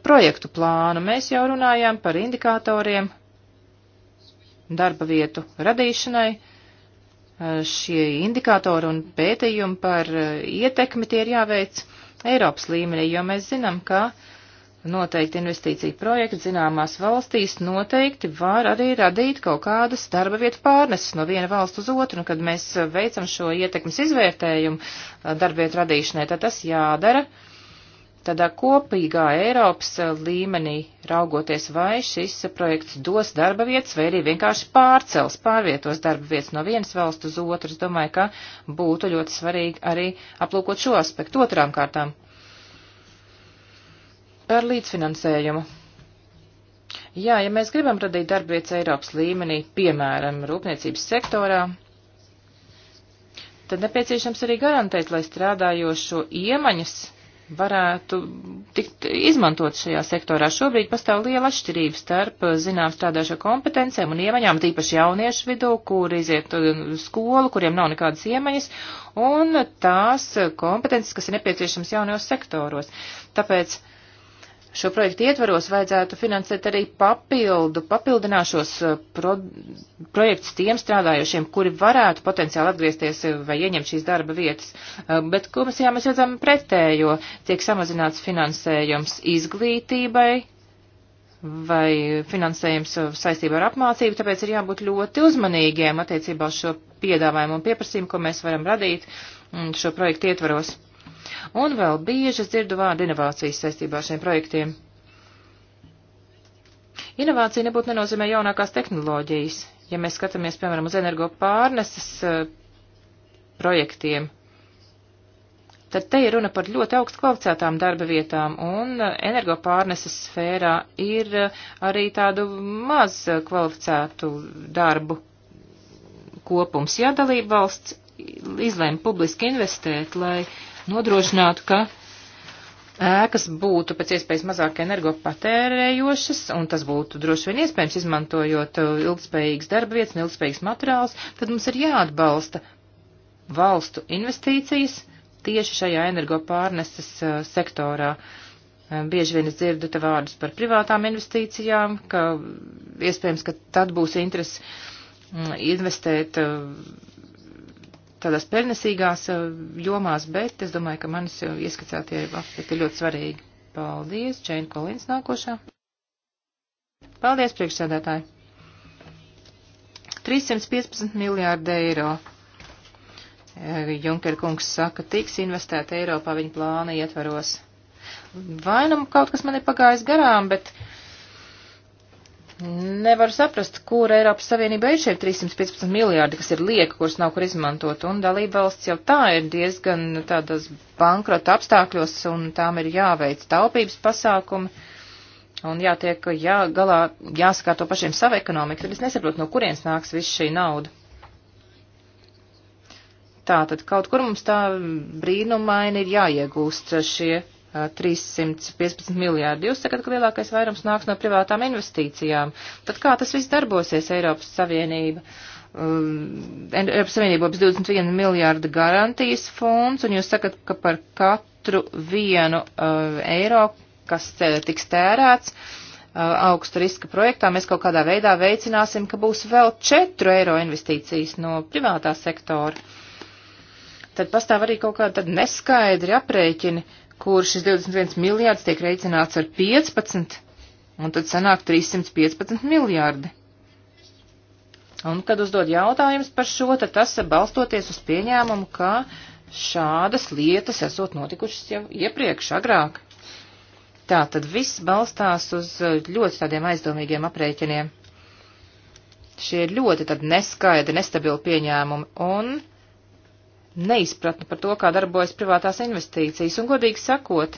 projektu plānu. Mēs jau runājām par indikatoriem darba vietu radīšanai Eh, šie indikātori un pētījumi par eh, ietekmi tie ir jāveic Eiropas līmenī, jo mēs zinām, ka noteikti investīcija projekti zināmās valstīs noteikti var arī radīt kaut kādas darba vietu pārneses no viena valsts uz otru, un kad mēs veicam šo ietekmes izvērtējumu eh, darba vietu radīšanai, tad tas jādara uh, tādā kopīgā Eiropas eh, līmenī raugoties, vai šis projekts dos darba vietas, vai arī vienkārši pārcels, pārvietos darba vietas no vienas valsts uz otru. Es domāju, ka būtu ļoti svarīgi arī aplūkot šo aspektu otrām kārtām. Par līdzfinansējumu. Jā, ja mēs gribam radīt darba vietas Eiropas līmenī, piemēram, rūpniecības sektorā, tad nepieciešams arī garantēt, lai strādājošo iemaņas varētu tikt izmantot šajā sektorā. Šobrīd pastāv liela atšķirība starp eh, zinām strādājušo kompetencēm un iemaņām, tīpaši jauniešu vidū, kur iziet eh, skolu, kuriem nav nekādas iemaņas, un tās eh, kompetences, kas ir nepieciešamas jaunajos sektoros. Tāpēc uh, Šo projektu ietvaros vajadzētu finansēt arī papildu, papildināšos eh, pro, projektus tiem strādājošiem, kuri varētu potenciāli atgriezties eh, vai ieņemt šīs darba vietas. Eh, bet komisijā mēs redzam pretējo, tiek samazināts finansējums izglītībai vai finansējums saistībā ar apmācību, tāpēc ir jābūt ļoti uzmanīgiem attiecībā uz šo piedāvājumu un pieprasījumu, ko mēs varam radīt mm, šo projektu ietvaros un vēl bieži es dzirdu vārdu inovācijas saistībā ar šiem projektiem. Inovācija nebūtu nenozīmē jaunākās tehnoloģijas. Ja mēs skatāmies, piemēram, uz energo pārneses uh, eh, projektiem, tad te ir runa par ļoti augstu kvalificētām darba vietām, un eh, energopārneses sfērā ir eh, arī tādu maz kvalificētu darbu kopums. Ja dalība valsts izlēma publiski investēt, lai nodrošinātu, ka ēkas būtu pēc iespējas mazāk energopatērējošas, un tas būtu droši vien iespējams izmantojot uh, ilgspējīgas darba vietas un ilgspējīgas materiālus, tad mums ir jāatbalsta valstu investīcijas tieši šajā energopārneses uh, sektorā. Um, bieži vien es dzirdu te vārdus par privātām investīcijām, ka iespējams, ka tad būs interesi mm, investēt uh, tādās pelnesīgās eh, jomās, bet es domāju, ka manis eh, ieskicētie aspekti ir ļoti svarīgi. Paldies, Čēna Kolins nākošā. Paldies, priekšsēdētāji. 315 miljārdi eiro. Eh, Junker kungs saka, tiks investēta Eiropā viņa plāna ietvaros. Vainam nu kaut kas man ir pagājis garām, bet uh, Nevar saprast, kur Eiropas Savienība ir šie 315 miljārdi, kas ir lieka, kuras nav kur izmantot, un dalība valsts jau tā ir diezgan tādas bankrota apstākļos, un tām ir jāveic taupības pasākumi, un jātiek jā, galā, jāsakārto pašiem savu ekonomiku, tad es nesaprotu, no kurienes nāks viss šī nauda. Tā tad kaut kur mums tā brīnumaini ir jāiegūst šie 315 miljārdi. Jūs sakat, ka lielākais vairums nāks no privātām investīcijām. Tad kā tas viss darbosies Eiropas Savienība? Um, Eiropas Savienība būs 21 miljārda garantijas fonds, un jūs sakat, ka par katru vienu uh, eiro, kas uh, tiks tērēts uh, augstu riska projektā, mēs kaut kādā veidā veicināsim, ka būs vēl 4 eiro investīcijas no privātā sektora. Tad pastāv arī kaut kāda neskaidri aprēķini. Uh, kur šis 21 miljārds tiek reicināts ar 15, un tad sanāk 315 miljārdi. Un, kad uzdod jautājums par šo, tad tas balstoties uz pieņēmumu, ka šādas lietas esot notikušas jau iepriekš, agrāk. Tā tad viss balstās uz ļoti tādiem aizdomīgiem aprēķiniem. Šie ir ļoti tad neskaidri, nestabili pieņēmumi, un neizpratni par to, kā darbojas privātās investīcijas, un godīgi sakot,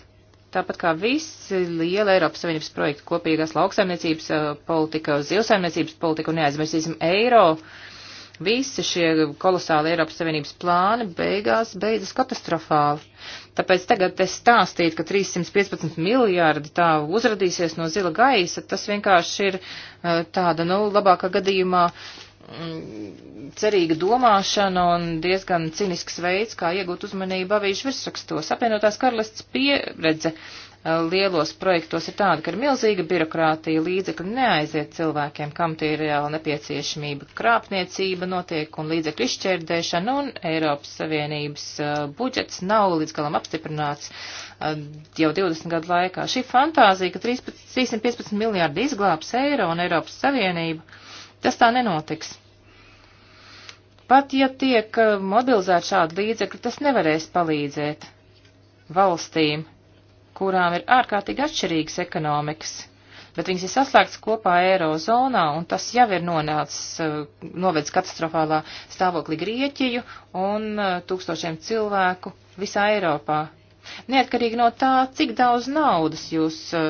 tāpat kā visi liela Eiropas Savienības projekti kopīgās lauksaimniecības eh, politika, zilsaimniecības politika un neaizmirsīsim eiro, visi šie kolosāli Eiropas Savienības plāni beigās beidzas katastrofāli. Tāpēc tagad es stāstīt, ka 315 miljārdi tā uzradīsies no zila gaisa, tas vienkārši ir eh, tāda, nu, labākā gadījumā Mm, cerīga domāšana un diezgan cinisks veids, kā iegūt uzmanību avīžu virsrakstos. Apvienotās karalists pieredze eh, lielos projektos ir tāda, ka ir milzīga birokrātija, līdzekļi neaiziet cilvēkiem, kam tie ir reāli nepieciešamība, krāpniecība notiek un līdzekļu izšķērdēšana, un Eiropas Savienības eh, budžets nav līdz galam apstiprināts eh, jau 20 gadu laikā. Šī fantāzija, ka 13, 315 miljārdi izglābs eiro un Eiropas Savienību Tas tā nenotiks. Pat ja tiek eh, mobilizēti šādi līdzekļi, tas nevarēs palīdzēt valstīm, kurām ir ārkārtīgi atšķirīgas ekonomikas, bet viņas ir saslēgts kopā eirozonā, un tas jau ir nonācis, eh, novedis katastrofālā stāvoklī Grieķiju un eh, tūkstošiem cilvēku visā Eiropā. Neatkarīgi no tā, cik daudz naudas jūs uh,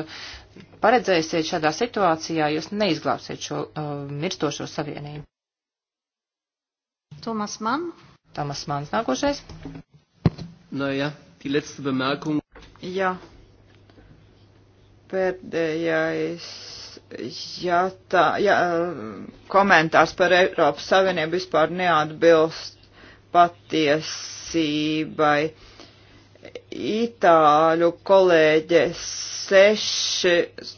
paredzēsiet šādā situācijā, jūs neizglābsiet šo uh, mirstošo savienību. Tomas Mann. Tomas Manns nākošais. Na ja, die letzte bemerkung. Jā. Pēdējais ja tā, ja, uh, komentārs par Eiropas Savienību vispār neatbilst patiesībai itāļu kolēģe seši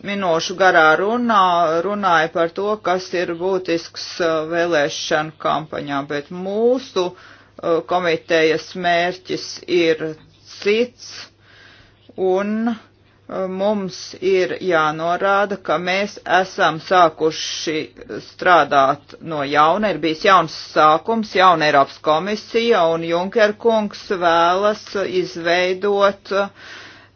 minūšu garā runā, runāja par to, kas ir būtisks uh, vēlēšanu kampaņā, bet mūsu uh, komitejas mērķis ir cits un uh, mums ir jānorāda, ka mēs esam sākuši strādāt no jauna, ir bijis jauns sākums, jauna Eiropas komisija, un Junker kungs vēlas izveidot uh,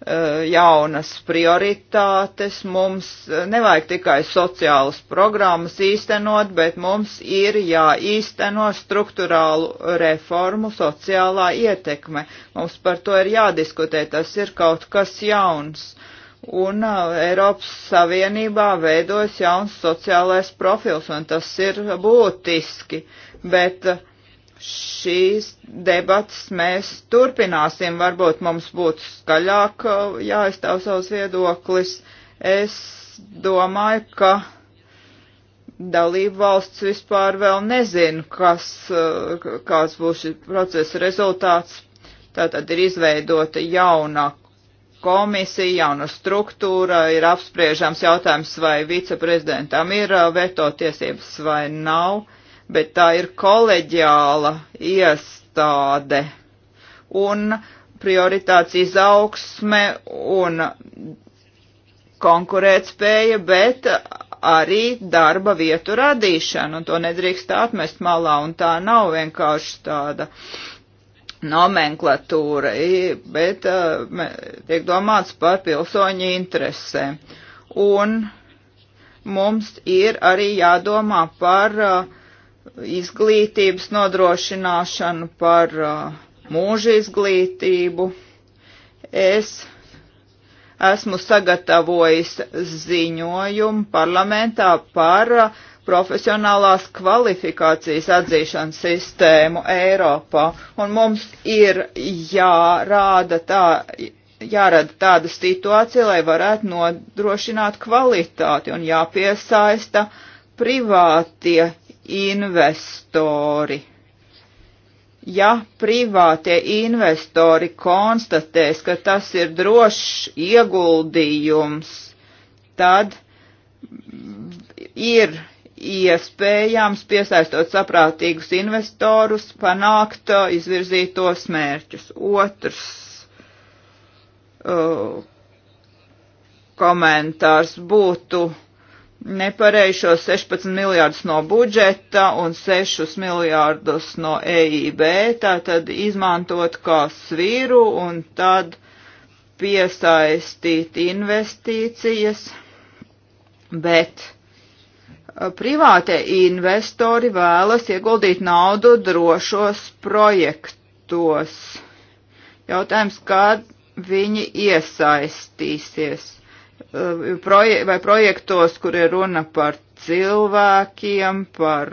Eh, jaunas prioritātes, mums eh, nevajag tikai sociālas programmas īstenot, bet mums ir jāīsteno struktūrālu reformu sociālā ietekme. Mums par to ir jādiskutē, tas ir kaut kas jauns. Un eh, Eiropas Savienībā veidojas jauns sociālais profils, un tas ir būtiski, bet uh, šīs debatas mēs turpināsim. Varbūt mums būtu skaļāk uh, jāizstāv savs viedoklis. Es domāju, ka dalību valsts vispār vēl nezinu, kas, uh, kāds būs šī procesa rezultāts. Tātad ir izveidota jauna komisija, jauna struktūra, ir apspriežams jautājums, vai viceprezidentam ir uh, veto tiesības vai nav. Uh, bet tā ir koleģiāla iestāde. Un prioritāts izaugsme un konkurētspēja, bet arī darba vietu radīšana, un to nedrīkst atmest malā, un tā nav vienkārši tāda nomenklatūra, bet uh, tiek domāts par pilsoņu interesēm. Un mums ir arī jādomā par uh, izglītības nodrošināšanu, par uh, mūža izglītību. Es esmu sagatavojis ziņojumu parlamentā par uh, profesionālās kvalifikācijas atzīšanas sistēmu Eiropā, un mums ir jārāda tā, jārada tāda situācija, lai varētu nodrošināt kvalitāti un jāpiesaista privātie investori. Ja privātie investori konstatēs, ka tas ir drošs ieguldījums, tad ir iespējams piesaistot saprātīgus investorus, panākt uh, izvirzītos mērķus. Otrs uh, komentārs būtu nepareišos 16 miljārdus no budžeta un 6 miljārdus no EIB, tātad izmantot kā svīru un tad piesaistīt investīcijas, bet uh, privātie investori vēlas ieguldīt naudu drošos projektos. Jautājums, kā viņi iesaistīsies Eh, proje vai projektos, kur ir runa par cilvēkiem, par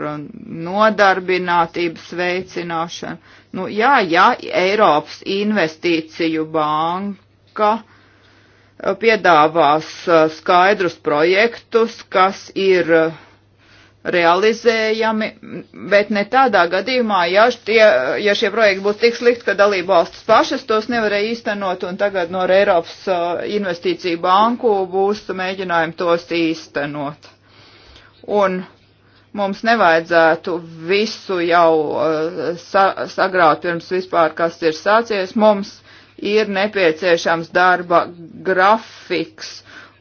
nodarbinātības veicināšanu. Nu, jā, jā, Eiropas investīciju banka eh, piedāvās eh, skaidrus projektus, kas ir uh, realizējami, bet ne tādā gadījumā, ja, tie, ja šie projekti būtu tik slikti, ka dalība valstis pašas tos nevarēja īstenot, un tagad no Eiropas uh, investīciju banku būs mēģinājumi tos īstenot. Un mums nevajadzētu visu jau uh, sa sagraut pirms vispār, kas ir sācies. Mums ir nepieciešams darba grafiks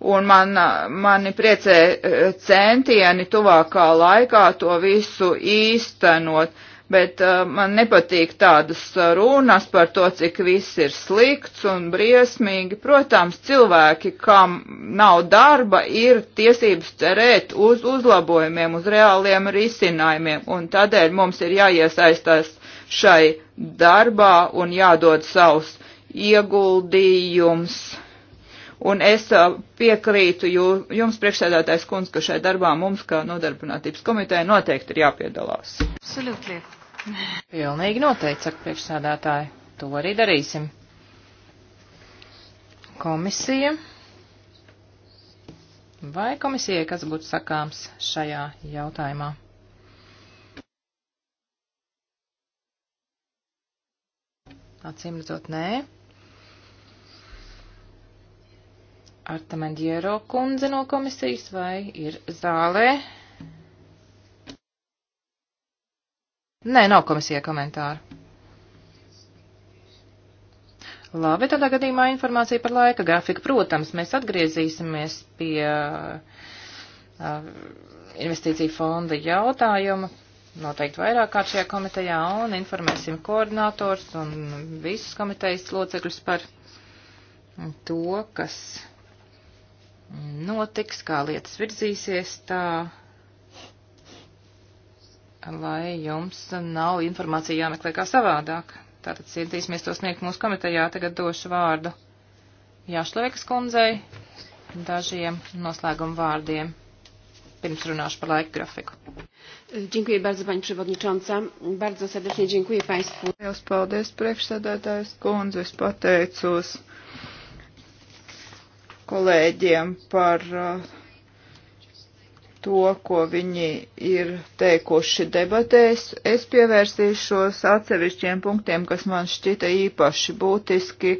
un man, mani priecē e, centieni tuvākā laikā to visu īstenot, bet uh, man nepatīk tādas runas par to, cik viss ir slikts un briesmīgi. Protams, cilvēki, kam nav darba, ir tiesības cerēt uz uzlabojumiem, uz reāliem risinājumiem, un tādēļ mums ir jāiesaistās šai darbā un jādod savs ieguldījums Un es uh, piekrītu jums, priekšsēdētājs kundz, ka šai darbā mums, kā nodarbinātības komitē, noteikti ir jāpiedalās. Absolūti. Pilnīgi noteikti, saka priekšsēdētāji. To arī darīsim. Komisija. Vai komisijai kas būtu sakāms šajā jautājumā? Acīm redzot, nē. Artamandiero kundze no komisijas vai ir zālē? Nē, nav komisijai komentāru. Labi, tādā gadījumā informācija par laika grafiku. Protams, mēs atgriezīsimies pie uh, investīciju fonda jautājuma, noteikti vairāk kā šajā komitejā, un informēsim koordinators un visus komitejas locekļus par to, kas notiks, kā lietas virzīsies, tā lai jums nav informācija jāmeklē kā savādāk. Tātad centīsimies to sniegt mūsu komitejā. Tagad došu vārdu Jāšlavekas kundzei dažiem noslēguma vārdiem. Pirms runāšu par laika grafiku. Dziękuję bardzo Pani Przewodnicząca. Bardzo serdecznie dziękuję Państwu. Paldies, priekšsēdētājs kundze, es pateicos kolēģiem par uh, to, ko viņi ir teikuši debatēs. Es pievērsīšos atsevišķiem punktiem, kas man šķita īpaši būtiski,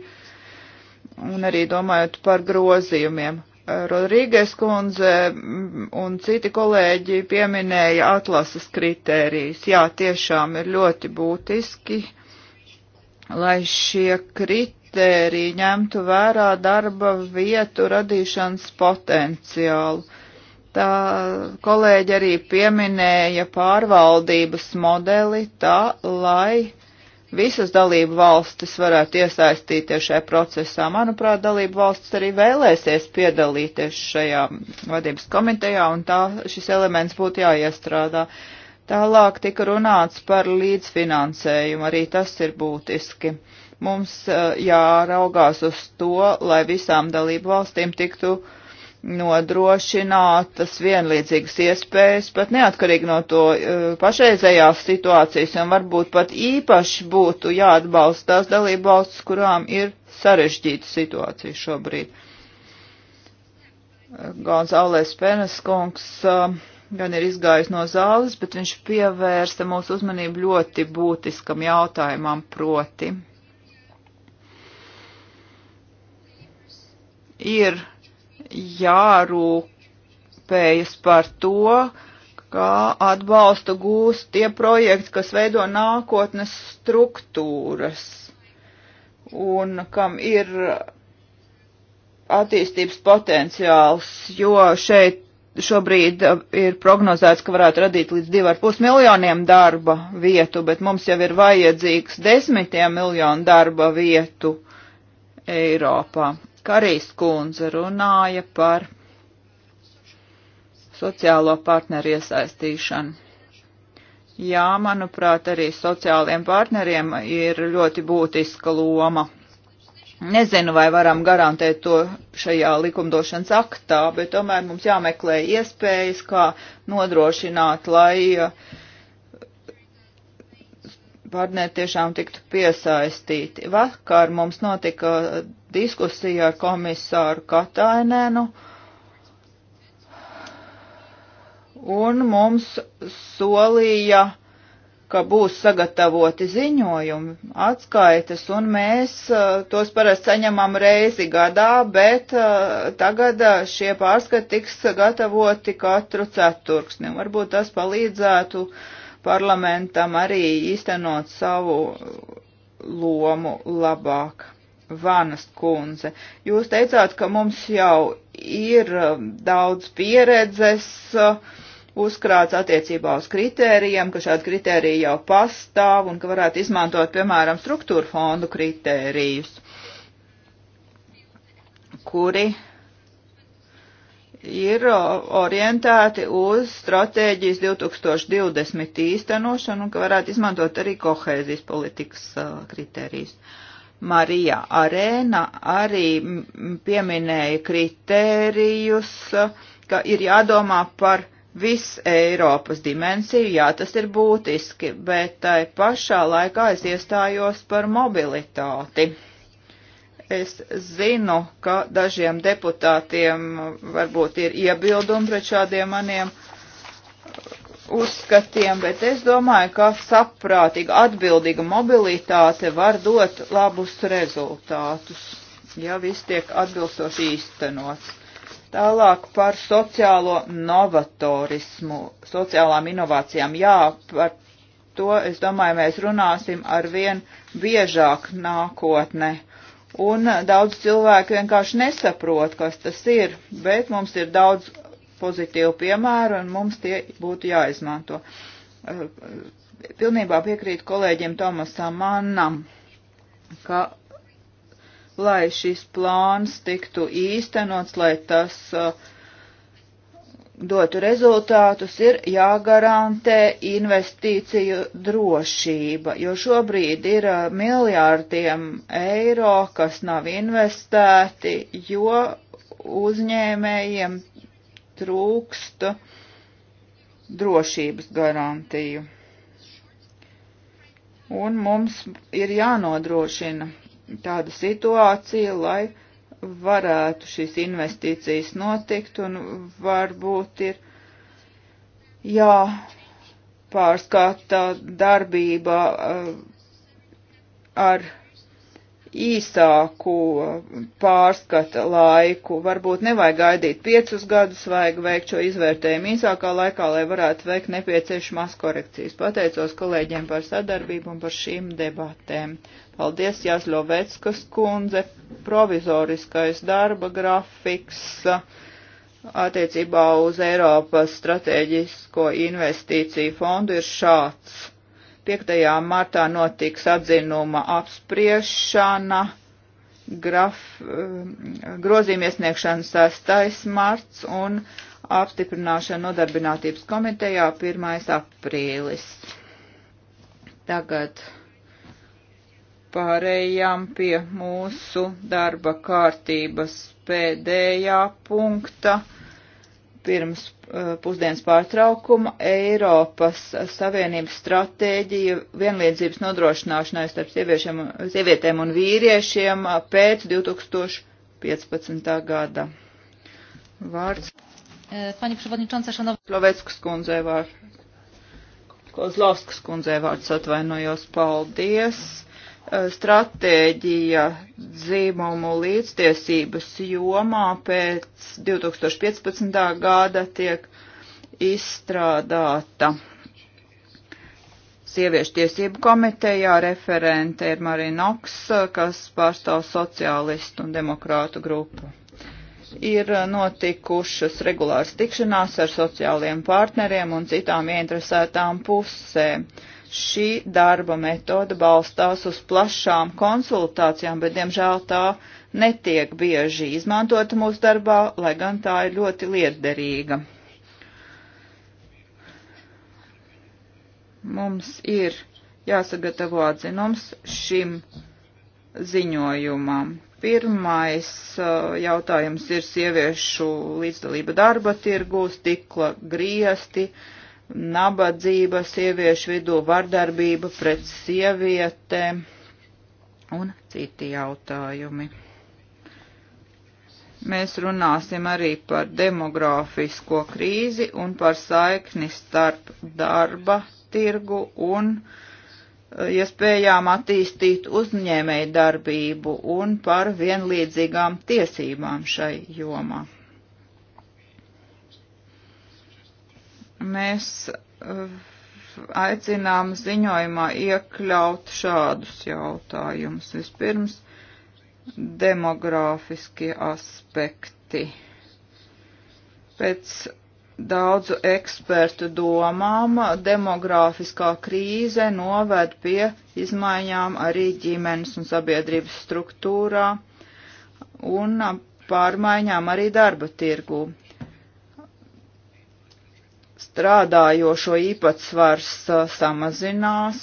un arī domājot par grozījumiem. Rodrīgais kundze un citi kolēģi pieminēja atlases kritērijas. Jā, tiešām ir ļoti būtiski, lai šie kritēriji kritēriji ņemtu vērā darba vietu radīšanas potenciālu. Tā kolēģi arī pieminēja pārvaldības modeli tā, lai visas dalību valstis varētu iesaistīties šajā procesā. Manuprāt, dalību valstis arī vēlēsies piedalīties šajā vadības komitejā, un tā šis elements būtu jāiestrādā. Tālāk tika runāts par līdzfinansējumu, arī tas ir būtiski. Mums eh, jāraugās uz to, lai visām dalību valstīm tiktu nodrošinātas vienlīdzīgas iespējas, pat neatkarīgi no to eh, pašreizējās situācijas, un varbūt pat īpaši būtu jāatbalsta tās dalību valstis, kurām ir sarežģīta situācija šobrīd. Gonzālēs Penes kungs eh, gan ir izgājis no zāles, bet viņš pievērsta mūsu uzmanību ļoti būtiskam jautājumam proti ir jārūpējas par to, kā atbalstu gūst tie projekti, kas veido nākotnes struktūras un kam ir attīstības potenciāls, jo šeit šobrīd uh, ir prognozēts, ka varētu radīt līdz 2,5 miljoniem darba vietu, bet mums jau ir vajadzīgs desmitiem miljonu darba vietu Eiropā. Karīs kundze runāja par sociālo partneru iesaistīšanu. Jā, manuprāt, arī sociāliem partneriem ir ļoti būtiska loma. Nezinu, vai varam garantēt to šajā likumdošanas aktā, bet tomēr mums jāmeklē iespējas, kā nodrošināt, lai uh, partneri tiešām tiktu piesaistīti. Vakar mums notika diskusija ar komisāru Katainēnu, un mums solīja, ka būs sagatavoti ziņojumi, atskaites, un mēs uh, tos parasti saņemam reizi gadā, bet uh, tagad uh, šie pārskati tiks sagatavoti katru ceturksni. Varbūt tas palīdzētu parlamentam arī īstenot savu lomu labāk. Vanas kundze. Jūs teicāt, ka mums jau ir um, daudz pieredzes uh, uzkrāts attiecībā uz kritērijiem, ka šādi kritēriji jau pastāv un ka varētu izmantot, piemēram, struktūra fondu kritērijus, kuri ir uh, orientēti uz stratēģijas 2020 īstenošanu un ka varētu izmantot arī kohēzijas politikas kritērijas. Uh, Marija Arēna arī pieminēja kritērijus, ka ir jādomā par visu Eiropas dimensiju, jā, tas ir būtiski, bet tai pašā laikā es iestājos par mobilitāti. Es zinu, ka dažiem deputātiem varbūt ir iebildumi pret šādiem maniem uzskatiem, bet es domāju, ka saprātīga, atbildīga mobilitāte var dot labus rezultātus, ja viss tiek atbilstoši īstenots. Tālāk par sociālo novatorismu, sociālām inovācijām. Jā, par to, es domāju, mēs runāsim ar vien biežāk nākotnē. Un daudz cilvēku vienkārši nesaprot, kas tas ir, bet mums ir daudz pozitīvu piemēru, un mums tie būtu jāizmanto. Eh, pilnībā piekrīt kolēģiem Tomasam Mannam, ka lai šis plāns tiktu īstenots, lai tas eh, dotu rezultātus, ir jāgarantē investīciju drošība, jo šobrīd ir eh, miljārdiem eiro, kas nav investēti, jo uzņēmējiem trūkst drošības garantiju. Un mums ir jānodrošina tāda situācija, lai varētu šīs investīcijas notikt un varbūt ir jāpārskata darbība eh, ar īsāku pārskata laiku. Varbūt nevajag gaidīt piecus gadus, vajag veikt šo izvērtējumu īsākā laikā, lai varētu veikt nepieciešamās korekcijas. Pateicos kolēģiem par sadarbību un par šīm debatēm. Paldies Jāsļoveckas kundze, provizoriskais darba grafiks attiecībā uz Eiropas strateģisko investīciju fondu ir šāds 5. martā notiks atzinuma apspriešana, graf, eh, grozījuma iesniegšana 6. marts un apstiprināšana nodarbinātības komitejā 1. aprīlis. Tagad pārējām pie mūsu darba kārtības pēdējā punkta pirms eh, pusdienas pārtraukuma Eiropas Savienības stratēģija vienlīdzības nodrošināšanai starp sievietēm un vīriešiem eh, pēc 2015. gada. Vārds. Eh, pani Przewodnicząca, Szanowna. Slovetskas kundzei vārds. Kozlovskas kundzei vārds atvainojos. Paldies. Eh, stratēģija dzīmumu līdztiesības jomā pēc 2015. gada tiek izstrādāta. Sieviešu tiesību komitejā referente ir Marina Oks, eh, kas pārstāv sociālistu un demokrātu grupu. Ir notikušas regulāras tikšanās ar sociāliem partneriem un citām ieinteresētām pusēm. Uh, Šī darba metoda balstās uz plašām konsultācijām, bet, diemžēl, tā netiek bieži izmantota mūsu darbā, lai gan tā ir ļoti lietderīga. Mums ir jāsagatavo atzinums šim ziņojumam. Pirmais uh, jautājums ir sieviešu līdzdalība darba tirgū, stikla griesti, uh, nabadzība sieviešu vidū, vardarbība pret sievietēm un citi jautājumi. Mēs runāsim arī par demografisko krīzi un par saikni starp darba tirgu un e, iespējām ja attīstīt uzņēmēju darbību un par vienlīdzīgām tiesībām šai jomā. Mēs eh, aicinām ziņojumā iekļaut šādus jautājumus. Vispirms demogrāfiskie aspekti. Pēc daudzu ekspertu domām demogrāfiskā krīze noved pie izmaiņām arī ģimenes un sabiedrības struktūrā un pārmaiņām arī darba tirgū strādājošo īpatsvars uh, samazinās.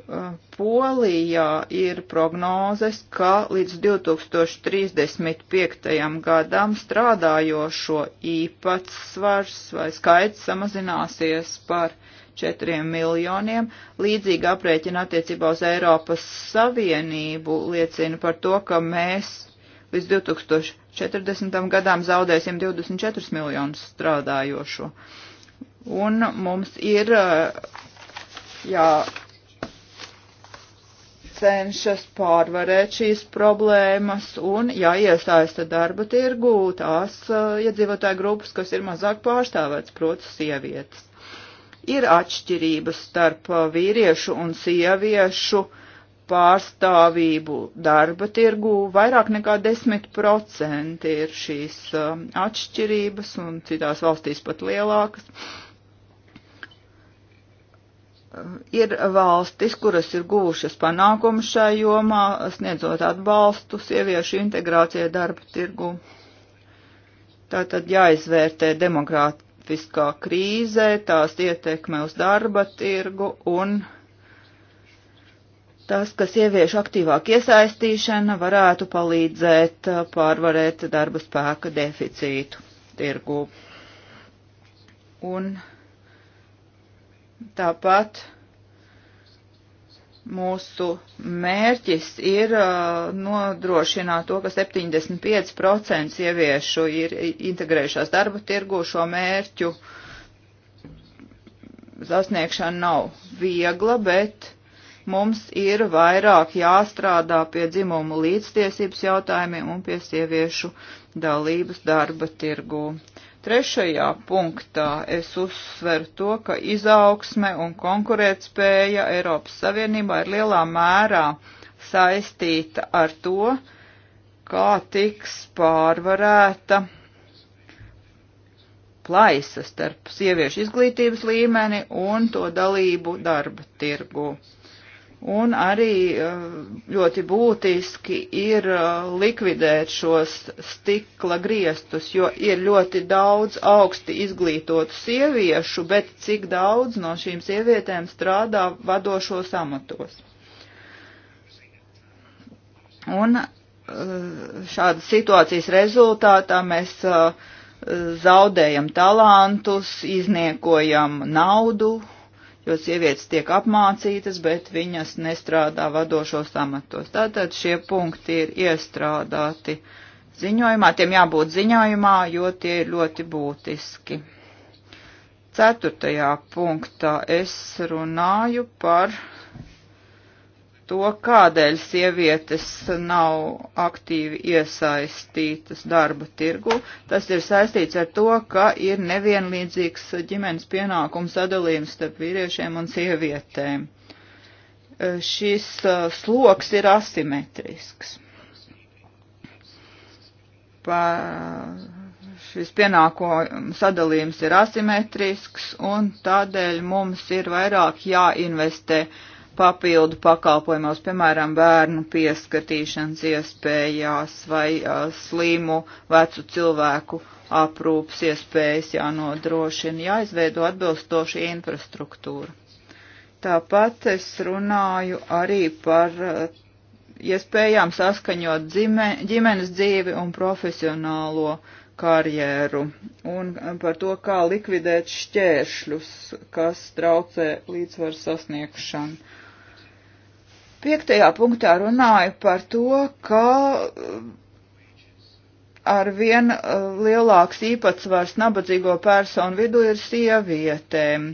Uh, Polijā ir prognozes, ka līdz 2035. gadam strādājošo īpatsvars vai skaits samazināsies par 4 miljoniem. Līdzīgi aprēķina attiecībā uz Eiropas Savienību liecina par to, ka mēs līdz 2040. gadam zaudēsim 24 miljonus strādājošo. Uh, Un mums ir eh, jācenšas pārvarēt šīs problēmas un jāiesaista darba tirgū tās eh, iedzīvotāju grupas, kas ir mazāk pārstāvēts, proti sievietes ir atšķirības starp eh, vīriešu un sieviešu pārstāvību darba tirgu. Vairāk nekā 10% ir šīs atšķirības un citās valstīs pat lielākas ir valstis, kuras ir guvušas panākumu šai jomā, sniedzot atbalstu sieviešu integrācijai darba tirgu. Tātad jāizvērtē demografiskā krīze, tās ietekme uz darba tirgu un tas, ka sieviešu aktīvāk iesaistīšana varētu palīdzēt pārvarēt darba spēka deficītu tirgu. Un Tāpat mūsu mērķis ir uh, nodrošināt to, ka 75% sieviešu ir integrējušās darba tirgu, šo mērķu sasniegšana nav viegla, bet mums ir vairāk jāstrādā pie dzimumu līdztiesības jautājumiem un pie sieviešu dalības darba tirgu. Trešajā punktā es uzsveru to, ka izaugsme un konkurētspēja Eiropas Savienībā ir lielā mērā saistīta ar to, kā tiks pārvarēta plaisa starp sieviešu izglītības līmeni un to dalību darba tirgu. Un arī eh, ļoti būtiski ir eh, likvidēt šos stikla griestus, jo ir ļoti daudz augsti izglītotu sieviešu, bet cik daudz no šīm sievietēm strādā vadošos amatos. Un eh, šādas situācijas rezultātā mēs zaudējam talantus, izniekojam naudu, jo sievietes tiek apmācītas, bet viņas nestrādā vadošos amatos. Tātad šie punkti ir iestrādāti ziņojumā, tiem jābūt ziņojumā, jo tie ir ļoti būtiski. Ceturtajā punktā es runāju par to, kādēļ sievietes nav aktīvi iesaistītas darba tirgu. Tas ir saistīts ar to, ka ir nevienlīdzīgs ģimenes pienākumu sadalījums starp vīriešiem un sievietēm. Šis uh, sloks ir asimetrisks. Pa, šis pienākuma sadalījums ir asimetrisks un tādēļ mums ir vairāk jāinvestē uh, papildu pakalpojumos, piemēram, bērnu pieskatīšanas iespējās vai uh, slimu vecu cilvēku aprūpas iespējas jānodrošina, jāizveido atbilstoši infrastruktūra. Tāpat es runāju arī par uh, iespējām saskaņot dzime, ģimenes dzīvi un profesionālo karjeru un par to, kā likvidēt šķēršļus, kas traucē līdzsvaru sasniegšanu. Piektajā punktā runāju par to, ka um, ar vien uh, lielāks īpatsvars nabadzīgo personu vidu ir sievietēm,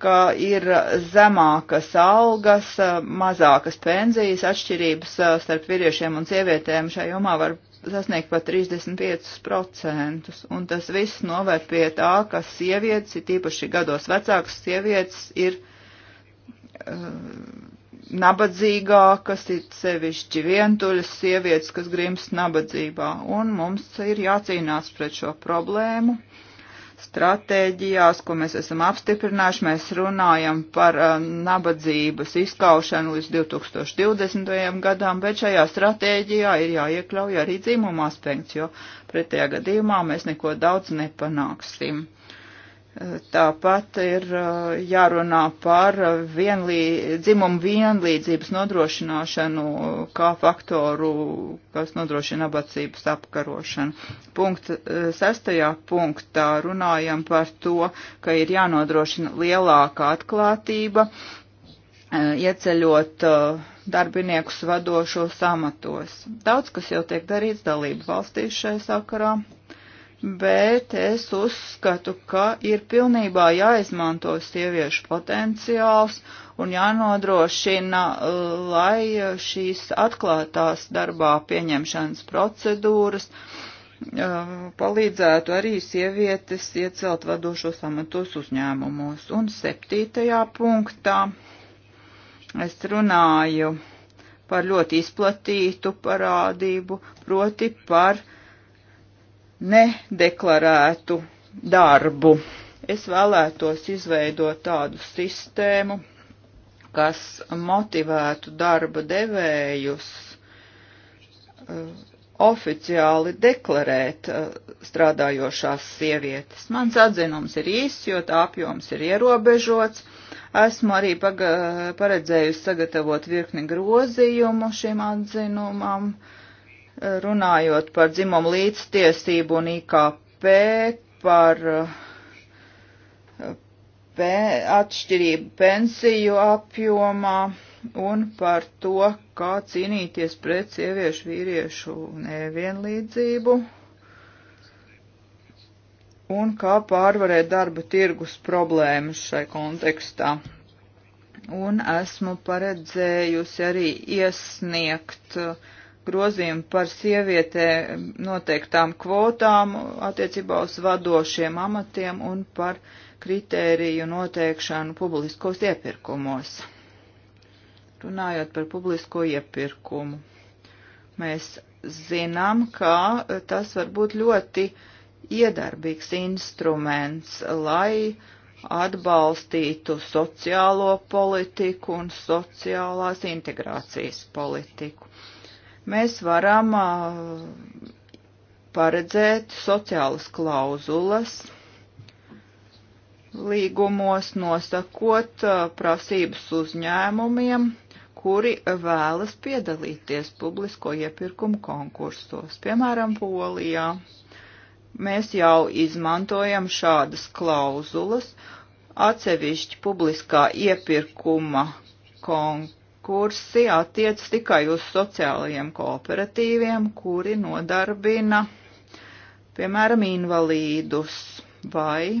ka ir zemākas algas, uh, mazākas pensijas, atšķirības uh, starp vīriešiem un sievietēm šajā jomā var sasniegt pat 35%, un tas viss novērt pie tā, ka sievietes, ir tīpaši gados vecākas sievietes, ir uh, nabadzīgākas, ir sevišķi vientuļas sievietes, kas grimst nabadzībā, un mums ir jācīnās pret šo problēmu. Stratēģijās, ko mēs esam apstiprinājuši, mēs runājam par uh, nabadzības izskaušanu līdz 2020. gadam, bet šajā stratēģijā ir jāiekļauj arī dzīmuma aspekts, jo pretējā gadījumā mēs neko daudz nepanāksim Tāpat ir jārunā par vienlī, dzimumu vienlīdzības nodrošināšanu kā faktoru, kas nodrošina abacības apkarošanu. Punkt, sestajā punktā runājam par to, ka ir jānodrošina lielāka atklātība, ieceļot darbiniekus vadošos amatos. Daudz, kas jau tiek darīts dalību valstīs šai sakarā bet es uzskatu, ka ir pilnībā jāizmanto sieviešu potenciāls un jānodrošina, uh, lai šīs atklātās darbā pieņemšanas procedūras uh, palīdzētu arī sievietes iecelt vadošos amatos uzņēmumos. Un septītajā punktā es runāju par ļoti izplatītu parādību, proti par uh, nedeklarētu darbu. Es vēlētos izveidot tādu sistēmu, kas motivētu darba devējus eh, oficiāli deklarēt eh, strādājošās sievietes. Mans atzinums ir īss, jo tā apjoms ir ierobežots. Esmu arī paredzējusi sagatavot virkni grozījumu šim atzinumam. Uh, runājot par dzimumu līdztiesību un IKP, par eh, pe atšķirību pensiju apjomā un par to, kā cīnīties pret sieviešu vīriešu nevienlīdzību un kā pārvarēt darba tirgus problēmas šai kontekstā. Un esmu paredzējusi arī iesniegt uh, grozījumi par sievietē noteiktām kvotām attiecībā uz vadošiem amatiem un par kritēriju noteikšanu publiskos iepirkumos. Runājot par publisko iepirkumu, mēs zinām, ka tas var būt ļoti iedarbīgs instruments, lai atbalstītu sociālo politiku un sociālās integrācijas politiku mēs varam paredzēt sociālas klauzulas līgumos, nosakot prasības uzņēmumiem, kuri vēlas piedalīties publisko iepirkumu konkursos, piemēram, Polijā. Mēs jau izmantojam šādas klauzulas atsevišķi publiskā iepirkuma konkursā kursi attiec tikai uz sociālajiem kooperatīviem, kuri nodarbina, piemēram, invalīdus, vai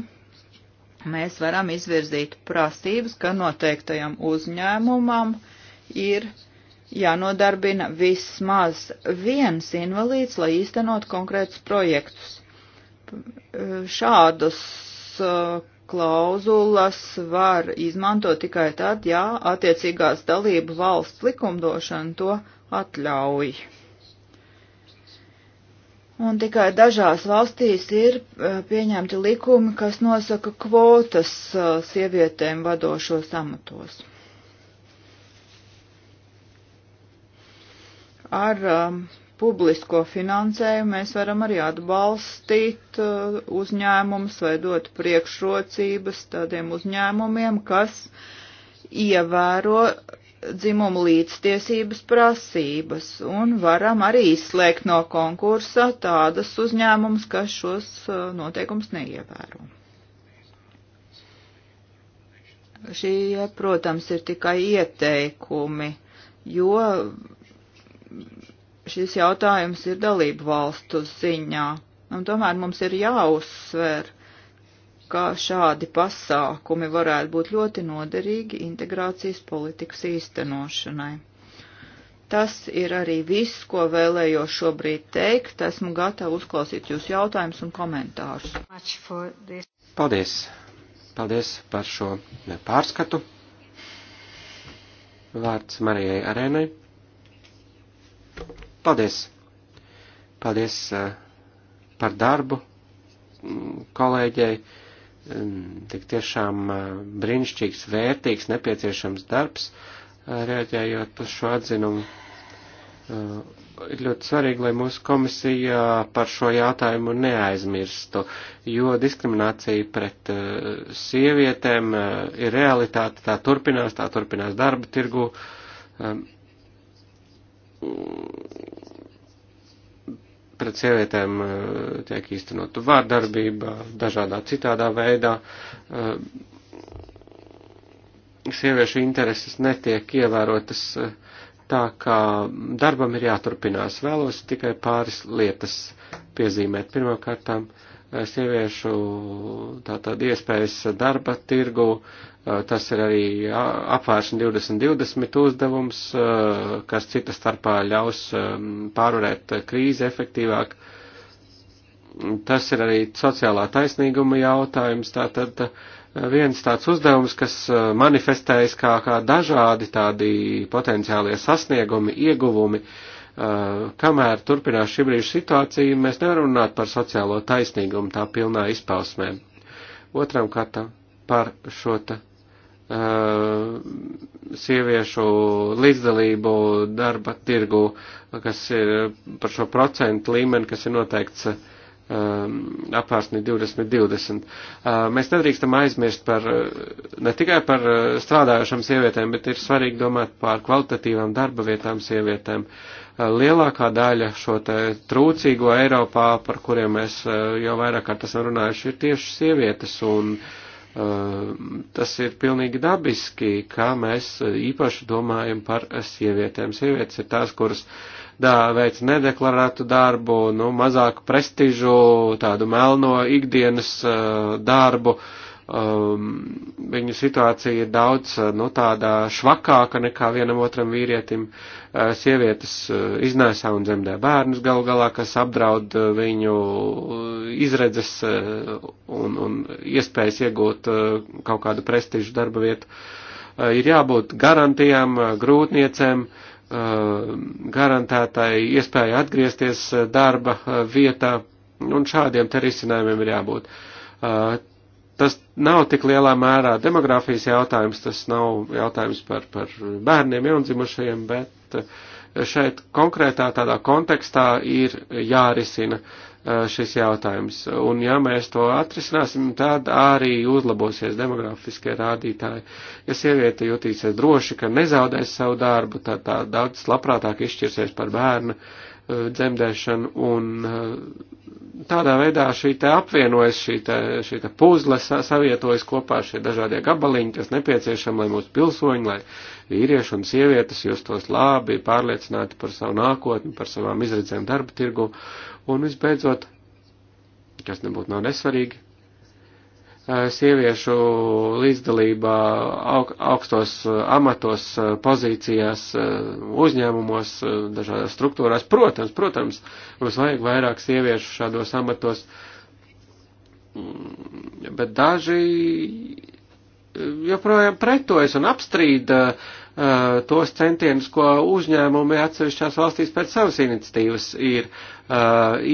mēs varam izvirzīt prasības, ka noteiktajam uzņēmumam ir jānodarbina vismaz viens invalīds, lai īstenot konkrētus projektus. Šādus klauzulas var izmantot tikai tad, ja attiecīgās dalību valsts likumdošana to atļauj. Un tikai dažās valstīs ir eh, pieņemti likumi, kas nosaka kvotas eh, sievietēm vadošos amatos. Ar um, publisko finansējumu mēs varam arī atbalstīt uh, uzņēmumus vai dot priekšrocības tādiem uzņēmumiem, kas ievēro dzimumu līdztiesības prasības un varam arī izslēgt no konkursa tādas uzņēmumus, kas šos uh, noteikums neievēro. Šī, protams, ir tikai ieteikumi, jo šis jautājums ir dalību valstu ziņā. Un tomēr mums ir jāuzsver, kā šādi pasākumi varētu būt ļoti noderīgi integrācijas politikas īstenošanai. Tas ir arī viss, ko vēlējos šobrīd teikt. Esmu gatava uzklausīt jūsu jautājumus un komentārus. Paldies! Paldies par šo pārskatu. Vārds Marijai Arēnai. Paldies! Paldies eh, par darbu mm, kolēģei. Mm, tik tiešām eh, brīnišķīgs, vērtīgs, nepieciešams darbs, eh, reaģējot uz šo atzinumu. Ir ļoti svarīgi, lai mūsu komisija par šo jautājumu neaizmirstu, jo diskriminācija pret sievietēm ir realitāte, tā turpinās, tā turpinās darba tirgu pret sievietēm eh, tiek īstenot vārdarbība dažādā citādā veidā. Eh, sieviešu intereses netiek ievērotas eh, tā, kā darbam ir jāturpinās. Vēlos tikai pāris lietas piezīmēt. Pirmkārtām, sieviešu tātad iespējas darba tirgu Eh, tas ir arī apvēršana 2020 uzdevums, eh, kas cita starpā ļaus ehm, pārvarēt krīzi efektīvāk. Tas ir arī sociālā taisnīguma jautājums. Tātad eh, viens tāds uzdevums, kas manifestējas kā, kā dažādi tādi potenciālie sasniegumi, ieguvumi. Kamēr turpinās šī brīža situācija, mēs nevaram runāt par sociālo taisnīgumu tā pilnā izpausmē. Otram kārtam par šo te Uh, sieviešu līdzdalību darba tirgu, kas ir par šo procentu līmeni, kas ir noteikts uh, apvērsni 2020. Uh, mēs nedrīkstam aizmirst par, ne tikai par strādājušām sievietēm, bet ir svarīgi domāt par kvalitatīvām darba vietām sievietēm. Lielākā daļa šo te trūcīgo Eiropā, par kuriem mēs jau vairāk kārt esam runājuši, ir tieši sievietes, un uh, tas ir pilnīgi dabiski, kā mēs īpaši domājam par sievietēm. Sievietes ir tās, kuras dā, veic nedeklarētu darbu, nu, mazāku prestižu, tādu melno ikdienas uh, darbu, uh, um, viņu situācija ir daudz uh, nu, tādā švakāka nekā vienam otram vīrietim. Uh, sievietes uh, iznēsā un dzemdē bērnus gal galā, kas apdraud viņu izredzes un, un iespējas iegūt kaut kādu prestižu darba vietu. Ir jābūt garantijām, grūtniecēm, garantētai iespēja atgriezties darba vietā, un šādiem te risinājumiem ir jābūt tas nav tik lielā mērā demografijas jautājums, tas nav jautājums par, par bērniem jaundzimušajiem, bet eh, šeit konkrētā tādā kontekstā ir jārisina eh, šis jautājums. Un ja mēs to atrisināsim, tad arī uzlabosies demografiskie rādītāji. Ja sieviete jutīsies droši, ka nezaudēs savu darbu, tad tā daudz labprātāk izšķirsies par bērnu eh, dzemdēšanu un tādā veidā šī te apvienojas, šī te, šī te puzle savietojas kopā šie dažādie gabaliņi, kas nepieciešami, lai mūsu pilsoņi, lai vīrieši un sievietes justos labi, pārliecināti par savu nākotni, par savām izredzēm darba tirgu. Un visbeidzot, kas nebūtu nav nesvarīgi, Uh, sieviešu līdzdalība augstos uh, amatos, uh, pozīcijās, uzņēmumos, dažādās struktūrās. Protams, protams, mums vajag vairāk sieviešu šādos amatos, mm, bet daži joprojām pretojas un apstrīda Eh, tos centienus, ko uzņēmumi atsevišķās valstīs pēc savas iniciatīvas ir eh,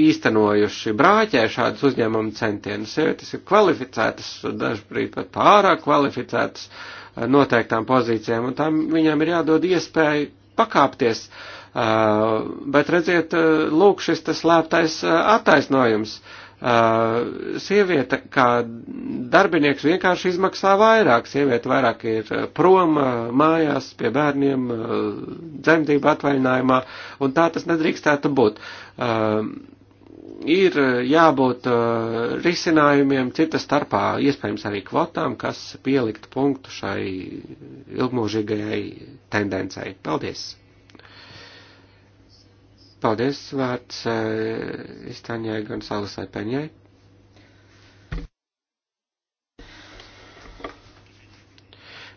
īstenojuši. Brāķē šādus uzņēmumu centienus. Sievietes ir kvalificētas, dažbrīd pat pārāk kvalificētas eh, noteiktām pozīcijām, un tam viņām ir jādod iespēju pakāpties. Bet redziet, lūk, šis tas slēptais attaisnojums. Uh, Uh, sieviete kā darbinieks vienkārši izmaksā vairāk. Sieviete vairāk ir uh, prom, uh, mājās, pie bērniem, dzemdību atvaļinājumā, un tā tas nedrīkstētu būt ir jābūt uh, risinājumiem, cita starpā iespējams arī kvotām, kas pielikt punktu šai ilgmūžīgajai tendencei. Paldies! Paldies vārds eh, Istāņai Gonsalesai Peņai.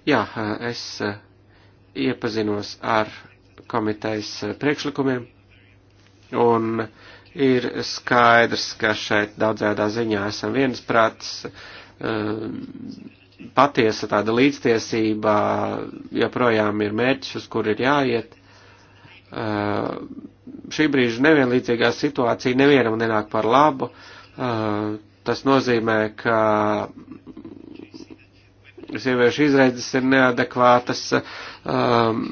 Jā, eh, es eh, iepazinos ar komitejas priekšlikumiem un ir skaidrs, ka šeit daudzēdā ziņā esam viensprāts. Patiesa tāda līdztiesība joprojām ir mērķis, uz kur ir jāiet šī brīža nevienlīdzīgā situācija nevienam nenāk par labu. Uh, tas nozīmē, ka sieviešu izredzes ir neadekvātas, um,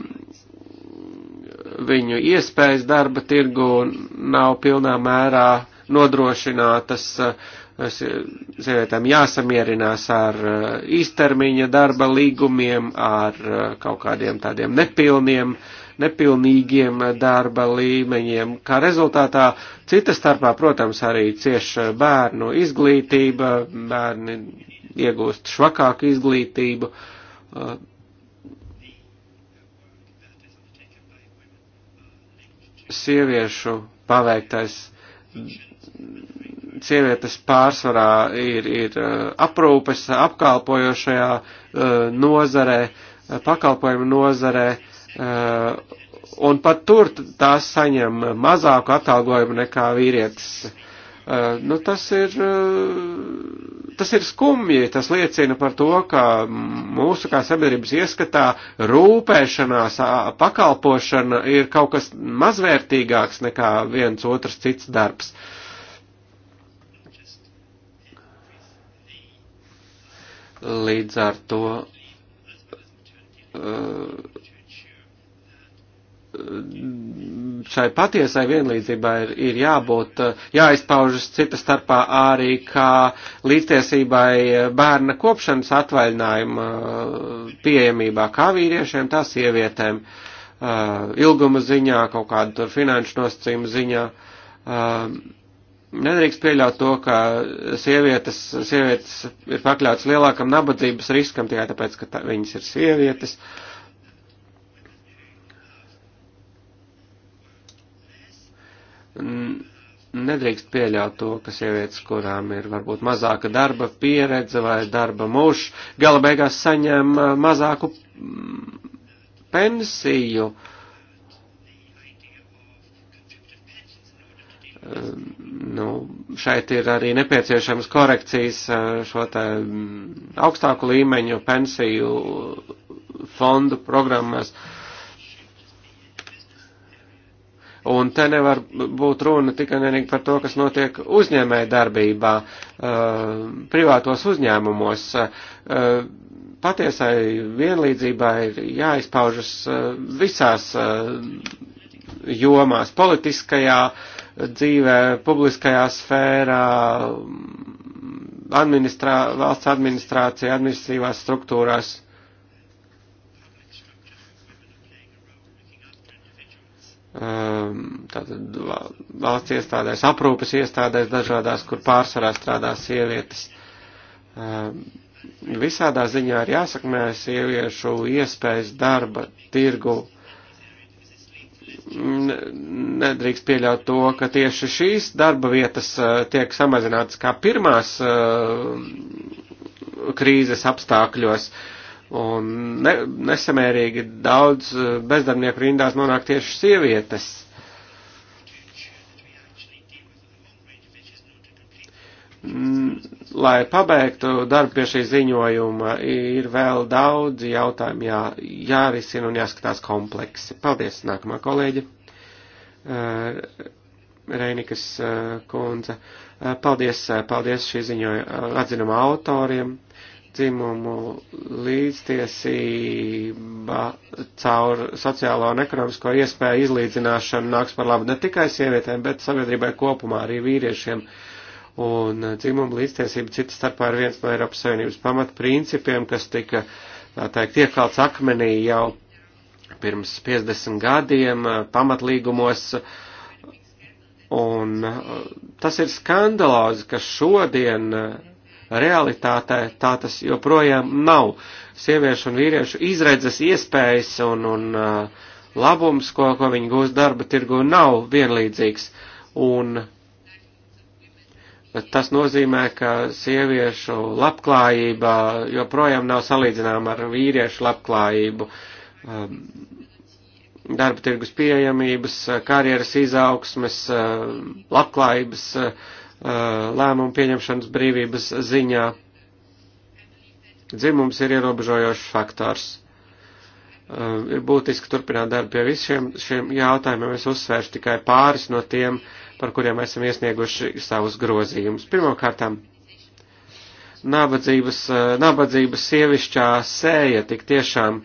viņu iespējas darba tirgu nav pilnā mērā nodrošinātas, uh, sievietēm jāsamierinās ar uh, īstermiņa darba līgumiem, ar kaut kādiem tādiem nepilniem uh, nepilnīgiem darba līmeņiem. Kā rezultātā cita starpā, protams, arī cieši bērnu izglītība, bērni iegūst švakāku izglītību. Sieviešu paveiktais sievietes pārsvarā ir, ir eh, aprūpes apkalpojošajā eh, nozarē, pakalpojumu nozarē, Uh, un pat tur tās saņem mazāku atalgojumu nekā vīrietis. Uh, nu, tas ir, uh, tas ir skumji, tas liecina par to, ka mūsu kā sabiedrības ieskatā rūpēšanās, pakalpošana ir kaut kas mazvērtīgāks nekā viens otrs cits darbs. Līdz ar to. Uh, šai patiesai vienlīdzībai ir, ir jābūt, jāizpaužas cita starpā arī kā līdztiesībai bērna kopšanas atvaļinājuma pieejamībā kā vīriešiem, tā sievietēm, ilguma ziņā, kaut kādu tur finanšu nosacījumu ziņā. Nedrīkst pieļaut to, ka sievietes, sievietes ir pakļautas lielākam nabadzības riskam tikai tāpēc, ka tā, viņas ir sievietes. Uh, nedrīkst pieļaut to, ka sievietes, kurām ir varbūt mazāka darba pieredze vai darba mūžs, gala beigās saņem uh, mazāku mm, pensiju. Um, nu, šeit ir arī nepieciešams korekcijas uh, šo te mm, augstāku līmeņu pensiju fondu programmas. Uh, Un te nevar būt runa tikai vienīgi par to, kas notiek uzņēmē darbībā, privātos uzņēmumos. Patiesai vienlīdzībai ir jāizpaužas visās jomās - politiskajā dzīvē, publiskajā sfērā, administrā, valsts administrācija, administrīvās struktūrās. Ehm, tātad valsts iestādēs, aprūpes iestādēs dažādās, kur pārsvarā strādā sievietes. Ehm, visādā ziņā ir jāsakmē sieviešu iespējas darba, tirgu. Nedrīkst pieļaut to, ka tieši šīs darba vietas e, tiek samazinātas kā pirmās e, krīzes apstākļos. Uh, un ne, nesamērīgi daudz eh, bezdarbnieku rindās nonāk tieši sievietes. Mm, lai pabeigtu darbu pie šī ziņojuma, ir vēl daudzi jautājumi jā, jārisina un jāskatās kompleksi. Paldies, nākamā kolēģa. Eh, Reinikas eh, kundze. Paldies, paldies šī ziņojuma atzinuma autoriem dzimumu līdztiesība caur sociālo un ekonomisko iespēju izlīdzināšanu nāks par labu ne tikai sievietēm, bet sabiedrībai kopumā arī vīriešiem. Un dzimumu līdztiesība cita starpā ir viens no Eiropas Savienības pamatprincipiem, kas tika, tā teikt, iekalts akmenī jau pirms 50 gadiem eh, pamatlīgumos. Un eh, tas ir skandalozi, ka šodien eh, realitātē tā tas joprojām nav. Sieviešu un vīriešu izredzes iespējas un, un uh, labums, ko, ko viņi gūst darba tirgu, nav vienlīdzīgs. Un tas nozīmē, ka sieviešu labklājība joprojām nav salīdzināma ar vīriešu labklājību. Um, darba tirgus pieejamības, uh, karjeras izaugsmes, uh, labklājības uh, Uh, lēmumu pieņemšanas brīvības ziņā. Dzimums ir ierobežojošs faktors. Uh, ir būtiski turpināt darbu pie visiem šiem jautājumiem. Es uzsvēršu tikai pāris no tiem, par kuriem esam iesnieguši savus grozījumus. Pirmkārtām, nabadzības, uh, nabadzības sievišķā sēja tik tiešām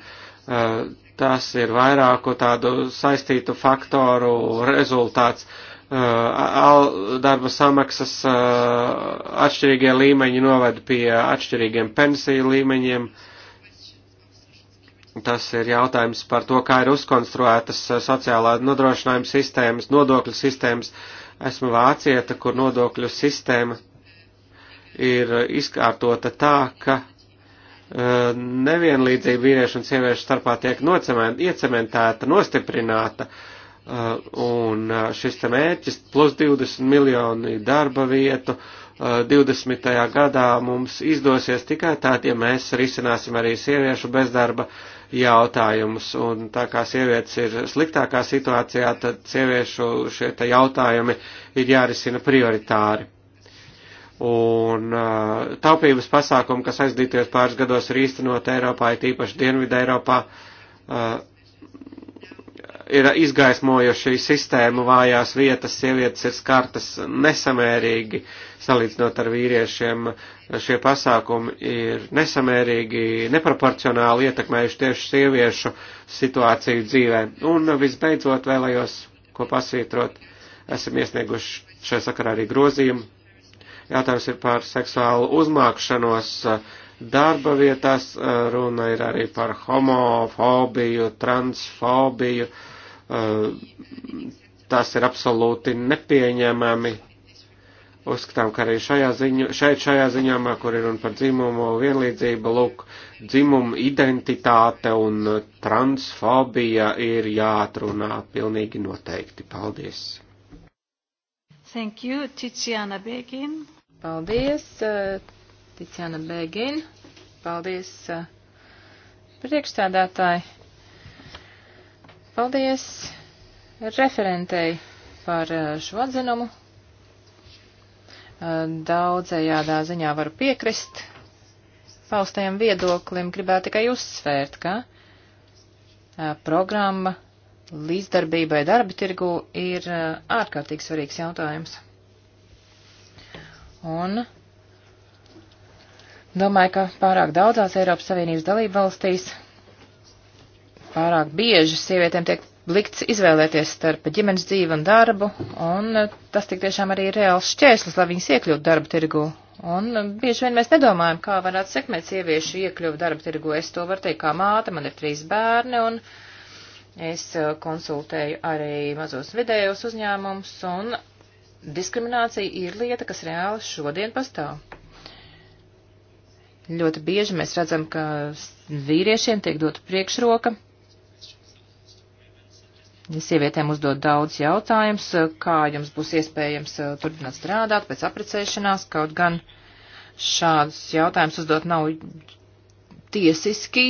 tas ir vairāku tādu saistītu faktoru rezultāts. Uh, Uh, darba samaksas uh, atšķirīgie līmeņi noved pie atšķirīgiem pensiju līmeņiem. Tas ir jautājums par to, kā ir uzkonstruētas uh, sociālā nodrošinājuma sistēmas, nodokļu sistēmas. Esmu vācieta, kur nodokļu sistēma ir izkārtota tā, ka nevienlīdzība vīriešu un sieviešu starpā tiek nocementēta, nostiprināta. Uh, Uh, un uh, šis te mērķis plus 20 miljoni darba vietu 20. Uh, gadā mums izdosies tikai tādā, ja mēs risināsim arī sieviešu bezdarba jautājumus. Un tā kā sievietes ir sliktākā situācijā, tad sieviešu šie te jautājumi ir jārisina prioritāri. Un uh, taupības pasākumi, kas aizdīties pāris gados ir īstenot Eiropā, ir tīpaši Dienvidē Eiropā, uh, ir izgaismojuši sistēmu vājās vietas, sievietes ir skartas nesamērīgi, salīdzinot ar vīriešiem, šie pasākumi ir nesamērīgi, neproporcionāli ietekmējuši tieši sieviešu situāciju dzīvē. Un visbeidzot vēlējos, ko pasvītrot, esam iesnieguši šai sakarā arī grozījumu. Jātājums ir par seksuālu uzmākšanos uh, darba vietās, uh, runa ir arī par homofobiju, transfobiju. Uh, Eh, tas ir absolūti nepieņemami. Uzskatām, ka arī šajā ziņu, šeit šajā ziņāmā, kur ir un par dzimumu vienlīdzību, lūk, dzimumu identitāte un transfobija ir jāatrunā pilnīgi noteikti. Paldies! Thank you, Tiziana Begin. Paldies, eh, Tiziana Begin. Paldies, eh, priekšstādātāji. Paldies referentei par eh, šo atzinumu. Eh, Daudzējādā ziņā varu piekrist paustajam viedoklim. Gribētu tikai uzsvērt, ka eh, programma līdzdarbībai darba tirgu ir ārkārtīgi svarīgs jautājums. Un Domāju, ka pārāk daudzās Eiropas Savienības dalību valstīs pārāk bieži sievietēm tiek likts izvēlēties starp ģimenes dzīvi un darbu, un eh, tas tik tiešām arī ir reāls šķērslis, lai viņas iekļūtu darba tirgu. Un eh, bieži vien mēs nedomājam, kā varētu sekmēt sieviešu iekļuvu darba tirgu. Es to varu teikt kā māte, man ir trīs bērni, un es eh, konsultēju arī mazos vidējos uzņēmumus, un diskriminācija ir lieta, kas reāli šodien pastāv. Ļoti bieži mēs redzam, ka vīriešiem tiek dota priekšroka Sievietēm uzdod daudz jautājums, eh, kā jums būs iespējams eh, turpināt strādāt pēc aprecēšanās, kaut gan šādus jautājumus uzdot nav tiesiski,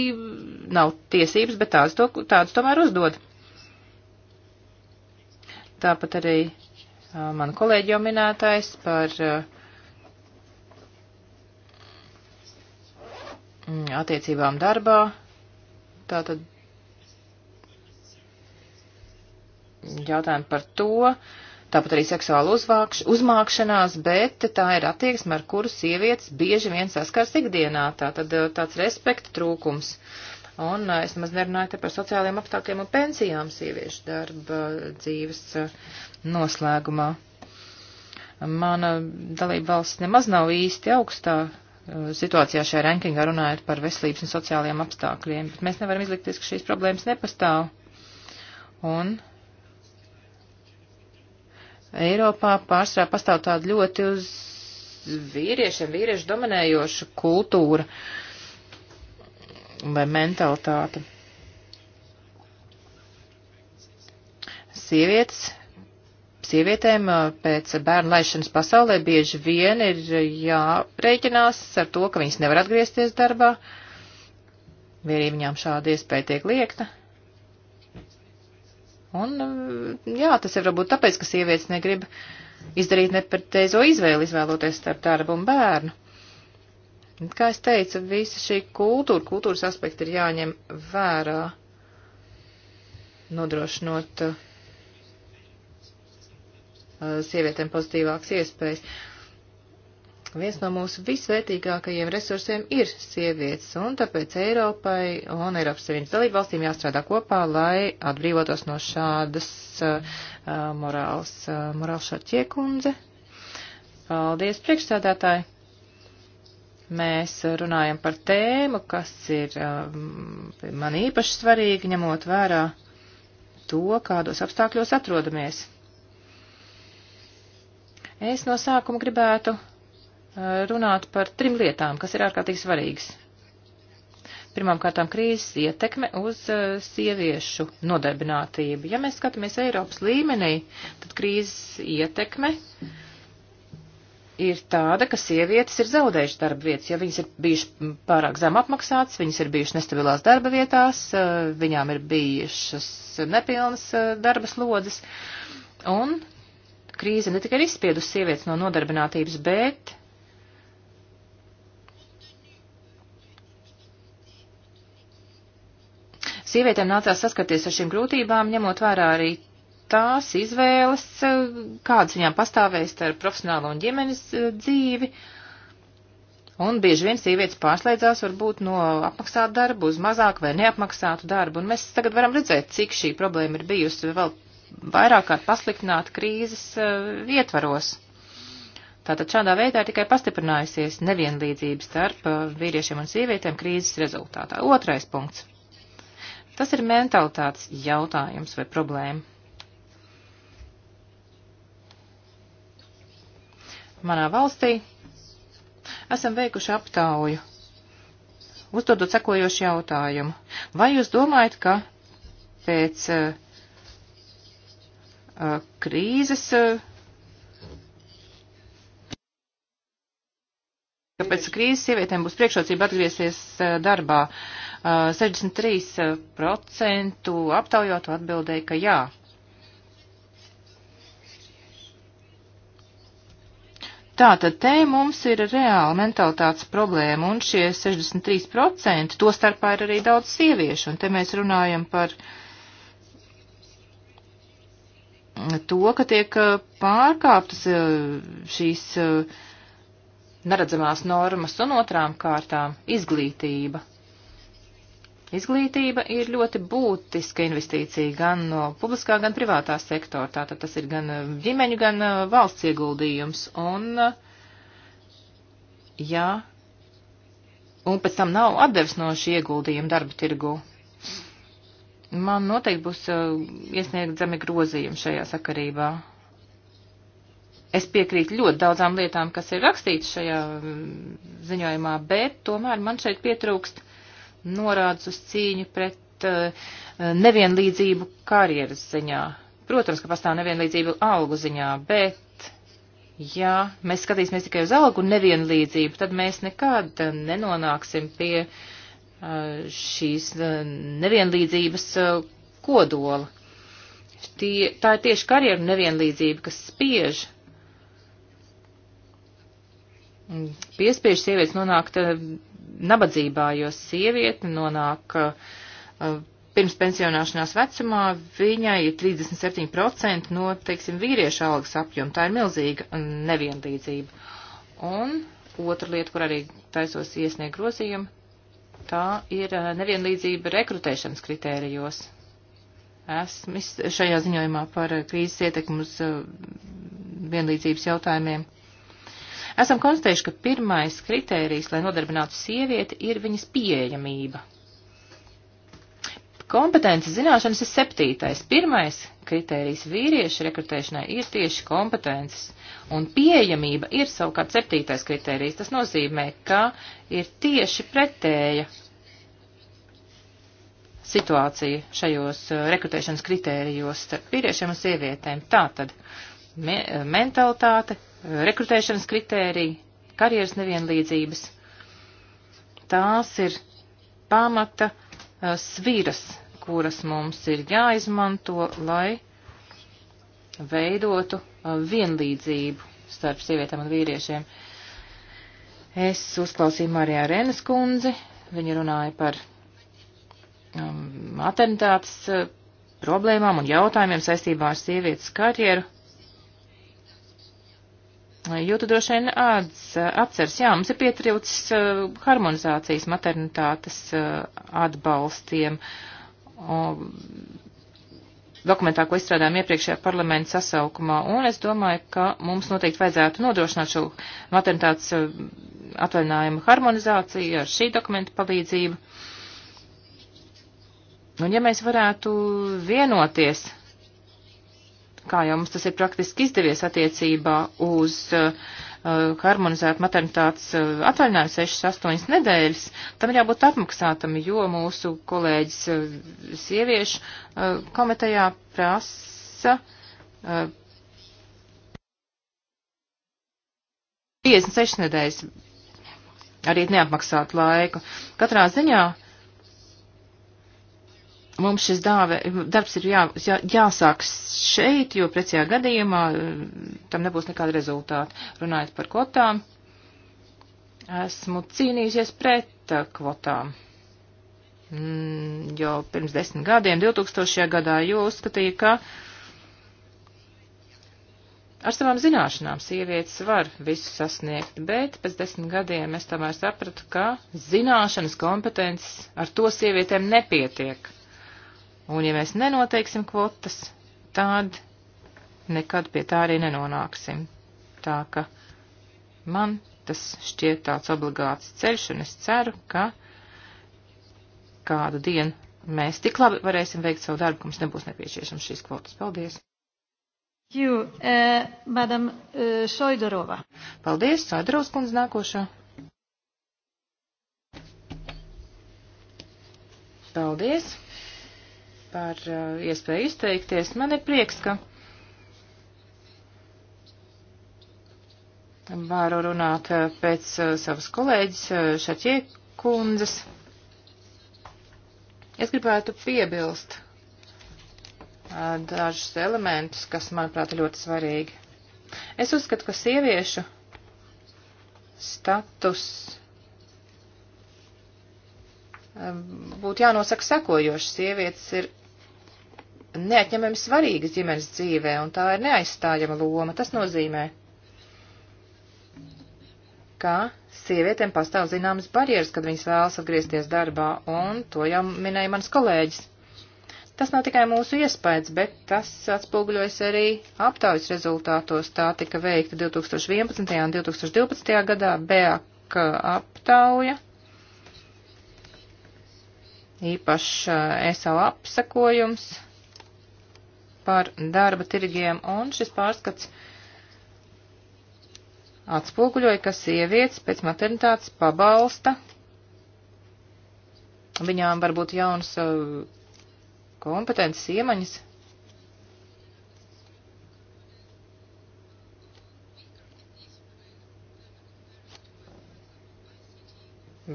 nav tiesības, bet tādus, to, tādus tomēr uzdod. Tāpat arī eh, man kolēģi jau minētais par mm, attiecībām darbā, tātad jautājumu par to, tāpat arī seksuāla uzvākš, uzmākšanās, bet tā ir attieksme, ar kuru sievietes bieži vien saskars ikdienā, tā tad eh, tāds respekta trūkums. Un eh, es nemaz nerunāju te par sociālajiem apstākļiem un pensijām sieviešu darba eh, dzīves noslēgumā. Mana dalība valsts nemaz nav īsti augstā situācijā šajā rankingā runājot par veselības un sociālajiem apstākļiem, bet mēs nevaram izlikties, ka šīs problēmas nepastāv. Un Eiropā pārsvarā pastāv tāda ļoti uz vīriešiem, vīriešu dominējoša kultūra vai mentalitāte. Sievietes, sievietēm uh, pēc bērnu laišanas pasaulē bieži vien ir jārēķinās ar to, ka viņas nevar atgriezties darbā, vai arī viņām šāda iespēja tiek liekta. Un, mm, jā, tas ir varbūt tāpēc, ka sievietes negrib izdarīt nepateizo izvēli, izvēloties starp darbu un bērnu. Kā es teicu, visa šī kultūra, kultūras aspekti ir jāņem vērā, nodrošinot uh, sievietēm pozitīvākas iespējas. Viens no mūsu visvērtīgākajiem resursiem ir sievietes, un tāpēc Eiropai un Eiropas Savienības dalībvalstīm jāstrādā kopā, lai atbrīvotos no šādas uh, uh morāls, uh, morāls šarķiekundze. Paldies, priekšstādātāji! Mēs runājam par tēmu, kas ir uh, man īpaši svarīga, ņemot vērā to, kādos apstākļos atrodamies. Es no sākuma gribētu runāt par trim lietām, kas ir ārkārtīgi svarīgas. Pirmām kārtām krīzes ietekme uz eh, sieviešu nodarbinātību. Ja mēs skatāmies Eiropas līmenī, tad krīzes ietekme ir tāda, ka sievietes ir zaudējušas darba vietas, ja viņas ir bijušas pārāk zem apmaksātas, viņas ir bijušas nestabilās darba vietās, eh, viņām ir bijušas nepilnas eh, darba slodzes. Un krīze ne tikai ir izspiedusi sievietes no nodarbinātības, bet Sievietēm nācās saskarties ar šīm grūtībām, ņemot vērā arī tās izvēles, kādas viņām pastāvēs ar profesionālo un ģimenes eh, dzīvi. Un bieži vien sievietes pārslēdzās varbūt no apmaksātu darbu uz mazāk vai neapmaksātu darbu. Un mēs tagad varam redzēt, cik šī problēma ir bijusi vēl vairāk kārt pasliktināta krīzes uh, ietvaros. Tātad šādā veidā ir tikai pastiprinājusies nevienlīdzība starp uh, vīriešiem un sievietēm krīzes rezultātā. Otrais punkts. Tas ir mentalitātes jautājums vai problēma. Manā valstī esam veikuši aptauju, uzdodot sekojošu jautājumu. Vai jūs domājat, ka pēc uh, krīzes uh, ka pēc krīzes sievietēm būs priekšrocība atgriezties darbā. 63% aptaujotu atbildēja, ka jā. Tātad te mums ir reāla mentalitātes problēma, un šie 63% to starpā ir arī daudz sieviešu, un te mēs runājam par to, ka tiek pārkāptas šīs uh, neredzamās normas un otrām kārtām izglītība. Izglītība ir ļoti būtiska investīcija gan no publiskā, gan privātā sektora. Tātad tas ir gan uh, ģimeņu, gan uh, valsts ieguldījums. Un, uh, jā, un pēc tam nav atdevis no šī ieguldījuma darba tirgu. Man noteikti būs iesniegzami grozījumi šajā sakarībā. Es piekrītu ļoti daudzām lietām, kas ir rakstīts šajā mm, ziņojumā, bet tomēr man šeit pietrūkst norādes uz cīņu pret uh, nevienlīdzību karjeras ziņā. Protams, ka pastāv nevienlīdzība algu ziņā, bet, ja mēs skatīsimies tikai uz algu nevienlīdzību, tad mēs nekad nenonāksim pie uh, šīs uh, nevienlīdzības kodola. Tie, tā ir tieši karjeru nevienlīdzība, kas spiež piespiež sievietes nonākt eh, nabadzībā, jo sieviete nonāk eh, pirms pensionāšanās vecumā, viņai ir 37% no, teiksim, vīrieša algas apjoma. Tā ir milzīga nevienlīdzība. Un otra lieta, kur arī taisos iesniegt grozījumu, tā ir eh, nevienlīdzība rekrutēšanas kritērijos. Esmu šajā ziņojumā par krīzes ietekmu uz vienlīdzības jautājumiem. Esam konstatējuši, ka pirmais kritērijs, lai nodarbinātu sievieti, ir viņas pieejamība. Kompetences zināšanas ir septītais. Pirmais kritērijs vīriešu rekrutēšanai ir tieši kompetences, un pieejamība ir savukārt septītais kritērijs. Tas nozīmē, ka ir tieši pretēja situācija šajos uh, rekrutēšanas kritērijos starp vīriešiem un sievietēm. Tātad me uh, mentalitāte, rekrutēšanas kritēriji, karjeras nevienlīdzības. Tās ir pamata eh, sviras, kuras mums ir jāizmanto, lai veidotu eh, vienlīdzību starp sievietēm un vīriešiem. Es uzklausīju Marijā Renes kundzi, viņa runāja par um, maternitātes eh, problēmām un jautājumiem saistībā ar sievietes karjeru. Jūtu droši vien ādas apcers, jā, mums ir pietrūcis uh, harmonizācijas maternitātes uh, atbalstiem. Um, dokumentā, ko izstrādājām iepriekšējā parlamenta sasaukumā, un es domāju, ka mums noteikti vajadzētu nodrošināt šo maternitātes uh, atvaļinājumu harmonizāciju ar šī dokumenta palīdzību. Un ja mēs varētu vienoties kā jau mums tas ir praktiski izdevies attiecībā uz uh, uh harmonizētu maternitātes uh, atvaļinājumu 6-8 nedēļas, tam ir jābūt apmaksātam, jo mūsu kolēģis uh, sieviešu uh, komitejā prasa uh, 56 nedēļas arī neapmaksātu laiku. Katrā ziņā uh, mums šis dāve, darbs ir jā, jā, jāsāk šeit, jo precīzā gadījumā eh, tam nebūs nekāda rezultāta. Runājot par kvotām, esmu cīnījusies pret eh, kvotām. Mm, jo pirms desmit gadiem, 2000. gadā, jo uzskatīju, ka ar savām zināšanām sievietes var visu sasniegt, bet pēc desmit gadiem es tomēr sapratu, ka zināšanas kompetences ar to sievietēm nepietiek Un ja mēs nenoteiksim kvotas, tad nekad pie tā arī nenonāksim. Tā ka man tas šķiet tāds obligāts ceļš, un es ceru, ka kādu dienu mēs tik labi varēsim veikt savu darbu, ka mums nebūs nepieciešams šīs kvotas. Paldies! Jū, eh, madam eh, Šoidorova. Paldies, Šoidorovs kundze nākošā. Paldies! par uh, iespēju izteikties. Man ir prieks, ka varu runāt uh, pēc uh, savas kolēģis Šaķie kundzes. Es gribētu piebilst dažus elementus, kas, manuprāt, ir ļoti svarīgi. Es uzskatu, ka sieviešu status būtu jānosaka sekojoši. Sievietes ir neatņemami svarīgas ģimenes dzīvē, un tā ir neaizstājama loma. Tas nozīmē, ka sievietēm pastāv zināmas barjeras, kad viņas vēlas atgriezties darbā, un to jau minēja mans kolēģis. Tas nav tikai mūsu iespējas, bet tas atspūgļojas arī aptaujas rezultātos. Tā tika veikta 2011. un 2012. gadā BEAK aptauja. Īpašs eh, SAO apsakojums par darba tirgiem, un šis pārskats atspoguļoja, ka sievietes pēc maternitātes pabalsta. Viņām varbūt jaunas uh, kompetences iemaņas,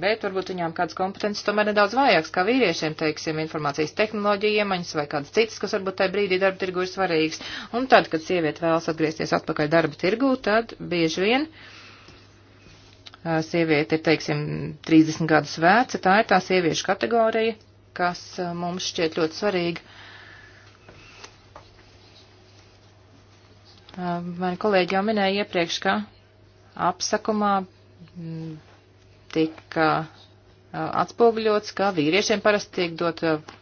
bet varbūt viņām kādas kompetences tomēr nedaudz vājākas, kā vīriešiem, teiksim, informācijas tehnoloģija iemaņas vai kādas citas, kas varbūt tajā brīdī darba tirgu ir svarīgas. Un tad, kad sieviete vēlas atgriezties atpakaļ darba tirgu, tad bieži vien sieviete ir, teiksim, 30 gadus veca, tā ir tā sieviešu kategorija, kas mums šķiet ļoti svarīga. Mani kolēģi jau minēja iepriekš, ka apsakumā tika atspoguļots, ka vīriešiem parasti tiek dot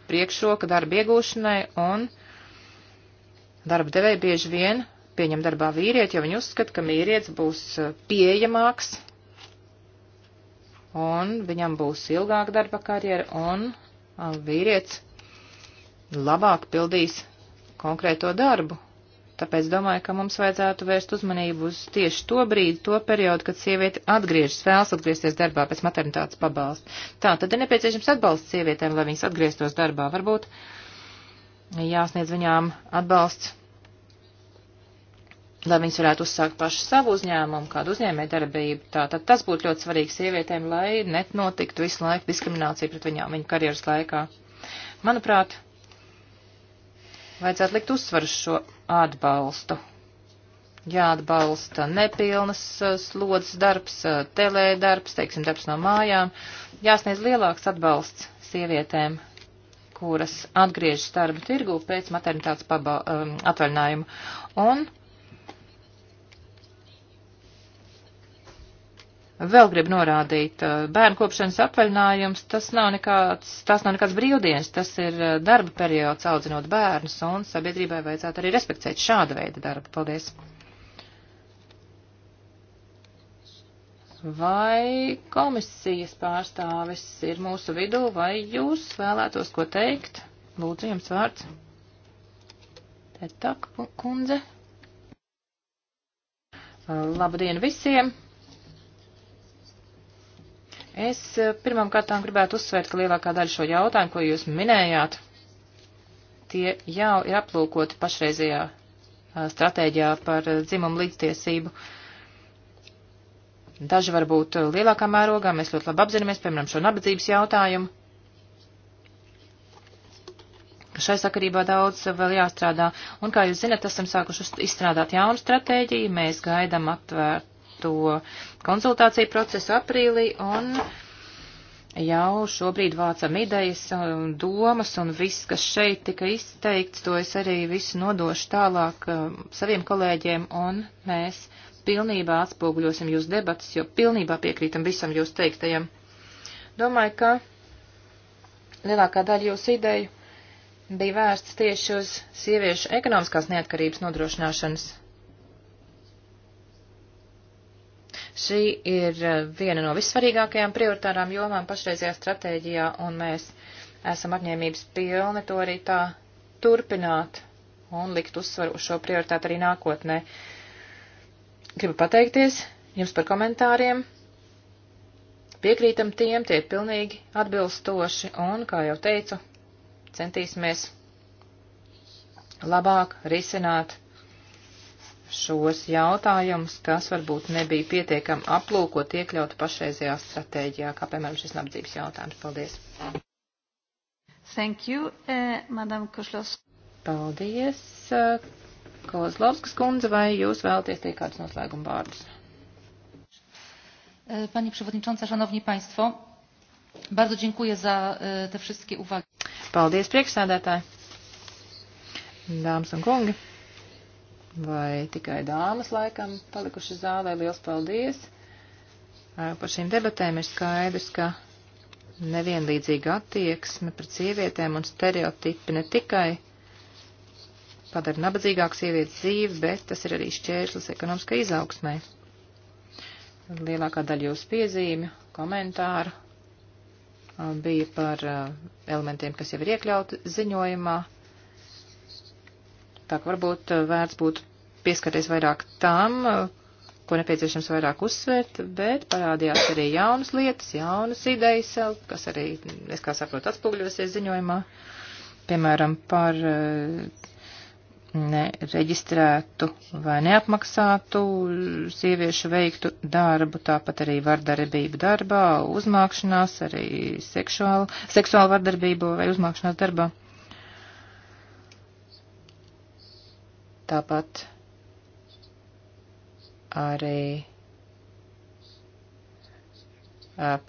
priekšroka darba iegūšanai un darba devēja bieži vien pieņem darbā vīrieti, jo viņi uzskata, ka vīrietis būs pieejamāks un viņam būs ilgāka darba karjera un vīrietis labāk pildīs konkrēto darbu. Tāpēc domāju, ka mums vajadzētu vērst uzmanību uz tieši to brīdi, to periodu, kad sieviete atgriežas, vēlas atgriezties darbā pēc maternitātes pabalsta. Tā, tad ir nepieciešams atbalsts sievietēm, lai viņas atgrieztos darbā. Varbūt jāsniedz viņām atbalsts, lai viņas varētu uzsākt pašu savu uzņēmumu, kādu uzņēmē darbību. Tā, tad tas būtu ļoti svarīgi sievietēm, lai net notiktu visu laiku diskriminācija pret viņām viņu karjeras laikā. Manuprāt, Vajadzētu likt uzsvaru šo atbalstu. Jāatbalsta nepilnas uh, slodzes darbs, uh, telēdarbs, teiksim, darbs no mājām. Jāsniedz lielāks atbalsts sievietēm, kuras atgriežas darba tirgu pēc maternitātes um, atvaļinājuma. Un Vēl grib norādīt, uh, bērnu kopšanas atvaļinājums, tas nav nekāds, tas nav nekāds brīvdienas, tas ir uh, darba periods audzinot bērnus, un sabiedrībai vajadzētu arī respektēt šāda veida darbu. Paldies! Vai komisijas pārstāvis ir mūsu vidū, vai jūs vēlētos ko teikt? Lūdzu, jums vārds. Tētāk, kundze. Labdien visiem! Es eh, pirmām kārtām gribētu uzsvērt, ka lielākā daļa šo jautājumu, ko jūs minējāt, tie jau ir aplūkoti pašreizajā eh, stratēģijā par eh, dzimumu līdztiesību. Daži varbūt lielākā mērogā, mēs ļoti labi apzināmies, piemēram, šo nabadzības jautājumu. Šai sakarībā daudz vēl jāstrādā, un kā jūs zinat, esam sākuši izstrādāt jaunu stratēģiju, mēs gaidam atvērt to konsultāciju procesu aprīlī un jau šobrīd vācam idejas, domas un viss, kas šeit tika izteikts, to es arī visu nodošu tālāk uh, saviem kolēģiem un mēs pilnībā atspoguļosim jūs debatas, jo pilnībā piekrītam visam jūs teiktajam. Domāju, ka lielākā daļa jūsu ideju bija vērsts tieši uz sieviešu ekonomiskās neatkarības nodrošināšanas Šī ir eh, viena no vissvarīgākajām prioritārām jomām pašreizajā stratēģijā, un mēs esam apņēmības pilni to arī tā turpināt un likt uzsvaru uz šo prioritāti arī nākotnē. Gribu pateikties jums par komentāriem. Piekrītam tiem, tie ir pilnīgi atbilstoši, un, kā jau teicu, centīsimies labāk risināt šos jautājumus, kas varbūt nebija pietiekami aplūkot, iekļaut pašreizajā stratēģijā, kā piemēram šis nabadzības jautājums. Paldies! Thank you, eh, Madam Kuslos. Paldies, eh, Kozlovskas kundze, vai jūs vēlaties teikt kādus noslēguma vārdus? Eh, Pani Przewodnicząca, Szanowni Państwo, bardzo dziękuję za eh, te wszystkie uwagi. Paldies, priekšsēdētāji, dāmas un kungi vai tikai dāmas laikam palikuši zālē. Liels paldies! Par šīm debatēm ir skaidrs, ka nevienlīdzīga attieksme pret sievietēm un stereotipi ne tikai padara nabadzīgāku sievietes dzīvi, bet tas ir arī šķērslis ekonomiskai izaugsmai. Lielākā daļa jūsu piezīmju, komentāru bija par elementiem, kas jau ir iekļauti ziņojumā. Tā ka varbūt eh, vērts būtu pieskaties vairāk tam, eh, ko nepieciešams vairāk uzsvērt, bet parādījās arī jaunas lietas, jaunas idejas, eh, kas arī, es kā saprotu, atspūgļosies ziņojumā, piemēram, par nereģistrētu vai neapmaksātu sieviešu veiktu darbu, tāpat arī vardarbību darbā, uzmākšanās, arī seksuālu, seksuālu vardarbību vai uzmākšanās darbā. Tāpat arī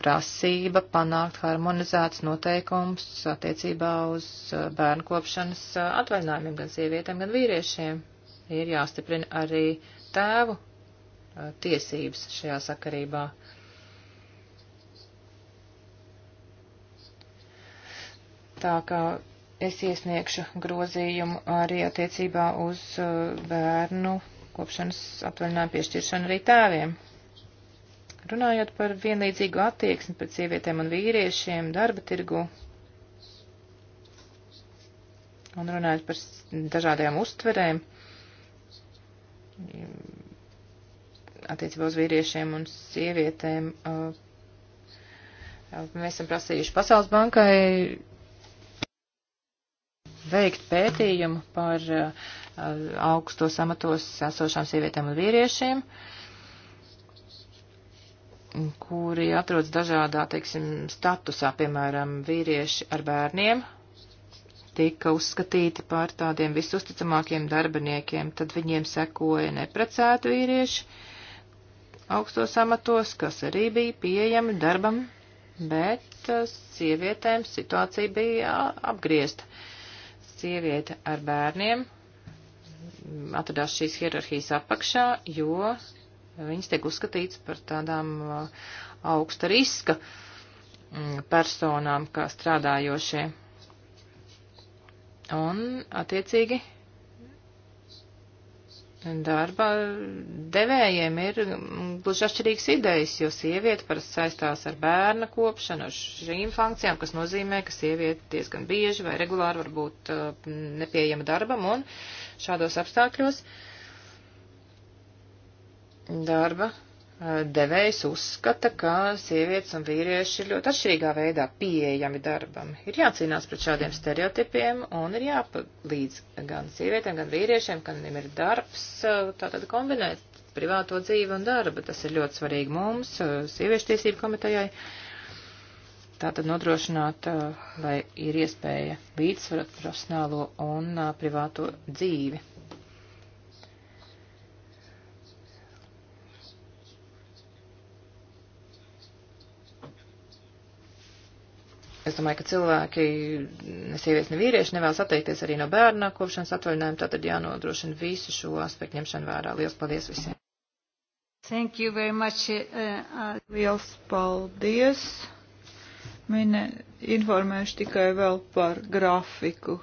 prasība panākt harmonizēts noteikums attiecībā uz bērnu kopšanas atvaļinājumiem gan sievietēm, gan vīriešiem. Ir jāstiprina arī tēvu tiesības šajā sakarībā. Tā kā es iesniegšu grozījumu arī attiecībā uz uh, bērnu kopšanas atvaļinājumu piešķiršanu arī tēviem. Runājot par vienlīdzīgu attieksmi pret sievietēm un vīriešiem darba tirgu un runājot par dažādajām uztverēm attiecībā uz vīriešiem un sievietēm, uh, mēs esam prasījuši Pasaules bankai veikt pētījumu par uh, augstos amatos esošām sievietēm un vīriešiem, kuri atrodas dažādā, teiksim, statusā, piemēram, vīrieši ar bērniem tika uzskatīti par tādiem visusticamākiem darbiniekiem, tad viņiem sekoja neprecēti vīrieši augstos amatos, kas arī bija pieejami darbam, bet uh, sievietēm situācija bija uh, apgriezta. Uh, sieviete ar bērniem atradās šīs hierarhijas apakšā, jo viņas tiek uzskatītas par tādām uh, augsta riska mm, personām, kā strādājošie. Un, attiecīgi, Darba devējiem ir gluži atšķirīgas idejas, jo sieviete parasti saistās ar bērna kopšanu, ar šīm funkcijām, kas nozīmē, ka sieviete diezgan bieži vai regulāri var būt uh, nepieejama darbam un šādos apstākļos darba devējs uzskata, ka sievietes un vīrieši ir ļoti atšķirīgā veidā pieejami darbam. Ir jācīnās pret šādiem stereotipiem un ir jāpalīdz gan sievietēm, gan vīriešiem, kad viņiem ir darbs, tātad kombinēt privāto dzīvi un darbu. Tas ir ļoti svarīgi mums, sieviešu tiesību komitejai. Tātad nodrošināt, eh, lai ir iespēja līdzsvarot profesionālo un eh, privāto dzīvi. Es domāju, ka cilvēki, ne sievietes, ne vīrieši nevēlas atteikties arī no bērna kopšanas atvaļinājuma, tātad jānodrošina visu šo aspektu ņemšanu vērā. Lielas paldies visiem! Thank you very much. Uh, uh... Liels paldies! Mine informēšu tikai vēl par grafiku.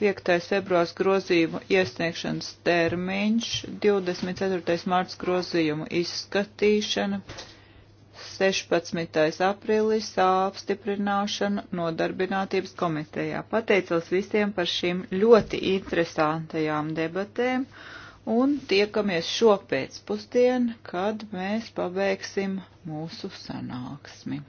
5. februārs grozījumu iesniegšanas termiņš, 24. mārts grozījumu izskatīšana, 16. aprīlis apstiprināšanu nodarbinātības komitejā. Pateicos visiem par šīm ļoti interesantajām debatēm un tiekamies šopēcpusdien, kad mēs pabeigsim mūsu sanāksmi.